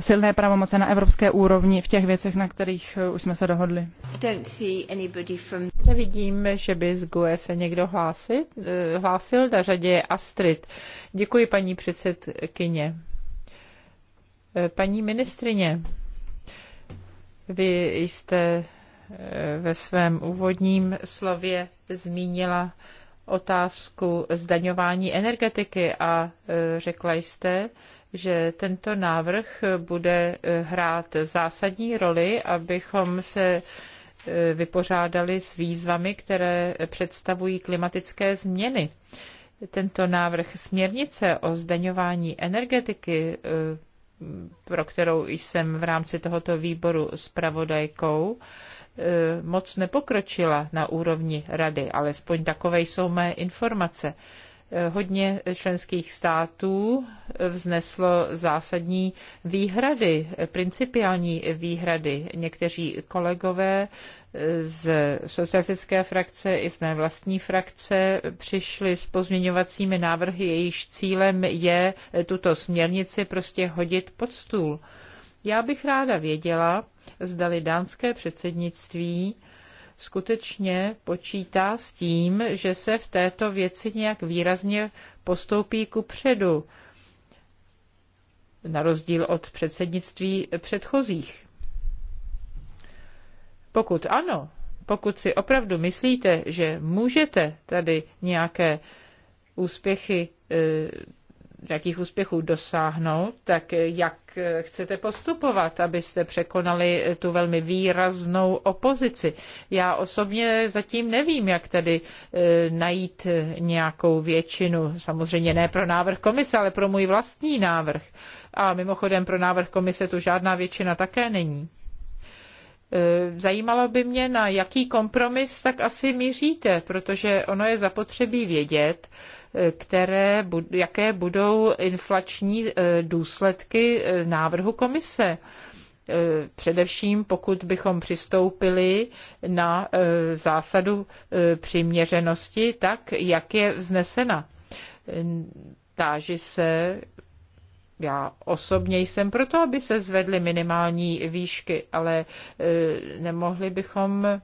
silné pravomoce na evropské úrovni v těch věcech, na kterých eh, už jsme se dohodli. From... Nevidím, že by z GUE se někdo hlásit, eh, hlásil. Na řadě je Astrid. Děkuji, paní předsedkyně. Eh, paní ministrině, vy jste ve svém úvodním slově zmínila otázku zdaňování energetiky a řekla jste, že tento návrh bude eh, hrát zásadní roli, abychom se eh, vypořádali s výzvami, které představují klimatické změny. Tento návrh směrnice o zdaňování energetiky, eh, pro kterou jsem v rámci tohoto výboru spravodajkou, moc nepokročila na úrovni rady, alespoň takové jsou mé informace. Hodně členských států vzneslo zásadní výhrady, principiální výhrady. Někteří kolegové z socialistické frakce i z mé vlastní frakce přišli s pozměňovacími návrhy, jejichž cílem je tuto směrnici prostě hodit pod stůl. Já bych ráda věděla, zdali dánské předsednictví skutečně počítá s tím, že se v této věci nějak výrazně postoupí ku předu, na rozdíl od předsednictví předchozích. Pokud ano, pokud si opravdu myslíte, že můžete tady nějaké úspěchy eh, jakých úspěchů dosáhnout, tak jak chcete postupovat, abyste překonali tu velmi výraznou opozici. Já osobně zatím nevím, jak tedy e, najít nějakou většinu, samozřejmě ne pro návrh komise, ale pro můj vlastní návrh. A mimochodem pro návrh komise tu žádná většina také není. E, zajímalo by mě, na jaký kompromis tak asi míříte, protože ono je zapotřebí vědět, které, jaké budou inflační e, důsledky e, návrhu komise e, především pokud bychom přistoupili na zásadu přiměřenosti, tak jak je vznesena. Táži se, já osobně jsem proto, aby se zvedly minimální výšky, ale nemohli bychom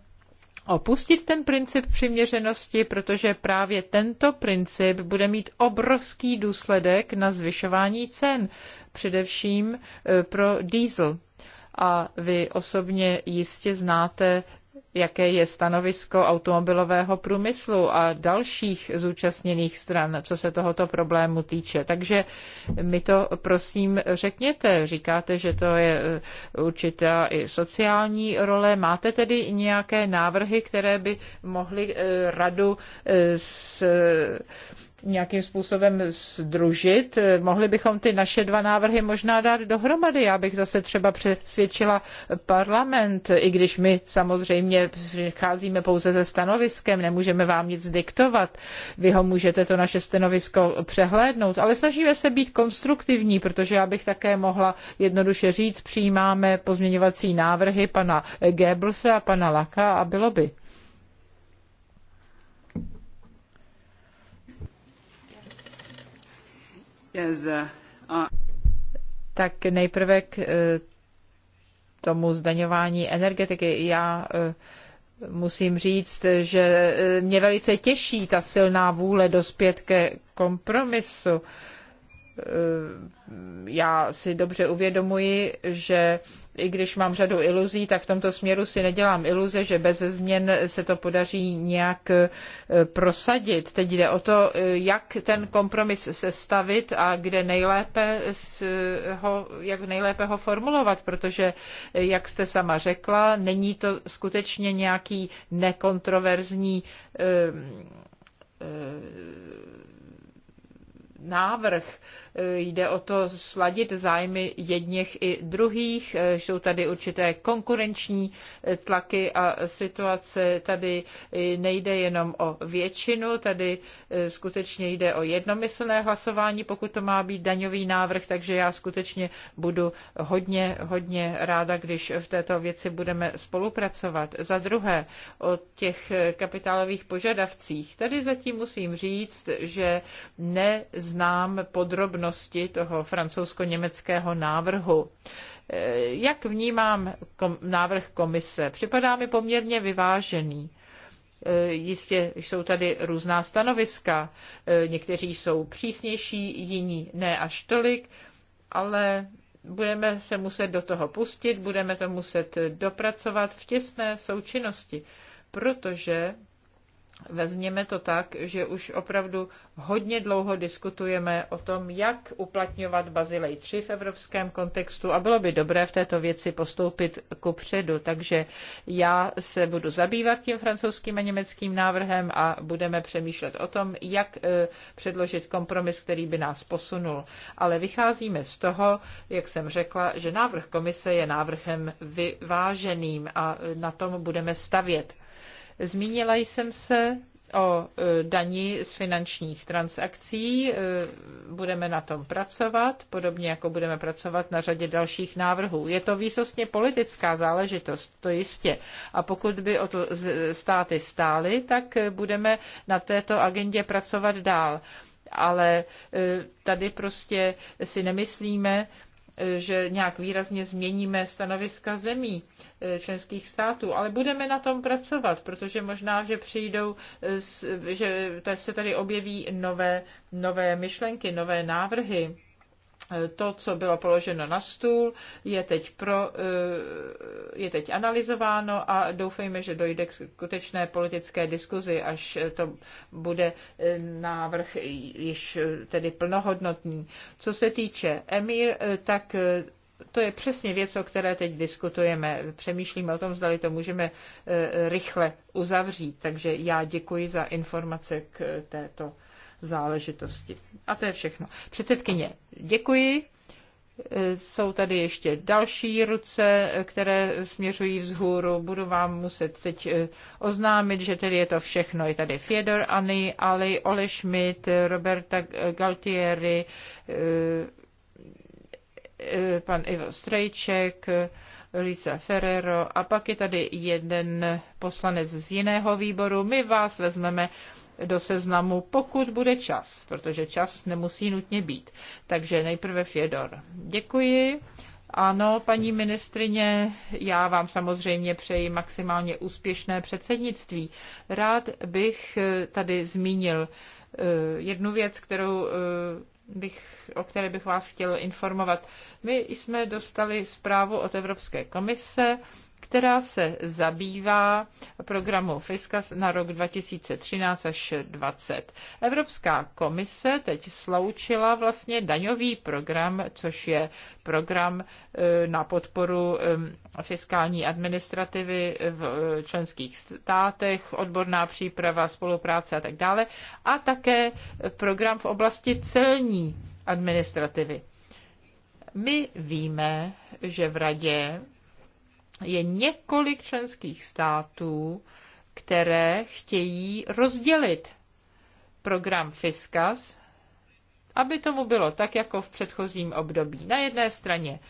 opustit ten princip přiměřenosti, protože právě tento princip bude mít obrovský důsledek na zvyšování cen, především e, pro diesel. A vy osobně jistě znáte jaké je stanovisko automobilového průmyslu a dalších zúčastněných stran, co se tohoto problému týče. Takže mi to prosím řekněte. Říkáte, že to je eh, určitá i sociální role. Máte tedy nějaké návrhy, které by mohly eh, radu eh, s nějakým způsobem združit. Mohli bychom ty naše dva návrhy možná dát dohromady. Já bych zase třeba přesvědčila parlament, i když my samozřejmě přicházíme pouze se stanoviskem, nemůžeme vám nic diktovat. Vy ho můžete to naše stanovisko přehlédnout, ale snažíme se být konstruktivní, protože já bych také mohla jednoduše říct, přijímáme pozměňovací návrhy pana Goebbelse a pana Laka a bylo by. Uh, uh, tak nejprve k eh, tomu zdaňování energetiky. Já eh, musím říct, že eh, mě velice těší ta silná vůle dospět ke kompromisu Eh, já si dobře uvědomuji, že i když mám řadu iluzí, tak v tomto směru si nedělám iluze, že bez změn se to podaří nějak eh, prosadit. Teď jde o to, eh, jak ten kompromis sestavit a kde nejlépe ho, jak nejlépe ho formulovat, protože, jak jste sama řekla, není to skutečně nějaký nekontroverzní návrh Eh, jde o to sladit zájmy jedněch i druhých. Eh, jsou tady určité konkurenční eh, tlaky a situace. Tady nejde jenom o většinu, tady skutečně jde o jednomyslné hlasování, pokud to má být daňový návrh, takže já skutečně budu hodně, hodně ráda, když v této věci budeme spolupracovat. Za druhé, o těch kapitálových požadavcích. Tady zatím musím říct, že neznám podrobně pozornosti toho francouzsko-německého návrhu. E, jak vnímám kom- návrh komise? Připadá mi poměrně vyvážený. E, jistě jsou tady různá stanoviska. E, někteří jsou přísnější, jiní ne až tolik, ale budeme se muset do toho pustit, budeme to muset dopracovat v těsné součinnosti, protože vezměme to tak, že už opravdu hodně dlouho diskutujeme o tom, jak uplatňovat Bazilej 3 v evropském kontextu a bylo by dobré v této věci postoupit ku předu. Takže já se budu zabývat tím francouzským a německým návrhem a budeme přemýšlet o tom, jak eh, předložit kompromis, který by nás posunul. Ale vycházíme z toho, jak jsem řekla, že návrh komise je návrhem vyváženým a na tom budeme stavět. Zmínila jsem se o e, dani z finančních transakcí. E, budeme na tom pracovat, podobně jako budeme pracovat na řadě dalších návrhů. Je to výsostně politická záležitost, to jistě. A pokud by o to státy stály, tak e, budeme na této agendě pracovat dál. Ale tady prostě si nemyslíme, že nějak výrazně změníme stanoviska zemí eh, členských států, ale budeme na tom pracovat, protože možná, že přijdou, eh, že se tady objeví nové, nové myšlenky, nové návrhy to, co bylo položeno na stůl, je teď, pro, eh, je teď analyzováno a doufejme, že dojde k skutečné politické diskuzi, až to bude eh, návrh již eh, tedy plnohodnotný. Co se týče Emir, tak to je přesně věc, o které teď diskutujeme. Přemýšlíme o tom, zdali to můžeme rychle uzavřít. Takže já děkuji za informace k této záležitosti. A to je všechno. Předsedkyně, děkuji. Jsou tady ještě další ruce, které směřují vzhůru. Budu vám muset teď eh, oznámit, že tedy je to všechno. Je tady Fiedor Ani, Ali, Ole Schmidt, Roberta Galtieri, eh, eh, pan Ivo Strejček, Lisa Ferrero a pak je tady jeden poslanec z jiného výboru. My vás vezmeme do seznamu, pokud bude čas, protože čas nemusí nutně být. Takže nejprve Fjedor. Děkuji. Ano, paní ministrině, já vám samozřejmě přeji maximálně úspěšné předsednictví. Rád bych tady zmínil eh, jednu věc, kterou eh, bych, o které bych vás chtěl informovat. My jsme dostali zprávu od Evropské komise která se zabývá programu Fiskas na rok 2013 až 2020. Evropská komise teď sloučila vlastně daňový program, což je program eh, na podporu eh, fiskální administrativy v eh, členských státech, odborná příprava, spolupráce a tak dále, a také program v oblasti celní administrativy. My víme, že v radě je několik členských států, které chtějí rozdělit program FISCAS, aby tomu bylo tak, jako v předchozím období. Na jedné straně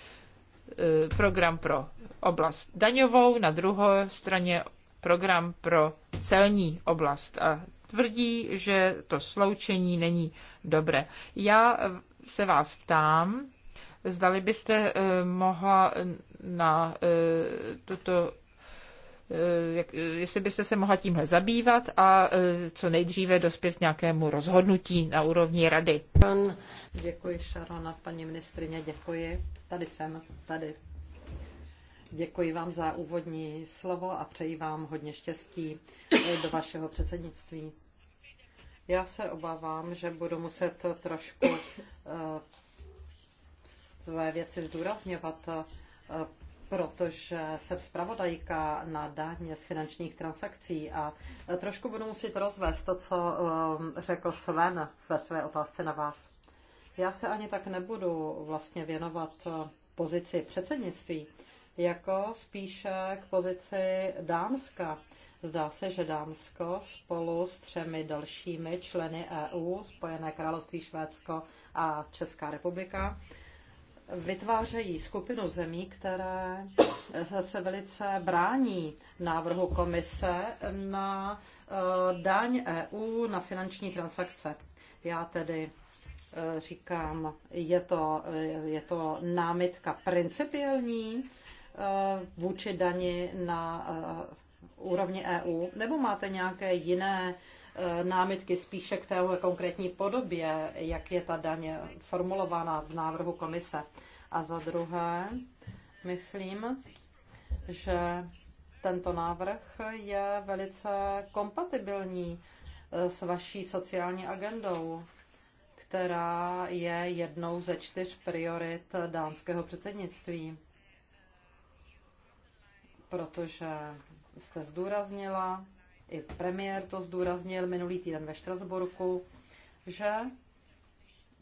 e, program pro oblast daňovou, na druhé straně program pro celní oblast a tvrdí, že to sloučení není dobré. Já se vás ptám, Zdali byste eh, mohla na eh, tuto eh, jak, jestli byste se mohla tímhle zabývat a co nejdříve dospět k nějakému rozhodnutí na úrovni rady. Děkuji, Šarona, paní ministrině, děkuji. Tady jsem, tady. Děkuji vám za úvodní slovo a přeji vám hodně štěstí do vašeho předsednictví. Já se obávám, že budu muset trošku své věci zdůrazňovat, eh, protože jsem zpravodajka na dáně z finančních transakcí a eh, trošku budu muset rozvést to, co eh, řekl Sven ve své otázce na vás. Já se ani tak nebudu vlastně věnovat pozici předsednictví, jako spíše k pozici Dánska. Zdá se, že Dánsko spolu s třemi dalšími členy EU, Spojené království Švédsko a Česká republika, vytvářejí skupinu zemí, které se velice brání návrhu komise na eh, daň EU na finanční transakce. Já tedy eh, říkám, je to, eh, je to námitka principiální vůči dani na úrovni EU, nebo máte nějaké jiné Eh, námitky spíše k té konkrétní podobě, jak je ta daně formulována v návrhu komise. A za druhé, myslím, že tento návrh je velice kompatibilní eh, s vaší sociální agendou, která je jednou ze čtyř priorit dánského předsednictví. Protože jste zdůraznila i premiér to zdůraznil minulý týden ve Štrasburku, že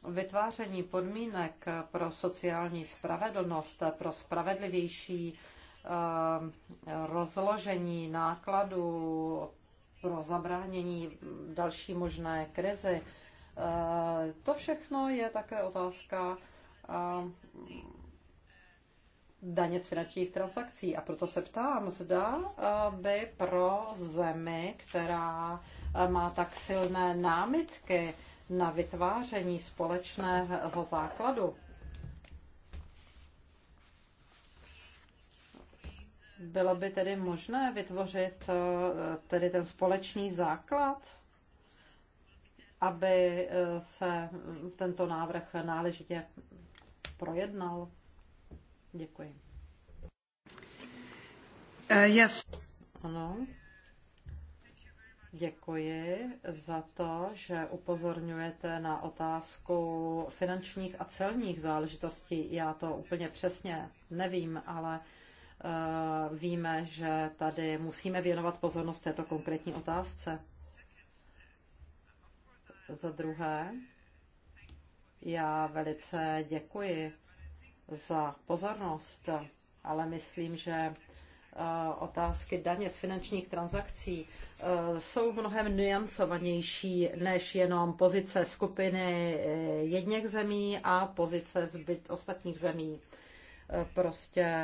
vytváření podmínek pro sociální spravedlnost, pro spravedlivější eh, rozložení nákladů, pro zabránění další možné krizi, eh, to všechno je také otázka eh, daně z finančních transakcí. A proto se ptám, zda eh, by pro zemi, která eh, má tak silné námitky na vytváření společného základu, bylo by tedy možné vytvořit eh, tedy ten společný základ, aby se tento návrh náležitě projednal. Děkuji. Uh, yes. Ano. Děkuji za to, že upozorňujete na otázku finančních a celních záležitostí. Já to úplně přesně nevím, ale eh, víme, že tady musíme věnovat pozornost této konkrétní otázce. Za druhé, já velice děkuji za pozornost, ale myslím, že eh, otázky daně z finančních transakcí eh, jsou mnohem nuancovanější než jenom pozice skupiny eh, jedněch zemí a pozice zbyt ostatních zemí. Prostě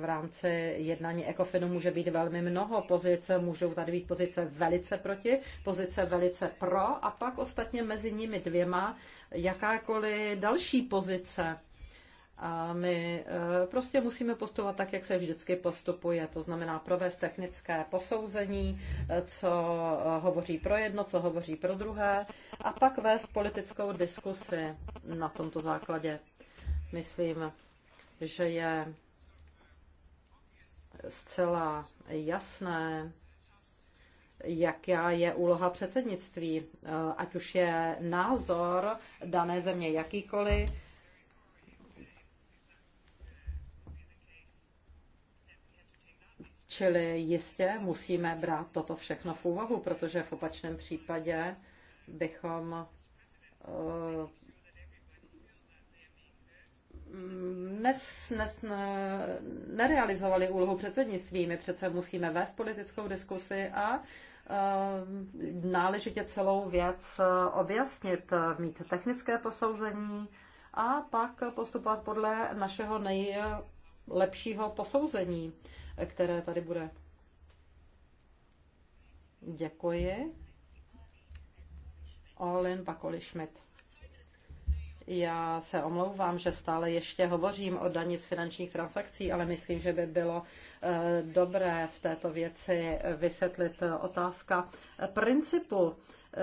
v rámci jednání ECOFINu může být velmi mnoho pozic, můžou tady být pozice velice proti, pozice velice pro a pak ostatně mezi nimi dvěma jakákoliv další pozice a my e, prostě musíme postupovat tak, jak se vždycky postupuje, to znamená provést technické posouzení, e, co e, hovoří pro jedno, co hovoří pro druhé, a pak vést politickou diskusi na tomto základě. Myslím, že je zcela jasné, jaká je úloha předsednictví, ať už je názor dané země jakýkoliv, Čili jistě musíme brát toto všechno v úvahu, protože v opačném případě bychom eh, nes, nes, nerealizovali úlohu předsednictví. My přece musíme vést politickou diskusi a eh, náležitě celou věc eh, objasnit, mít technické posouzení a pak postupovat podle našeho nejlepšího posouzení které tady bude. Děkuji. Olin Pakoli Schmidt. Já se omlouvám, že stále ještě hovořím o daní z finančních transakcí, ale myslím, že by bylo eh, dobré v této věci vysvětlit eh, otázka principu eh,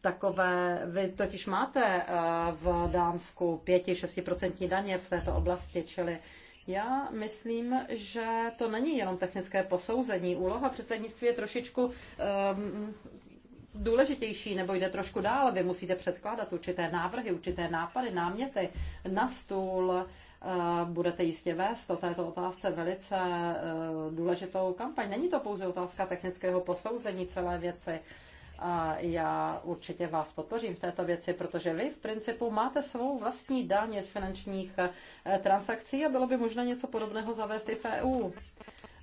takové, vy totiž máte v Dánsku 5-6% daně v této oblasti, čili já myslím, že to není jenom technické posouzení. Úloha předsednictví je trošičku um, důležitější, nebo jde trošku dále. Vy musíte předkládat určité návrhy, určité nápady, náměty na stůl. Ehm, budete jistě vést o této otázce velice ehm, důležitou kampaň. Není to pouze otázka technického posouzení celé věci. A já určitě vás podpořím v této věci, protože vy v principu máte svou vlastní daň z finančních eh, transakcí a bylo by možné něco podobného zavést i v EU.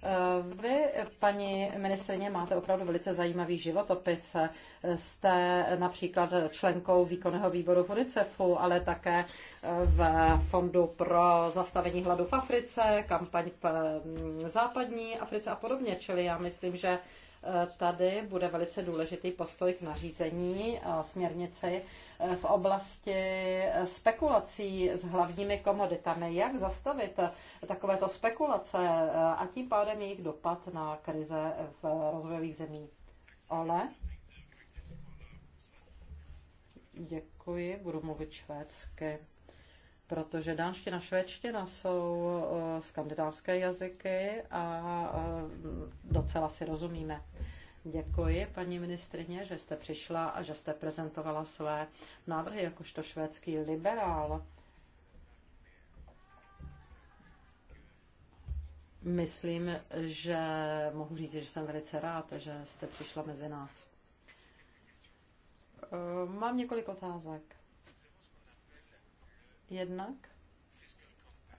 Eh, vy, paní ministrině, máte opravdu velice zajímavý životopis. Eh, jste například členkou výkonného výboru v UNICEFu, ale také v Fondu pro zastavení hladu v Africe, kampaň v hm, západní Africe a podobně. Čili já myslím, že Tady bude velice důležitý postoj k nařízení a směrnici v oblasti spekulací s hlavními komoditami. Jak zastavit takovéto spekulace a tím pádem jejich dopad na krize v rozvojových zemích? Ole? Děkuji, budu mluvit švédsky protože dánština, švédština jsou eh, skandinávské jazyky a eh, docela si rozumíme. Děkuji, paní ministrině, že jste přišla a že jste prezentovala své návrhy jakožto švédský liberál. Myslím, že mohu říct, že jsem velice rád, že jste přišla mezi nás. Eh, mám několik otázek. Jednak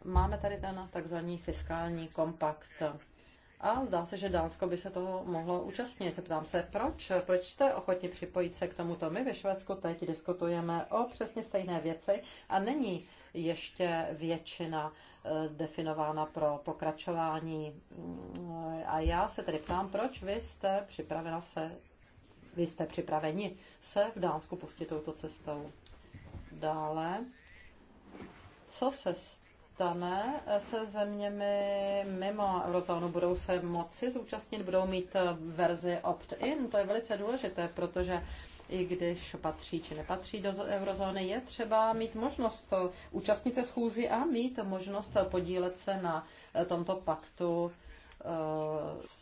máme tady ten takzvaný fiskální kompakt. A zdá se, že Dánsko by se toho mohlo účastnit. Ptám se, proč? Proč jste ochotni připojit se k tomuto? My ve Švédsku teď diskutujeme o přesně stejné věci a není ještě většina eh, definována pro pokračování. A já se tedy ptám, proč vy jste připravena se, vy jste připraveni se v Dánsku pustit touto cestou. Dále co se stane se zeměmi mimo eurozónu? Budou se moci zúčastnit, budou mít verzi opt-in? To je velice důležité, protože i když patří či nepatří do eurozóny, je třeba mít možnost účastnit se schůzi a mít možnost podílet se na tomto paktu eh,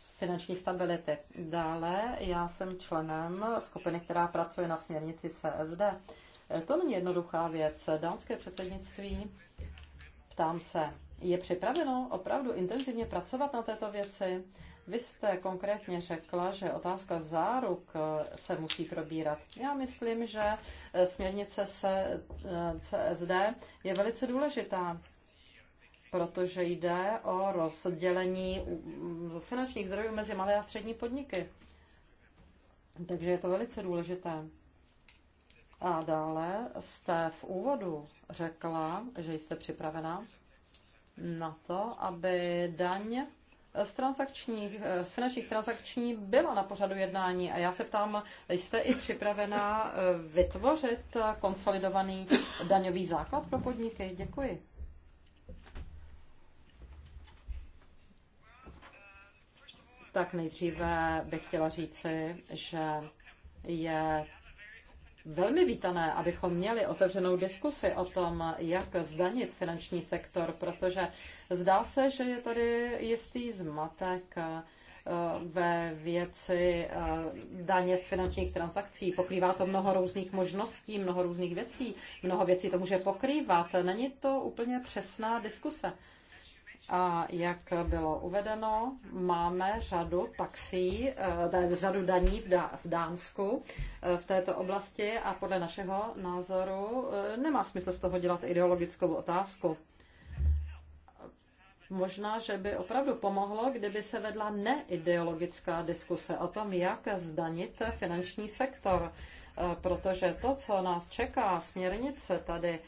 finanční stability. Dále já jsem členem skupiny, která pracuje na směrnici CSD. To není jednoduchá věc. Dánské předsednictví, ptám se, je připraveno opravdu intenzivně pracovat na této věci? Vy jste konkrétně řekla, že otázka záruk eh, se musí probírat. Já myslím, že eh, směrnice se eh, CSD je velice důležitá, protože jde o rozdělení finančních zdrojů mezi malé a střední podniky. Takže je to velice důležité. A dále jste v úvodu řekla, že jste připravena na to, aby daň z, transakčních, z finančních transakční byla na pořadu jednání. A já se ptám, jste i připravena eh, vytvořit konsolidovaný daňový základ pro podniky? Děkuji. Tak nejdříve bych chtěla říci, že je velmi vítané, abychom měli otevřenou diskusi o tom, jak zdanit finanční sektor, protože zdá se, že je tady jistý zmatek eh, ve věci eh, daně z finančních transakcí. Pokrývá to mnoho různých možností, mnoho různých věcí, mnoho věcí to může pokrývat. Není to úplně přesná diskuse. A jak bylo uvedeno, máme řadu taxí, eh, řadu daní v Dánsku eh, v této oblasti a podle našeho názoru eh, nemá smysl z toho dělat ideologickou otázku. Možná, že by opravdu pomohlo, kdyby se vedla neideologická diskuse o tom, jak zdanit finanční sektor, protože to, co nás čeká, směrnice tady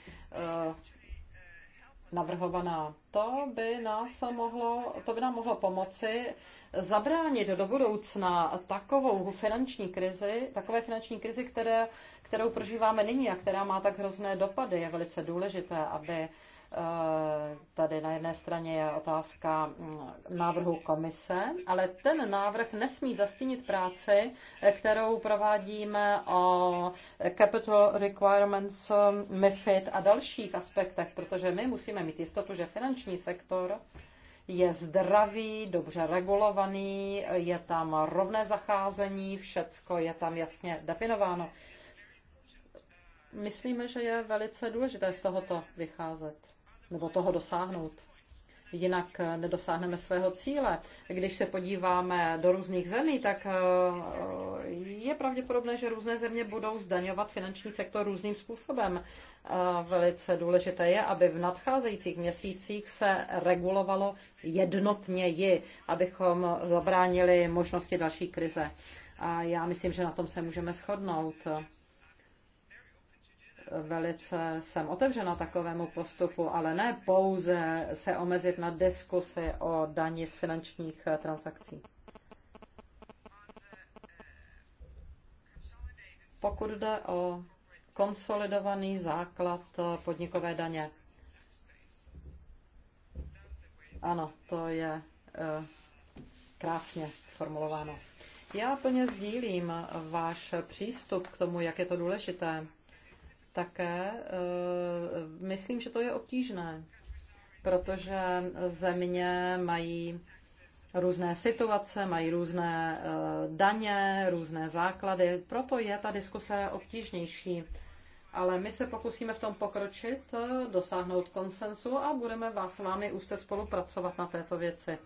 navrhovaná. To by, nás mohlo, to by nám mohlo pomoci zabránit do budoucna takovou finanční krizi, takové finanční krizi, které, kterou prožíváme nyní a která má tak hrozné dopady. Je velice důležité, aby Eh, tady na jedné straně je otázka mm, návrhu komise, ale ten návrh nesmí zastínit práci, eh, kterou provádíme o capital requirements, eh, MIFID a dalších aspektech, protože my musíme mít jistotu, že finanční sektor je zdravý, dobře regulovaný, je tam rovné zacházení, všecko je tam jasně definováno. Myslíme, že je velice důležité z tohoto vycházet nebo toho dosáhnout. Jinak nedosáhneme svého cíle. Když se podíváme do různých zemí, tak eh, eh, je pravděpodobné, že různé země budou zdaňovat finanční sektor různým způsobem. Eh, velice důležité je, aby v nadcházejících měsících se regulovalo jednotněji, abychom zabránili možnosti další krize. A já myslím, že na tom se můžeme shodnout velice jsem otevřena takovému postupu, ale ne pouze se omezit na diskusy o daní z finančních eh, transakcí. Pokud jde o konsolidovaný základ eh, podnikové daně. Ano, to je eh, krásně formulováno. Já plně sdílím váš přístup k tomu, jak je to důležité také eh, myslím, že to je obtížné, protože země mají různé situace, mají různé eh, daně, různé základy, proto je ta diskuse obtížnější. Ale my se pokusíme v tom pokročit, eh, dosáhnout konsensu a budeme vás s vámi úzce spolupracovat na této věci.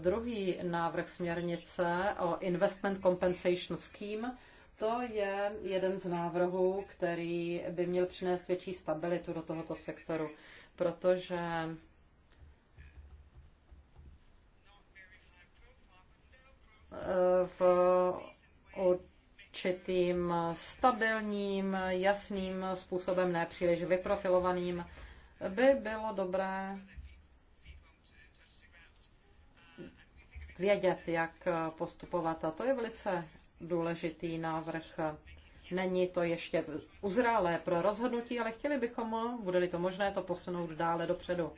Druhý návrh směrnice o Investment Compensation Scheme to je jeden z návrhů, který by měl přinést větší stabilitu do tohoto sektoru, protože v určitým stabilním, jasným způsobem, nepříliš vyprofilovaným, by bylo dobré vědět, jak postupovat. A to je velice důležitý návrh. Není to ještě uzrálé pro rozhodnutí, ale chtěli bychom, bude-li to možné, to posunout dále dopředu.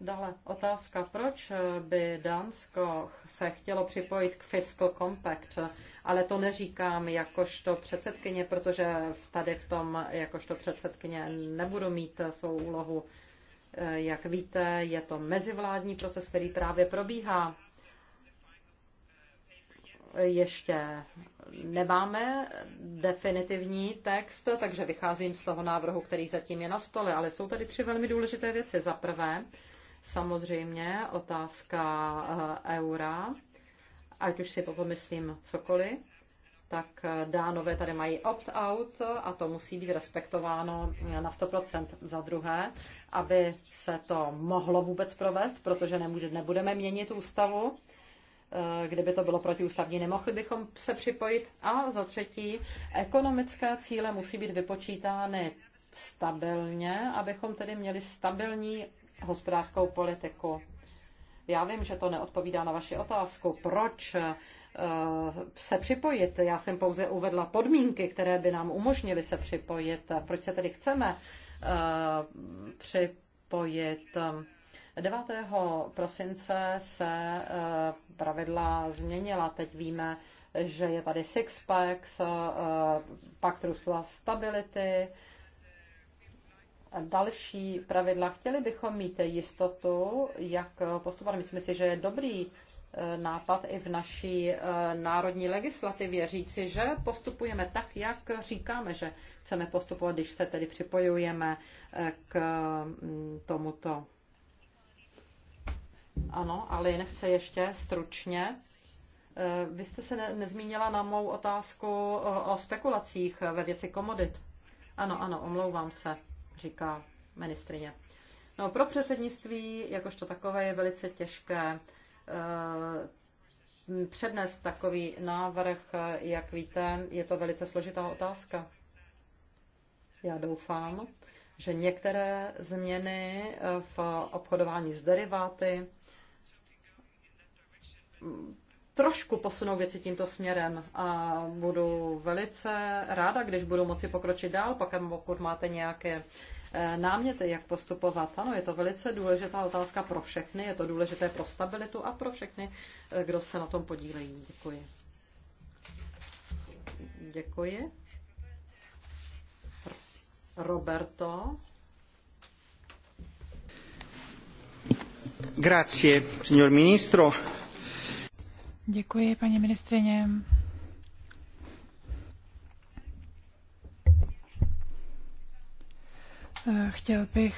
Dále otázka, proč by Dánsko se chtělo připojit k Fiscal Compact, ale to neříkám jakožto předsedkyně, protože tady v tom jakožto předsedkyně nebudu mít svou úlohu. Jak víte, je to mezivládní proces, který právě probíhá ještě nemáme definitivní text, takže vycházím z toho návrhu, který zatím je na stole, ale jsou tady tři velmi důležité věci. Za prvé, samozřejmě otázka eh, eura, ať už si to pomyslím cokoliv, tak eh, dánové tady mají opt-out a to musí být respektováno eh, na 100% za druhé, aby se to mohlo vůbec provést, protože nemůže, nebudeme měnit ústavu, Eh, kdyby to bylo protiústavní, nemohli bychom se připojit. A za třetí, ekonomické cíle musí být vypočítány stabilně, abychom tedy měli stabilní hospodářskou politiku. Já vím, že to neodpovídá na vaši otázku, proč eh, se připojit. Já jsem pouze uvedla podmínky, které by nám umožnily se připojit. Proč se tedy chceme eh, připojit? 9. prosince se eh, pravidla změnila. Teď víme, že je tady sixpack, eh, Pakt růstu a stability, další pravidla. Chtěli bychom mít jistotu, jak postupovat. Myslím si, že je dobrý eh, nápad i v naší národní legislativě říci, že postupujeme tak, jak říkáme, že chceme postupovat, když se tedy připojujeme k mm, tomuto ano, ale jen chce ještě stručně. Eh, vy jste se ne, nezmínila na mou otázku o, eh, o spekulacích ve věci komodit. Ano, ano, omlouvám se, říká ministrině. No, pro předsednictví, jakožto takové, je velice těžké eh, přednést takový návrh, jak víte, je to velice složitá otázka. Já doufám, že některé změny eh, v obchodování s deriváty, trošku posunou věci tímto směrem a budu velice ráda, když budu moci pokročit dál, pak pokud máte nějaké eh, náměty, jak postupovat. Ano, je to velice důležitá otázka pro všechny, je to důležité pro stabilitu a pro všechny, eh, kdo se na tom podílejí. Děkuji. Děkuji. Roberto. Grazie, signor ministro. Děkuji, paní ministrině. Eh, chtěl bych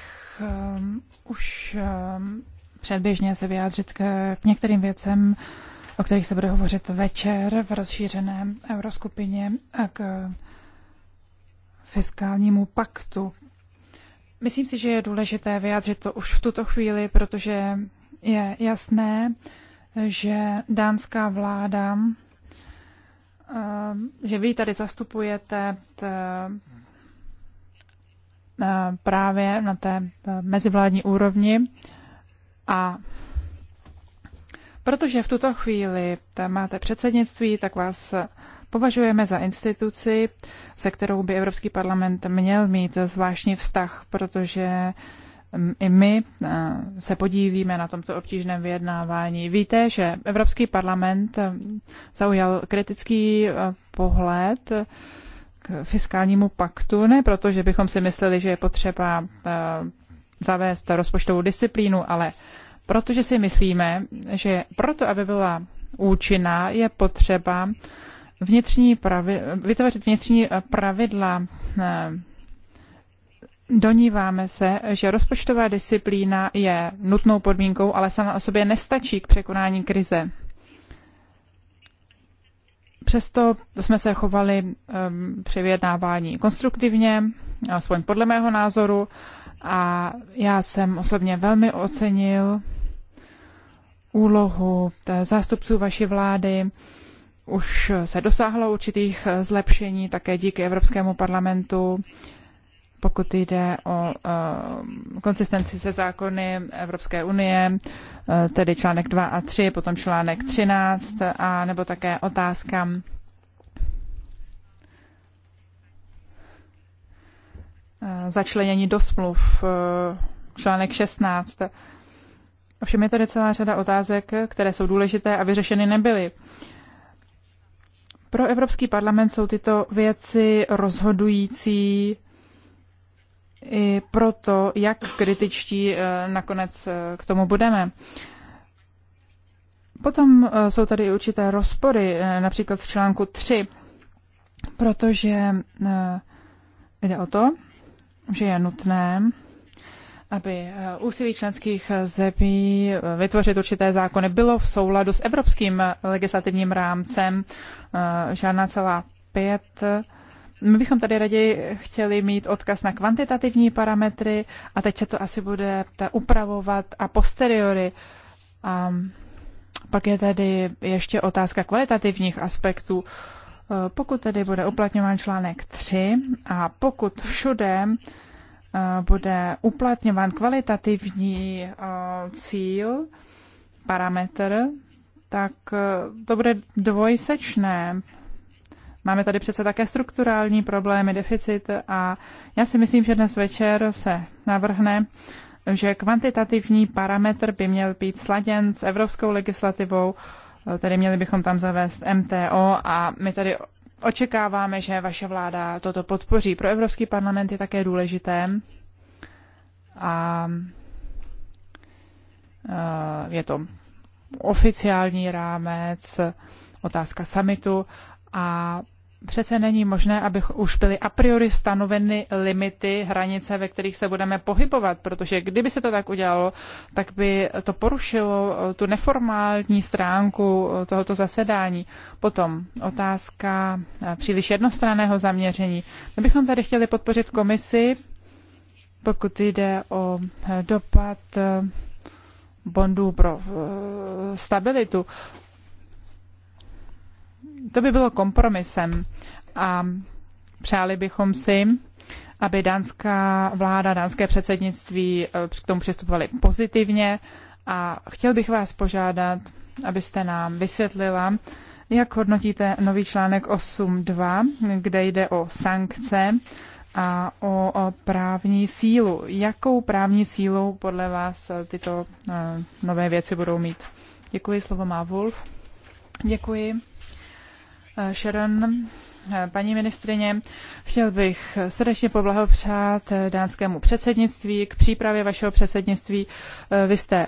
um, už um, předběžně se vyjádřit k, k některým věcem, o kterých se bude hovořit večer v rozšířené euroskupině a k fiskálnímu paktu. Myslím si, že je důležité vyjádřit to už v tuto chvíli, protože je jasné, že dánská vláda, eh, že vy tady zastupujete eh, právě na té eh, mezivládní úrovni a protože v tuto chvíli tam máte předsednictví, tak vás považujeme za instituci, se kterou by Evropský parlament měl mít zvláštní vztah, protože i my eh, se podílíme na tomto obtížném vyjednávání. Víte, že Evropský parlament eh, zaujal kritický eh, pohled k fiskálnímu paktu, ne proto, že bychom si mysleli, že je potřeba zavést rozpočtovou disciplínu, ale protože si myslíme, že proto, aby byla účinná, je potřeba vnitřní pravi, vytvořit vnitřní pravidla Doníváme se, že rozpočtová disciplína je nutnou podmínkou, ale sama o sobě nestačí k překonání krize. Přesto jsme se chovali um, při vyjednávání konstruktivně, aspoň podle mého názoru, a já jsem osobně velmi ocenil úlohu zástupců vaší vlády. Už se dosáhlo určitých zlepšení také díky Evropskému parlamentu. Uh, pokud jde o eh, konsistenci se zákony Evropské unie, eh, tedy článek 2 a 3, potom článek 13, a nebo také otázka eh, začlenění do smluv, článek 16. Ovšem je tady celá řada otázek, které jsou důležité a vyřešeny nebyly. Pro Evropský parlament jsou tyto věci rozhodující i proto, jak kritičtí eh, nakonec eh, k tomu budeme. Potom eh, jsou tady určité rozpory, například v článku 3, protože jde o to, že je nutné, aby úsilí členských zemí vytvořit určité zákony bylo v souladu s evropským legislativním rámcem. Žádná celá pět my bychom tady raději chtěli mít odkaz na kvantitativní parametry a teď se to asi bude ta upravovat a posteriori. A pak je tady ještě otázka kvalitativních aspektů. E, pokud tedy bude uplatňován článek 3 a pokud všude e, bude uplatňován kvalitativní e, cíl, parametr, tak to bude dvojsečné, Máme tady přece také strukturální problémy, deficit a já si myslím, že dnes večer se navrhne, že kvantitativní parametr by měl být sladěn s evropskou legislativou, tedy měli bychom tam zavést MTO a my tady očekáváme, že vaše vláda toto podpoří. Pro Evropský parlament je také důležité a eh, je to oficiální rámec, otázka samitu a přece není možné, aby už byly a priori stanoveny limity, hranice, ve kterých se budeme pohybovat, protože kdyby se to tak udělalo, tak by to porušilo eh, tu neformální stránku eh, tohoto zasedání. Potom otázka eh, příliš jednostranného zaměření. My bychom tady chtěli podpořit komisi, pokud jde o dopad bondů pro stabilitu to by bylo kompromisem a přáli bychom si, aby dánská vláda, dánské předsednictví eh, k tomu přistupovali pozitivně a chtěl bych vás požádat, abyste nám vysvětlila, jak hodnotíte nový článek 8.2, kde jde o sankce a o, o právní sílu? Jakou právní sílu podle vás eh, tyto uh, nové věci budou mít? Děkuji, slovo má Wolf. Děkuji. Eh, Sharon, eh, paní ministrině, chtěl bych srdečně poblahopřát eh, dánskému předsednictví k přípravě vašeho předsednictví. Vy jste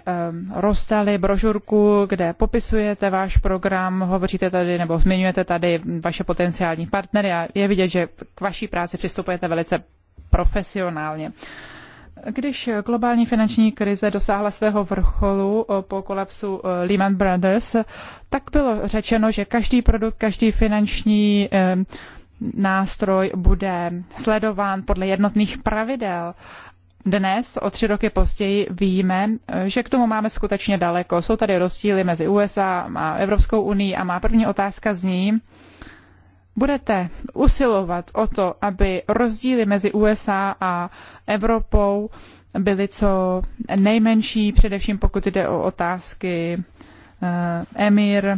rozdali brožurku, kde popisujete váš program, hovoříte tady nebo zmiňujete tady vaše potenciální partnery a je vidět, že k vaší práci přistupujete velice profesionálně. Uh, když globální finanční krize dosáhla svého vrcholu eh, po kolapsu eh, Lehman Brothers, tak bylo řečeno, že každý produkt, každý finanční eh, nástroj bude sledován podle jednotných pravidel. Dnes, o tři roky později, víme, že k tomu máme skutečně daleko. Jsou tady rozdíly mezi USA a Evropskou unii a má první otázka zní, budete usilovat o to, aby rozdíly mezi USA a Evropou byly co nejmenší, především pokud jde o otázky eh, Emir,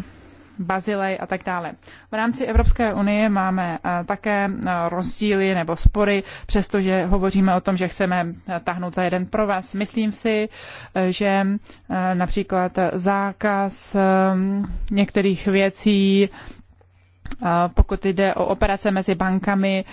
Bazilej a tak dále. V rámci Evropské unie máme eh, také eh, rozdíly nebo spory, přestože hovoříme o tom, že chceme tahnout za jeden provaz. Myslím si, že například zákaz některých věcí pokud jde o operace mezi bankami,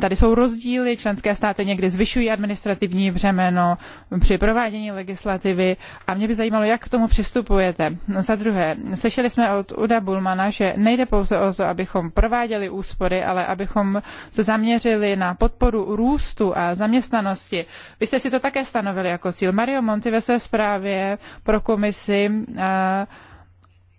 tady jsou rozdíly, členské státy někdy zvyšují administrativní břemeno při provádění legislativy a mě by zajímalo, jak k tomu přistupujete. Za druhé, slyšeli jsme od Uda Bulmana, že nejde pouze o to, abychom prováděli úspory, ale abychom se zaměřili na podporu růstu a zaměstnanosti. Vy jste si to také stanovili jako cíl. Mario Monti ve své zprávě pro komisi uh,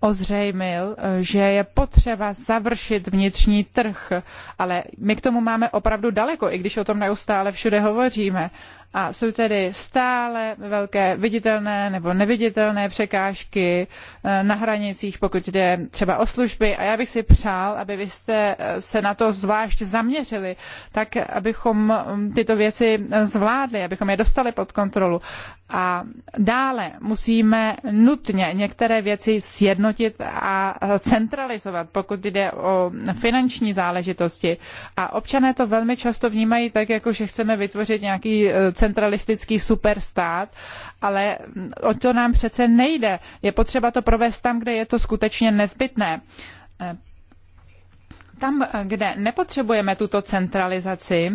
ozřejmil, eh, že je potřeba završit vnitřní trh, ale my k tomu máme opravdu daleko, i když o tom neustále všude hovoříme. A jsou tedy stále velké viditelné nebo neviditelné překážky eh, na hranicích, pokud jde třeba o služby. A já bych si přál, aby vy jste eh, se na to zvlášť zaměřili, tak abychom mm, tyto věci eh, zvládli, abychom je dostali pod kontrolu. A dále musíme nutně některé věci sjednotit a centralizovat, pokud jde o finanční záležitosti. A občané to velmi často vnímají tak, jako že chceme vytvořit nějaký centralistický superstát, ale o to nám přece nejde. Je potřeba to provést tam, kde je to skutečně nezbytné. Eh, tam, kde nepotřebujeme tuto centralizaci,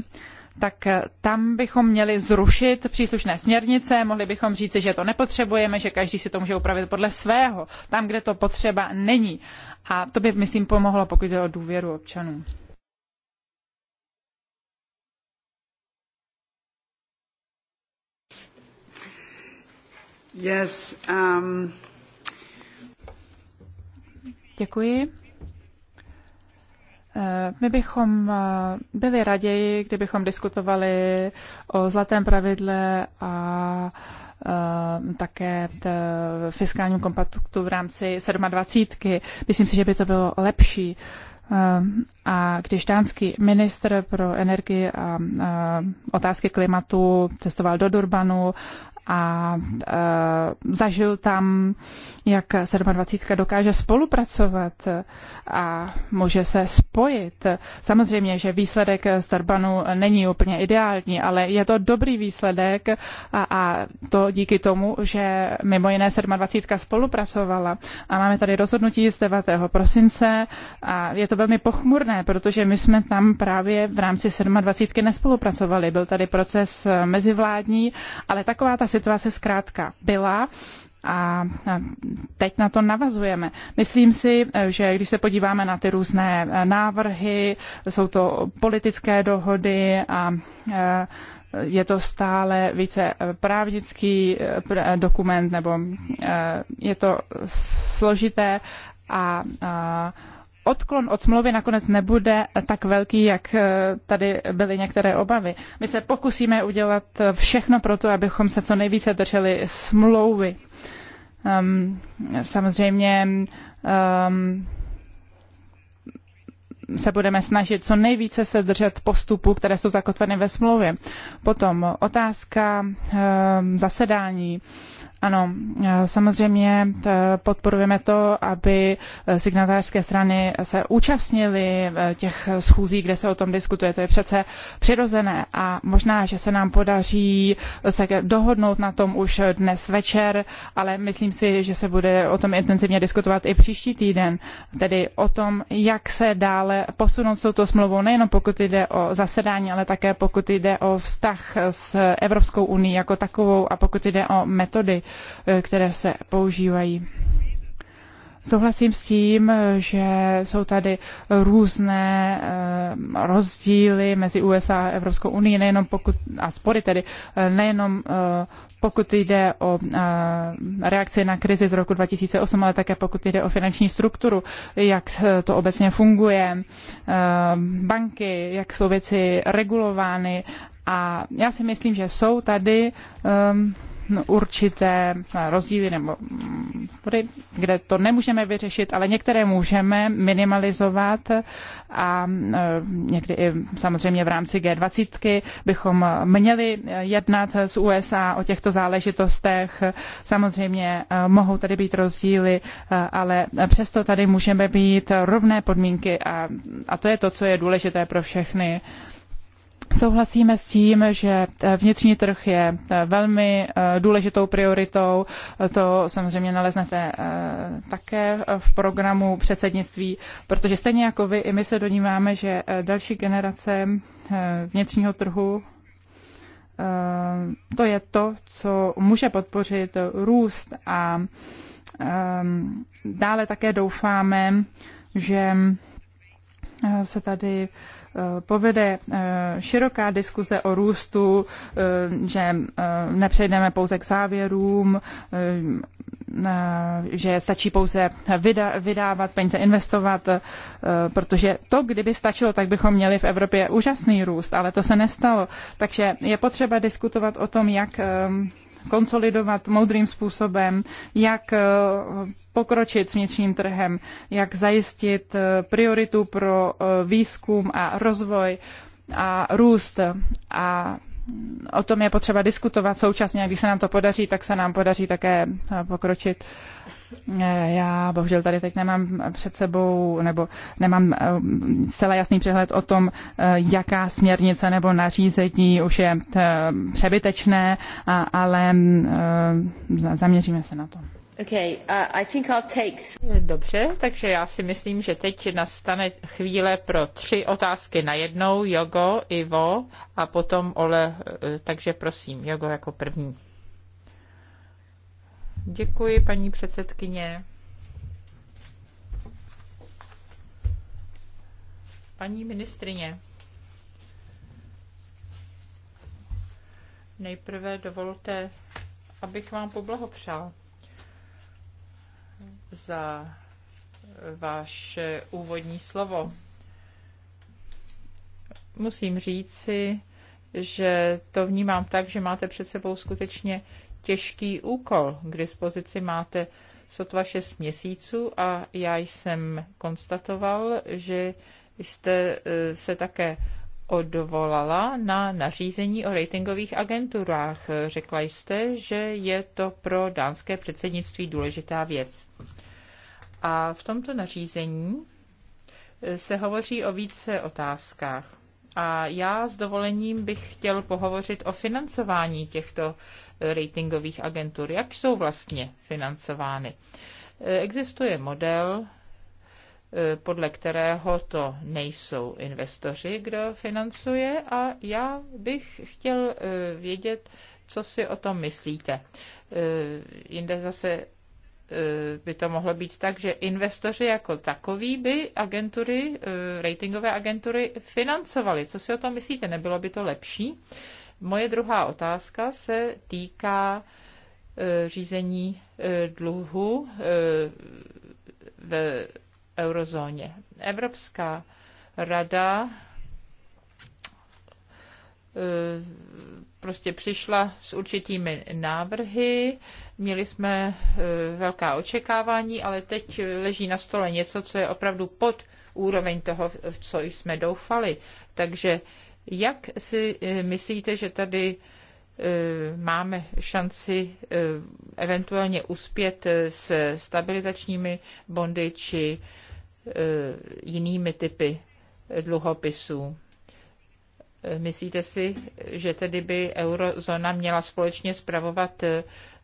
tak eh, tam bychom měli zrušit příslušné směrnice, mohli bychom říci, že to nepotřebujeme, že každý si to může upravit podle svého, tam, kde to potřeba není. A to by, myslím, pomohlo, pokud jde o důvěru občanů. Um, Děkuji. Eh, my bychom eh, byli raději, kdybychom diskutovali o zlatém pravidle a eh, také fiskálním kompaktu v rámci 27. Myslím si, že by to bylo lepší. A když dánský ministr pro energii a otázky klimatu cestoval do Durbanu a e, zažil tam, jak 27. dokáže spolupracovat a může se spojit. Samozřejmě, že výsledek z Darbanu není úplně ideální, ale je to dobrý výsledek a, a to díky tomu, že mimo jiné 27. spolupracovala. A máme tady rozhodnutí z 9. prosince a je to velmi pochmurné, protože my jsme tam právě v rámci 27. nespolupracovali. Byl tady proces mezivládní, ale taková ta situace zkrátka byla a teď na to navazujeme. Myslím si, že když se podíváme na ty různé e, návrhy, jsou to politické dohody a e, je to stále více e, právnický dokument, nebo je to složité a odklon od smlouvy nakonec nebude tak velký, jak eh, tady byly některé obavy. My se pokusíme udělat eh, všechno pro to, abychom se co nejvíce drželi smlouvy. Um, samozřejmě um, se budeme snažit co nejvíce se držet postupů, které jsou zakotveny ve smlouvě. Potom otázka um, zasedání. Ano, e, samozřejmě podporujeme to, aby e, signatářské strany se účastnily e, těch schůzí, kde se o tom diskutuje. To je přece přirozené a možná, že se nám podaří se dohodnout na tom už dnes večer, ale myslím si, že se bude o tom intenzivně diskutovat i příští týden, tedy o tom, jak se dále posunout s touto smlouvou, nejenom pokud jde o zasedání, ale také pokud jde o vztah s Evropskou unii jako takovou a pokud jde o metody Eh, které se používají. Souhlasím s tím, že jsou tady různé eh, rozdíly mezi USA a Evropskou unii, nejenom pokud, a spory tedy, eh, nejenom pokud jde o reakci na krizi z roku 2008, ale také pokud jde o finanční strukturu, jak to obecně funguje, banky, jak jsou věci regulovány. A já si myslím, že jsou tady určité rozdíly, nebo mm, kde to nemůžeme vyřešit, ale některé můžeme minimalizovat a mm, někdy i samozřejmě v rámci G20 bychom měli jednat s USA o těchto záležitostech. Samozřejmě e, mohou tady být rozdíly, e, ale přesto tady můžeme být rovné podmínky a, a to je to, co je důležité pro všechny. Souhlasíme s tím, že eh, vnitřní trh je eh, velmi eh, důležitou prioritou. To samozřejmě naleznete také v programu předsednictví, protože stejně jako vy, i my se doníváme, že další generace vnitřního trhu to je to, co může podpořit růst a dále také doufáme, že se tady povede eh, široká diskuze o růstu, eh, že eh, nepřejdeme pouze k závěrům, že stačí pouze vydávat peníze, investovat, protože to, kdyby stačilo, tak bychom měli v Evropě úžasný růst, ale to se nestalo. Takže je potřeba diskutovat o tom, jak konsolidovat moudrým způsobem, jak eh, pokročit s vnitřním trhem, jak zajistit eh, prioritu pro eh, výzkum a rozvoj a růst a o tom je potřeba diskutovat současně a když se nám to podaří, tak se nám podaří také pokročit Eh, já bohužel tady teď nemám před sebou, nebo nemám eh, zcela jasný přehled o tom, eh, jaká směrnice nebo nařízení už je přebytečné, ale zaměříme se na to. Okay, uh, I think I'll take... Dobře, takže já si myslím, že teď nastane chvíle pro tři otázky na jednou. Jogo, Ivo a potom Ole, takže prosím, Jogo jako první. Děkuji, paní předsedkyně. Paní ministrině, nejprve dovolte, abych vám poblahopřál za vaše úvodní slovo. Musím říci, že to vnímám tak, že máte před sebou skutečně těžký úkol. K dispozici máte sotva 6 měsíců a já jsem konstatoval, že jste e, se také odvolala na nařízení o ratingových agenturách. Řekla jste, že je to pro dánské předsednictví důležitá věc. A v tomto nařízení e, se hovoří o více otázkách. A já s dovolením bych chtěl pohovořit o financování těchto ratingových agentur. Jak jsou vlastně financovány? Existuje model, eh, podle kterého to nejsou investoři, kdo financuje a já bych chtěl eh, vědět, co si o tom myslíte. Eh, jinde zase by to mohlo být tak, že investoři jako takový by agentury, ratingové agentury financovali. Co si o tom myslíte? Nebylo by to lepší? Moje druhá otázka se týká e, řízení e, dluhu e, v eurozóně. Evropská rada prostě přišla s určitými návrhy, měli jsme velká očekávání, ale teď leží na stole něco, co je opravdu pod úroveň toho, co jsme doufali. Takže jak si eh, myslíte, že tady eh, máme šanci eh, eventuálně uspět s stabilizačními bondy či jinými typy dluhopisů? Myslíte si, že tedy by eurozóna měla společně spravovat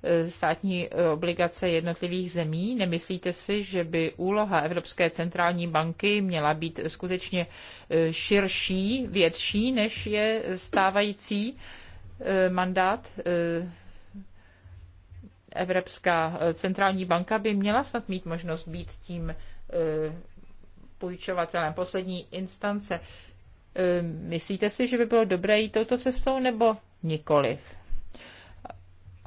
Eh, státní eh, obligace jednotlivých zemí. Nemyslíte si, že by úloha Evropské centrální banky měla být skutečně eh, širší, větší, než je stávající mandát? Evropská centrální banka by měla snad mít možnost být tím půjčovatelem poslední instance. Myslíte si, že by bylo dobré jít touto cestou nebo nikoliv?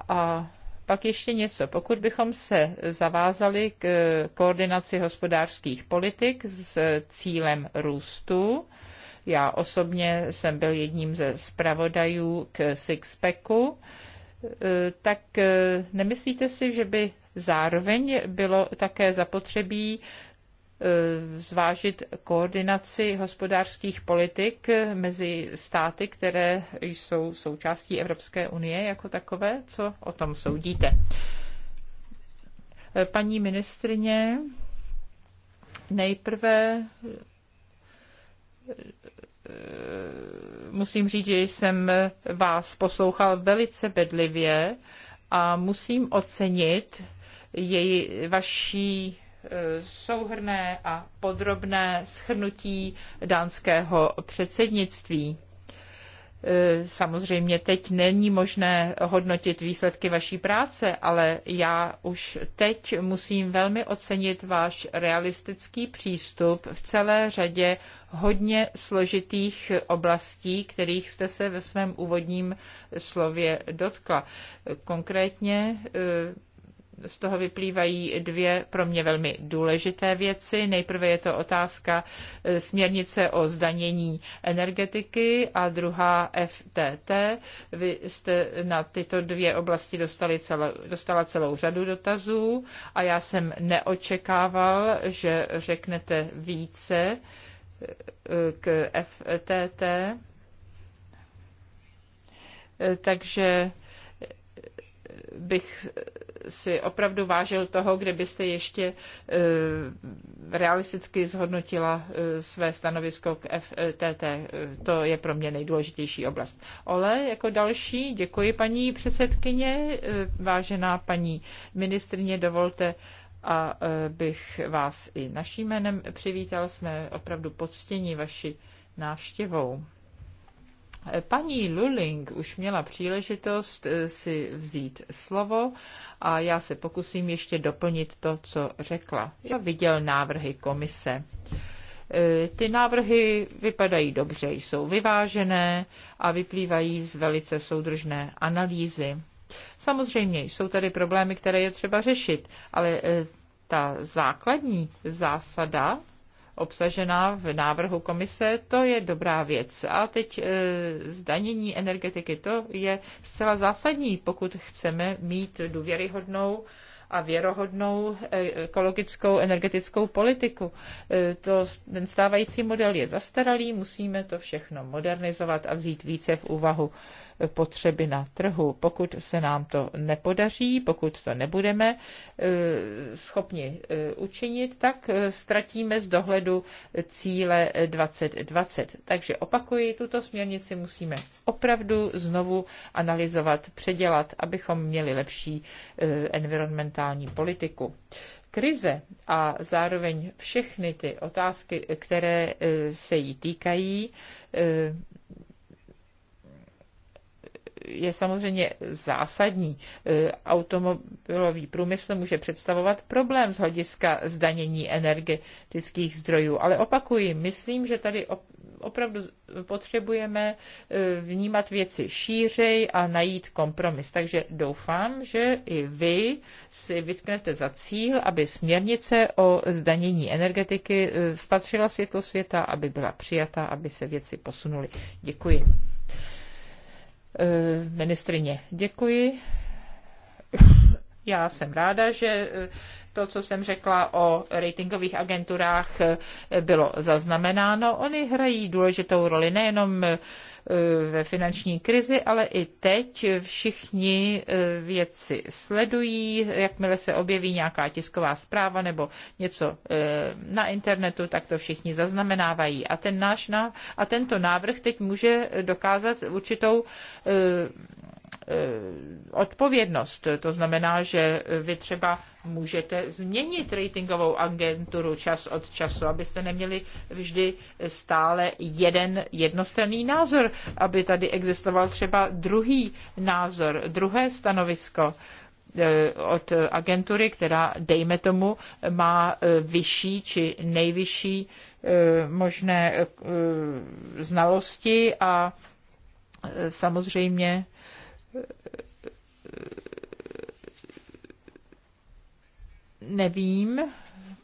A pak ještě něco. Pokud bychom se zavázali k eh, koordinaci hospodářských politik s cílem růstu, já osobně jsem byl jedním ze zpravodajů k Sixpacku, eh, tak eh, nemyslíte si, že by zároveň bylo také zapotřebí Eh, zvážit koordinaci hospodářských politik mezi státy, které jsou součástí Evropské unie jako takové? Co o tom soudíte? Eh, paní ministrině, nejprve eh, musím říct, že jsem vás poslouchal velice bedlivě a musím ocenit její, vaší souhrné a podrobné schrnutí dánského předsednictví. E, samozřejmě teď není možné hodnotit výsledky vaší práce, ale já už teď musím velmi ocenit váš realistický přístup v celé řadě hodně složitých oblastí, kterých jste se ve svém úvodním slově dotkla. Konkrétně e, z toho vyplývají dvě pro mě velmi důležité věci. Nejprve je to otázka eh, směrnice o zdanění energetiky a druhá FTT. Vy jste na tyto dvě oblasti dostali celou, dostala celou řadu dotazů a já jsem neočekával, že řeknete více eh, k FTT. Eh, takže bych si opravdu vážil toho, kdybyste ještě eh, realisticky zhodnotila eh, své stanovisko k FTT. To je pro mě nejdůležitější oblast. Ole, jako další, děkuji paní předsedkyně, eh, vážená paní ministrně, dovolte, a bych vás i naším jménem přivítal. Jsme opravdu poctěni vaši návštěvou. Paní Luling už měla příležitost eh, si vzít slovo a já se pokusím ještě doplnit to, co řekla. Já viděl návrhy komise. Eh, ty návrhy vypadají dobře, jsou vyvážené a vyplývají z velice soudržné analýzy. Samozřejmě jsou tady problémy, které je třeba řešit, ale eh, ta základní zásada obsažená v návrhu komise, to je dobrá věc. A teď e, zdanění energetiky, to je zcela zásadní, pokud chceme mít důvěryhodnou a věrohodnou e, ekologickou energetickou politiku. E, to, ten stávající model je zastaralý, musíme to všechno modernizovat a vzít více v úvahu potřeby na trhu. Pokud se nám to nepodaří, pokud to nebudeme eh, schopni eh, učinit, tak eh, ztratíme z dohledu cíle 2020. Takže opakuji, tuto směrnici musíme opravdu znovu analyzovat, předělat, abychom měli lepší environmentální politiku krize a zároveň všechny ty otázky, které se jí týkají, je samozřejmě zásadní. E, automobilový průmysl může představovat problém z hlediska zdanění energetických zdrojů, ale opakuji, myslím, že tady opravdu potřebujeme e, vnímat věci šířej a najít kompromis. Takže doufám, že i vy si vytknete za cíl, aby směrnice o zdanění energetiky e, spatřila světlo světa, aby byla přijata, aby se věci posunuly. Děkuji. Eh, ministrině, děkuji. Já jsem ráda, že eh, to, co jsem řekla o ratingových agenturách, eh, bylo zaznamenáno. Oni hrají důležitou roli nejenom Eh, ve finanční krizi, ale i teď všichni eh, věci sledují. Jakmile se objeví nějaká tisková zpráva nebo něco eh, na internetu, tak to všichni zaznamenávají. A, ten náš, a tento návrh teď může dokázat určitou Eh, odpovědnost. To znamená, že vy třeba můžete změnit ratingovou agenturu čas od času, abyste neměli vždy stále jeden jednostranný názor, aby tady existoval třeba druhý názor, druhé stanovisko eh, od agentury, která, dejme tomu, má eh, vyšší či nejvyšší možné znalosti a samozřejmě nevím,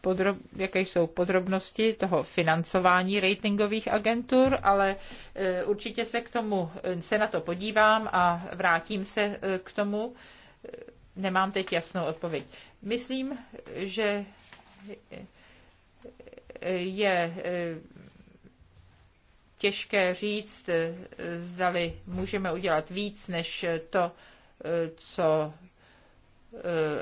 podrob, jaké jsou podrobnosti toho financování ratingových agentur, ale e, určitě se k tomu, e, se na to podívám a vrátím se e, k tomu. Nemám teď jasnou odpověď. Myslím, že je těžké říct, eh, zdali můžeme udělat víc, než eh, to, eh, co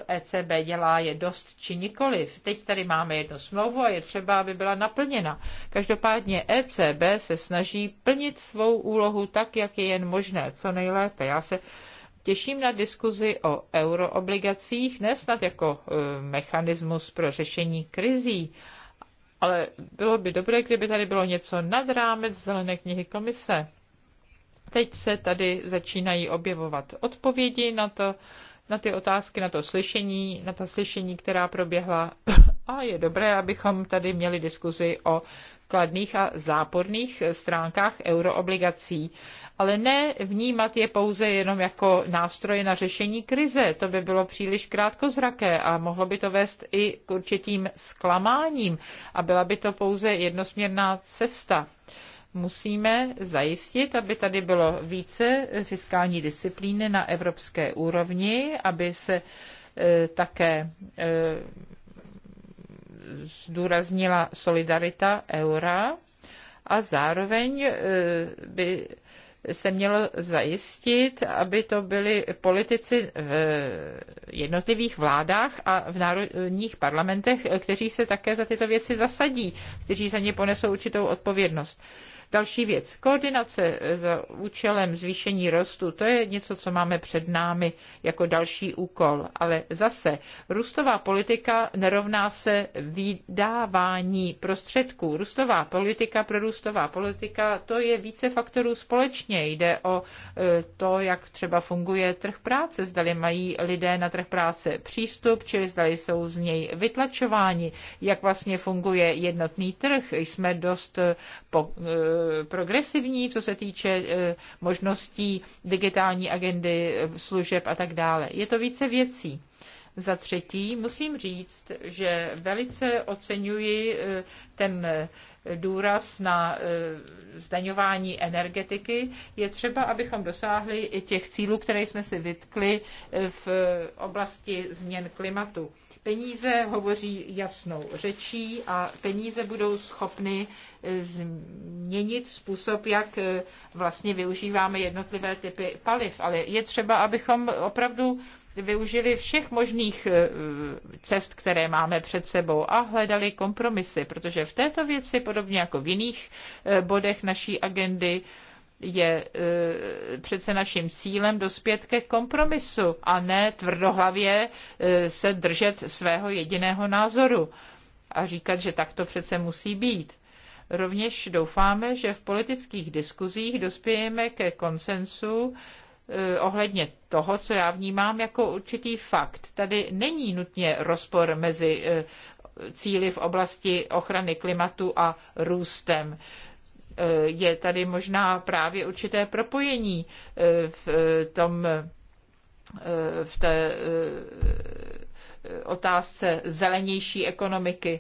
ECB e dělá, je dost či nikoliv. Teď tady máme jednu smlouvu a je třeba, aby byla naplněna. Každopádně ECB se snaží plnit svou úlohu tak, jak je jen možné, co nejlépe. Já se těším na diskuzi o euroobligacích, ne snad jako mechanismus pro řešení krizí, ale bylo by dobré, kdyby tady bylo něco nad rámec zelené knihy komise. Teď se tady začínají objevovat odpovědi na, to, na ty otázky, na to slyšení, na ta slyšení, která proběhla. A je dobré, abychom tady měli diskuzi o kladných a záporných stránkách euroobligací, ale ne vnímat je pouze jenom jako nástroje na řešení krize. To by bylo příliš krátkozraké a mohlo by to vést i k určitým zklamáním a byla by to pouze jednosměrná cesta musíme zajistit, aby tady bylo více fiskální disciplíny na evropské úrovni, aby se eh, také eh, zdůraznila solidarita eura a zároveň e, by se mělo zajistit, aby to byli politici v jednotlivých vládách a v národních parlamentech, kteří se také za tyto věci zasadí, kteří za ně ponesou určitou odpovědnost. Další věc, koordinace za účelem zvýšení růstu, to je něco, co máme před námi jako další úkol. Ale zase, růstová politika nerovná se vydávání prostředků. Růstová politika, prorůstová politika, to je více faktorů společně. Jde o e, to, jak třeba funguje trh práce, zdali mají lidé na trh práce přístup, čili zdali jsou z něj vytlačováni, jak vlastně funguje jednotný trh. Jsme dost po, e, progresivní, co se týče eh, možností digitální agendy, eh, služeb a tak dále. Je to více věcí. Za třetí musím říct, že velice oceňuji eh, ten důraz na zdaňování energetiky. Je třeba, abychom dosáhli i těch cílů, které jsme si vytkli v oblasti změn klimatu. Peníze hovoří jasnou řečí a peníze budou schopny eh, změnit způsob, jak eh, vlastně využíváme jednotlivé typy paliv. Ale je třeba, abychom opravdu využili všech možných eh, cest, které máme před sebou a hledali kompromisy, protože v této věci, podobně jako v jiných bodech naší agendy, je e, přece naším cílem dospět ke kompromisu a ne tvrdohlavě e, se držet svého jediného názoru a říkat, že tak to přece musí být. Rovněž doufáme, že v politických diskuzích dospějeme ke konsensu e, ohledně toho, co já vnímám jako určitý fakt. Tady není nutně rozpor mezi cíly v oblasti ochrany klimatu a růstem. Eh, je tady možná právě určité propojení eh, v eh, tom, v té otázce zelenější ekonomiky.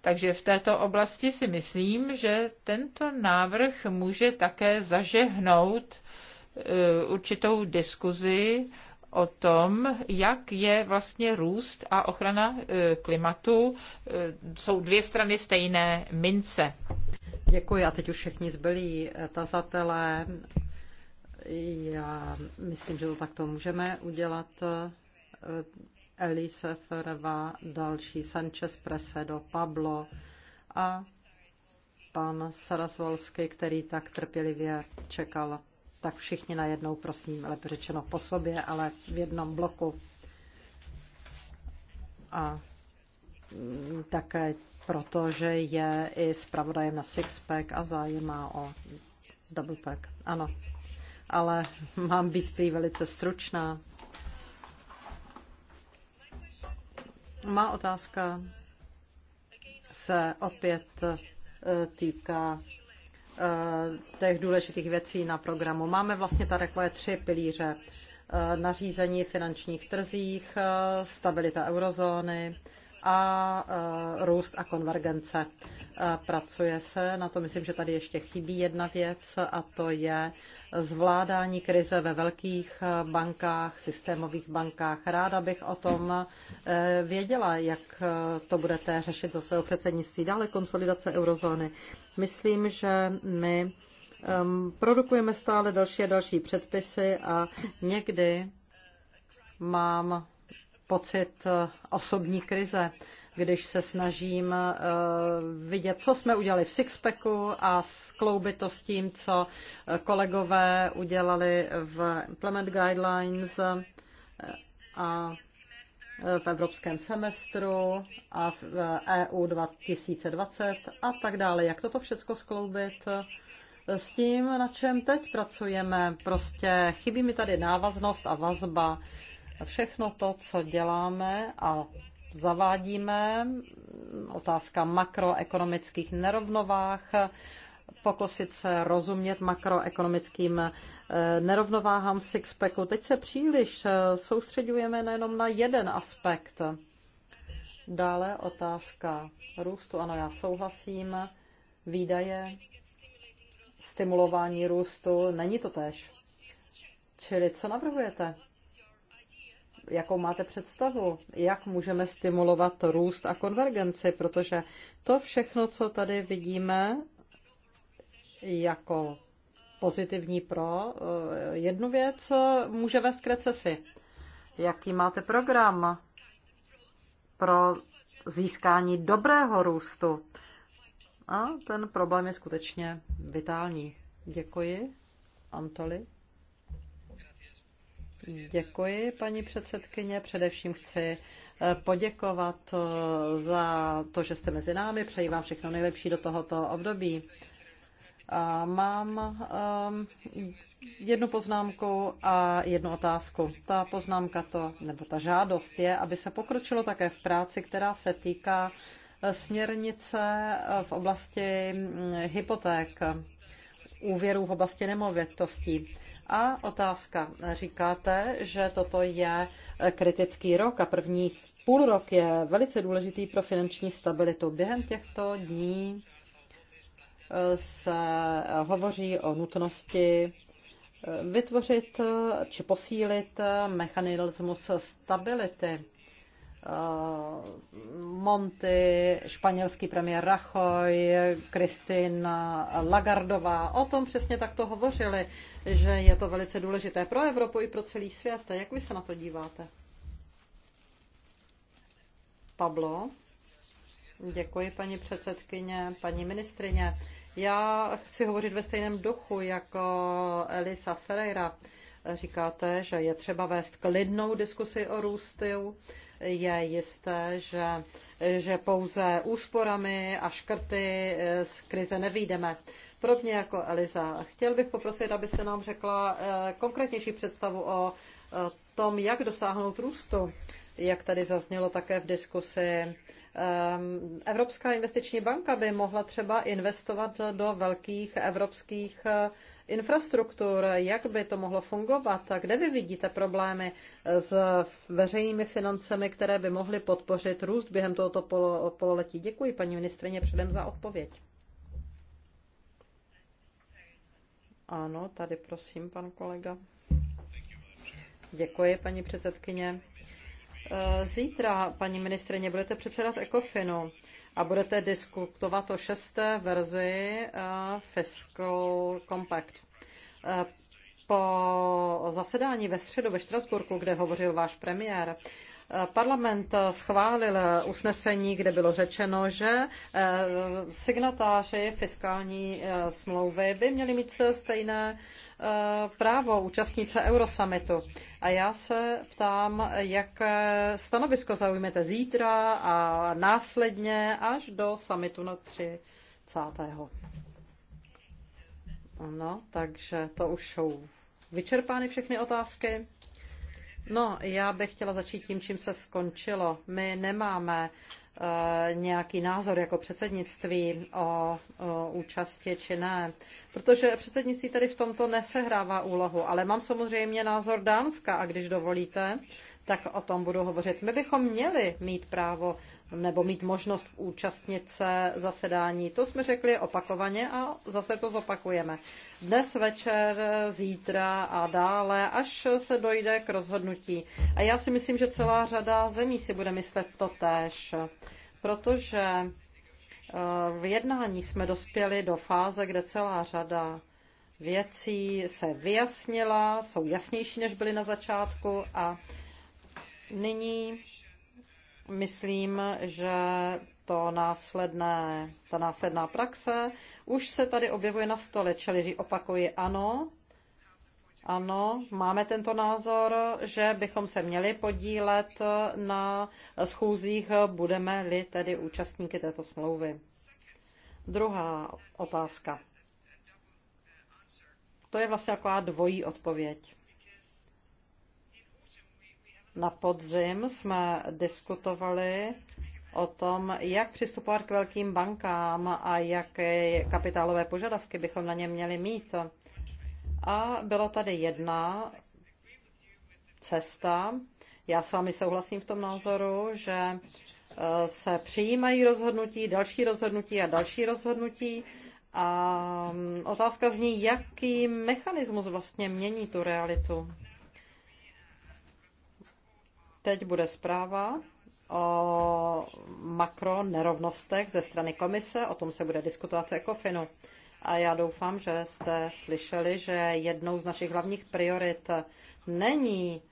Takže v této oblasti si myslím, že tento návrh může také zažehnout určitou diskuzi o tom, jak je vlastně růst a ochrana klimatu. Jsou dvě strany stejné mince. Děkuji a teď už všichni zbylí eh, tazatelé. Já myslím, že to takto můžeme udělat. Eh, Elise Ferva, další Sanchez Presedo, Pablo a pan Sarasvolsky, který tak trpělivě čekal. Tak všichni najednou, prosím, ale řečeno po sobě, ale v jednom bloku. A mm, také protože je i zpravodajem na Sixpack a zájemá o Doublepack. Ano, ale mám být prý velice stručná. Má otázka se opět e, týká e, těch důležitých věcí na programu. Máme vlastně tady takové tři pilíře. E, nařízení finančních trzích, stabilita eurozóny a e, růst a konvergence. E, pracuje se na to, myslím, že tady ještě chybí jedna věc a to je zvládání krize ve velkých e, bankách, systémových bankách. Ráda bych o tom věděla, jak to budete řešit za svého předsednictví. Dále konsolidace eurozóny. Myslím, že my produkujeme stále další a další předpisy a někdy mám pocit eh, osobní krize, když se snažím eh, vidět, co jsme udělali v Sixpacku a skloubit to s tím, co eh, kolegové udělali v Implement Guidelines a v evropském semestru a v EU e 2020 a tak dále. Jak toto všechno skloubit s tím, na čem teď pracujeme? Prostě chybí mi tady návaznost a vazba Všechno to, co děláme a zavádíme, otázka makroekonomických nerovnovách, pokusit se rozumět makroekonomickým eh, nerovnováhám v Sixpacku. Teď se příliš eh, soustředujeme nejenom na jeden aspekt. Dále otázka růstu. Ano, já souhlasím. Výdaje, stimulování růstu, není to tež. Čili co navrhujete? jakou máte představu, jak můžeme stimulovat růst a konvergenci, protože to všechno, co tady vidíme jako pozitivní pro eh, jednu věc, může vést k recesi. Jaký máte program pro získání dobrého růstu? A ten problém je skutečně vitální. Děkuji, Antoli. Děkuji, paní předsedkyně. Především chci eh, poděkovat eh, za to, že jste mezi námi. Přeji vám všechno nejlepší do tohoto období. A mám um, jednu poznámku a jednu otázku. Ta poznámka to, nebo ta žádost je, aby se pokročilo také v práci, která se týká směrnice v oblasti mm, hypoték, úvěrů v oblasti nemovitostí. A otázka. Říkáte, že toto je eh, kritický rok a první půl rok je velice důležitý pro finanční stabilitu. Během těchto dní eh, se hovoří o nutnosti eh, vytvořit či posílit mechanismus stability Eh, Monty, španělský premiér Rajoy, Kristina Lagardová o tom přesně takto hovořili, že je to velice důležité pro Evropu i pro celý svět. Jak vy se na to díváte? Pablo. Děkuji, paní předsedkyně, paní ministrině. Já chci hovořit ve stejném duchu jako Elisa Ferreira. Říkáte, že je třeba vést klidnou diskusi o růstu, je jisté, že, že pouze úsporami a škrty eh, z krize nevýjdeme. Podobně jako Eliza. Chtěl bych poprosit, aby se nám řekla eh, konkrétnější představu o eh, tom, jak dosáhnout růstu. Jak tady zaznělo také v diskusi, Evropská investiční banka by mohla třeba investovat do velkých evropských infrastruktur, jak by to mohlo fungovat a kde vy vidíte problémy s veřejnými financemi, které by mohly podpořit růst během tohoto polo, pololetí. Děkuji, paní ministrině, předem za odpověď. Ano, tady prosím, pan kolega. Děkuji, paní předsedkyně. Eh, zítra, paní ministrině, budete předsedat Ekofinu a budete diskutovat o šesté verzi eh, Fiscal Compact. Eh, po zasedání ve středu ve Štrasburku, kde hovořil váš premiér, Parlament schválil usnesení, kde bylo řečeno, že eh, signatáři fiskální eh, smlouvy by měli mít stejné eh, právo účastnit se Eurosummitu. A já se ptám, jak stanovisko zaujmete zítra a následně až do summitu na 30. No, takže to už jsou vyčerpány všechny otázky. No, já bych chtěla začít tím, čím se skončilo. My nemáme eh, nějaký názor jako předsednictví o, o účasti či ne. Protože předsednictví tady v tomto nesehrává úlohu, ale mám samozřejmě názor Dánska a když dovolíte, tak o tom budu hovořit. My bychom měli mít právo nebo mít možnost účastnit se zasedání. To jsme řekli opakovaně a zase to zopakujeme. Dnes večer, zítra a dále, až se dojde k rozhodnutí. A já si myslím, že celá řada zemí si bude myslet to též, protože eh, v jednání jsme dospěli do fáze, kde celá řada věcí se vyjasnila, jsou jasnější, než byly na začátku a nyní Myslím, že to následné, ta následná praxe už se tady objevuje na stole, čili opakuji ano, ano, máme tento názor, že bychom se měli podílet na schůzích, budeme-li tedy účastníky této smlouvy. Druhá otázka. To je vlastně taková dvojí odpověď. Na podzim jsme diskutovali o tom, jak přistupovat k velkým bankám a jaké kapitálové požadavky bychom na ně měli mít. A byla tady jedna cesta. Já s vámi souhlasím v tom názoru, že eh, se přijímají rozhodnutí, další rozhodnutí a další rozhodnutí. A mm, otázka zní, jaký mechanismus vlastně mění tu realitu. Teď bude zpráva o makro nerovnostech ze strany komise, o tom se bude diskutovat v Ekofinu. A já doufám, že jste slyšeli, že jednou z našich hlavních priorit není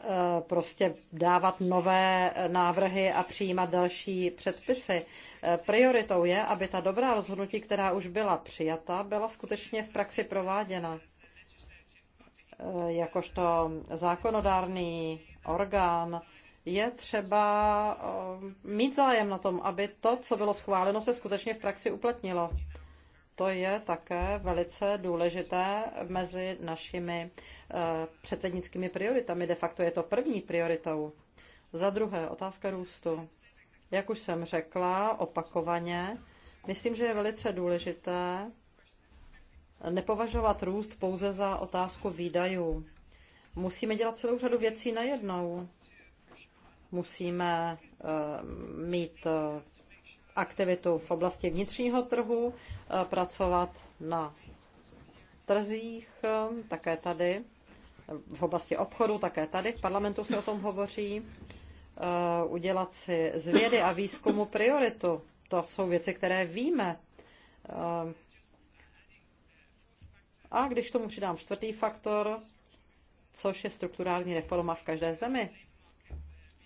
eh, prostě dávat nové návrhy a přijímat další předpisy. Eh, prioritou je, aby ta dobrá rozhodnutí, která už byla přijata, byla skutečně v praxi prováděna. Eh, jakožto zákonodárný orgán je třeba eh, mít zájem na tom, aby to, co bylo schváleno, se skutečně v praxi uplatnilo. To je také velice důležité mezi našimi eh, předsednickými prioritami. De facto je to první prioritou. Za druhé, otázka růstu. Jak už jsem řekla opakovaně, myslím, že je velice důležité nepovažovat růst pouze za otázku výdajů. Musíme dělat celou řadu věcí najednou. Musíme eh, mít eh, aktivitu v oblasti vnitřního trhu, eh, pracovat na trzích, také tady, v oblasti obchodu, také tady. V parlamentu se o tom hovoří. Udělat si z vědy a výzkumu prioritu. To jsou věci, které víme a když tomu přidám čtvrtý faktor, což je strukturální reforma v každé zemi,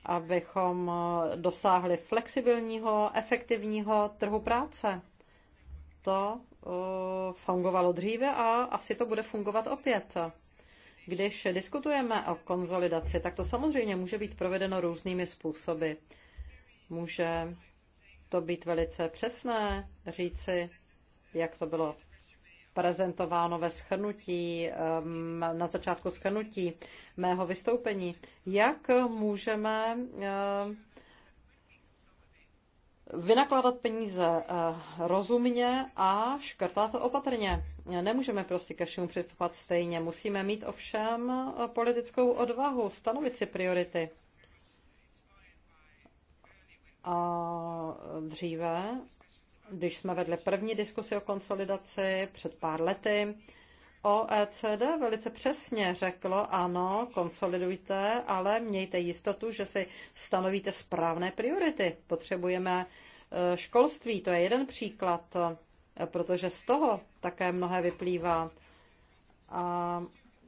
abychom eh, dosáhli flexibilního, efektivního trhu práce. To eh, fungovalo dříve a asi to bude fungovat opět. Když diskutujeme o konzolidaci, tak to samozřejmě může být provedeno různými způsoby. Může to být velice přesné, říci, jak to bylo prezentováno ve schrnutí, na začátku schrnutí mého vystoupení. Jak můžeme vynakládat peníze eh, rozumně a škrtat opatrně. Nemůžeme prostě ke všemu přistupovat stejně. Musíme mít ovšem eh, politickou odvahu, stanovit si priority. A dříve když jsme vedli první diskusi o konsolidaci před pár lety, OECD velice přesně řeklo, ano, konsolidujte, ale mějte jistotu, že si stanovíte správné priority. Potřebujeme e, školství, to je jeden příklad, e, protože z toho také mnohé vyplývá. A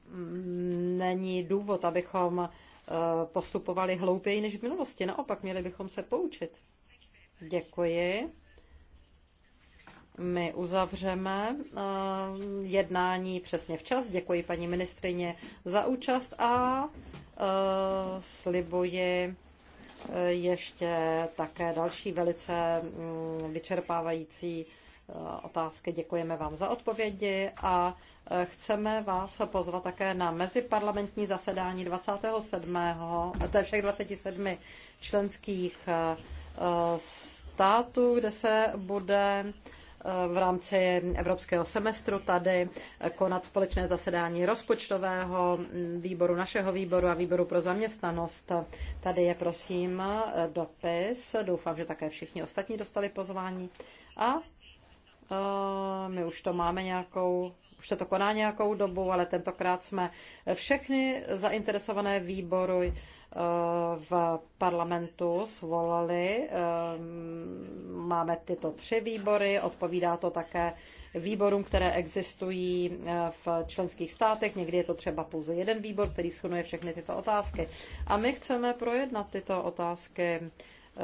mm, není důvod, abychom e, postupovali hloupěji než v minulosti. Naopak, měli bychom se poučit. Děkuji my uzavřeme eh, jednání přesně včas. Děkuji paní ministrině za účast a eh, slibuji eh, ještě také další velice mm, vyčerpávající otázky. Děkujeme vám za odpovědi a chceme vás pozvat také na meziparlamentní zasedání 27. to je všech 27 členských států, kde se bude Eh, v rámci evropského semestru tady konat společné zasedání rozpočtového výboru, našeho výboru a výboru pro zaměstnanost. Tady je prosím eh, dopis, doufám, že také všichni ostatní dostali pozvání. A eh, my už to máme nějakou už se to koná nějakou dobu, ale tentokrát jsme všechny zainteresované výbory v parlamentu svolali. Ehm, máme tyto tři výbory, odpovídá to také výborům, které existují e, v členských státech. Někdy je to třeba pouze jeden výbor, který schonuje všechny tyto otázky. A my chceme projednat tyto otázky e,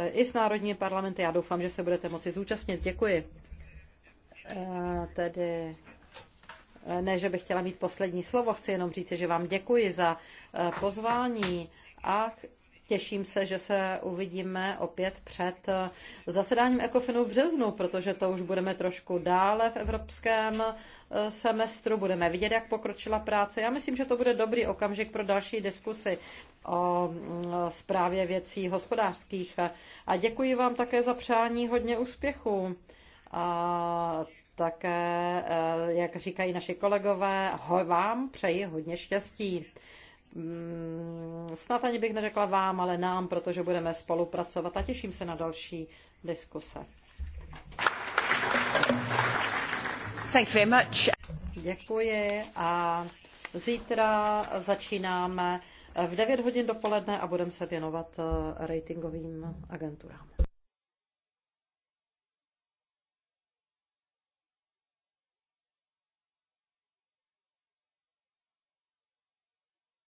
i s národní parlamenty. Já doufám, že se budete moci zúčastnit. Děkuji. E, tedy ne, že bych chtěla mít poslední slovo, chci jenom říct, že vám děkuji za pozvání a těším se, že se uvidíme opět před eh, zasedáním Ekofinu v březnu, protože to už budeme trošku dále v evropském eh, semestru, budeme vidět, jak pokročila práce. Já myslím, že to bude dobrý okamžik pro další diskusy o zprávě mm, věcí hospodářských. A děkuji vám také za přání hodně úspěchů. A také, eh, jak říkají naši kolegové, ho vám přeji hodně štěstí. Mm, snad ani bych neřekla vám, ale nám, protože budeme spolupracovat a těším se na další diskuse. Thank you very much. Děkuji a zítra začínáme v 9 hodin dopoledne a budeme se věnovat eh, ratingovým agenturám.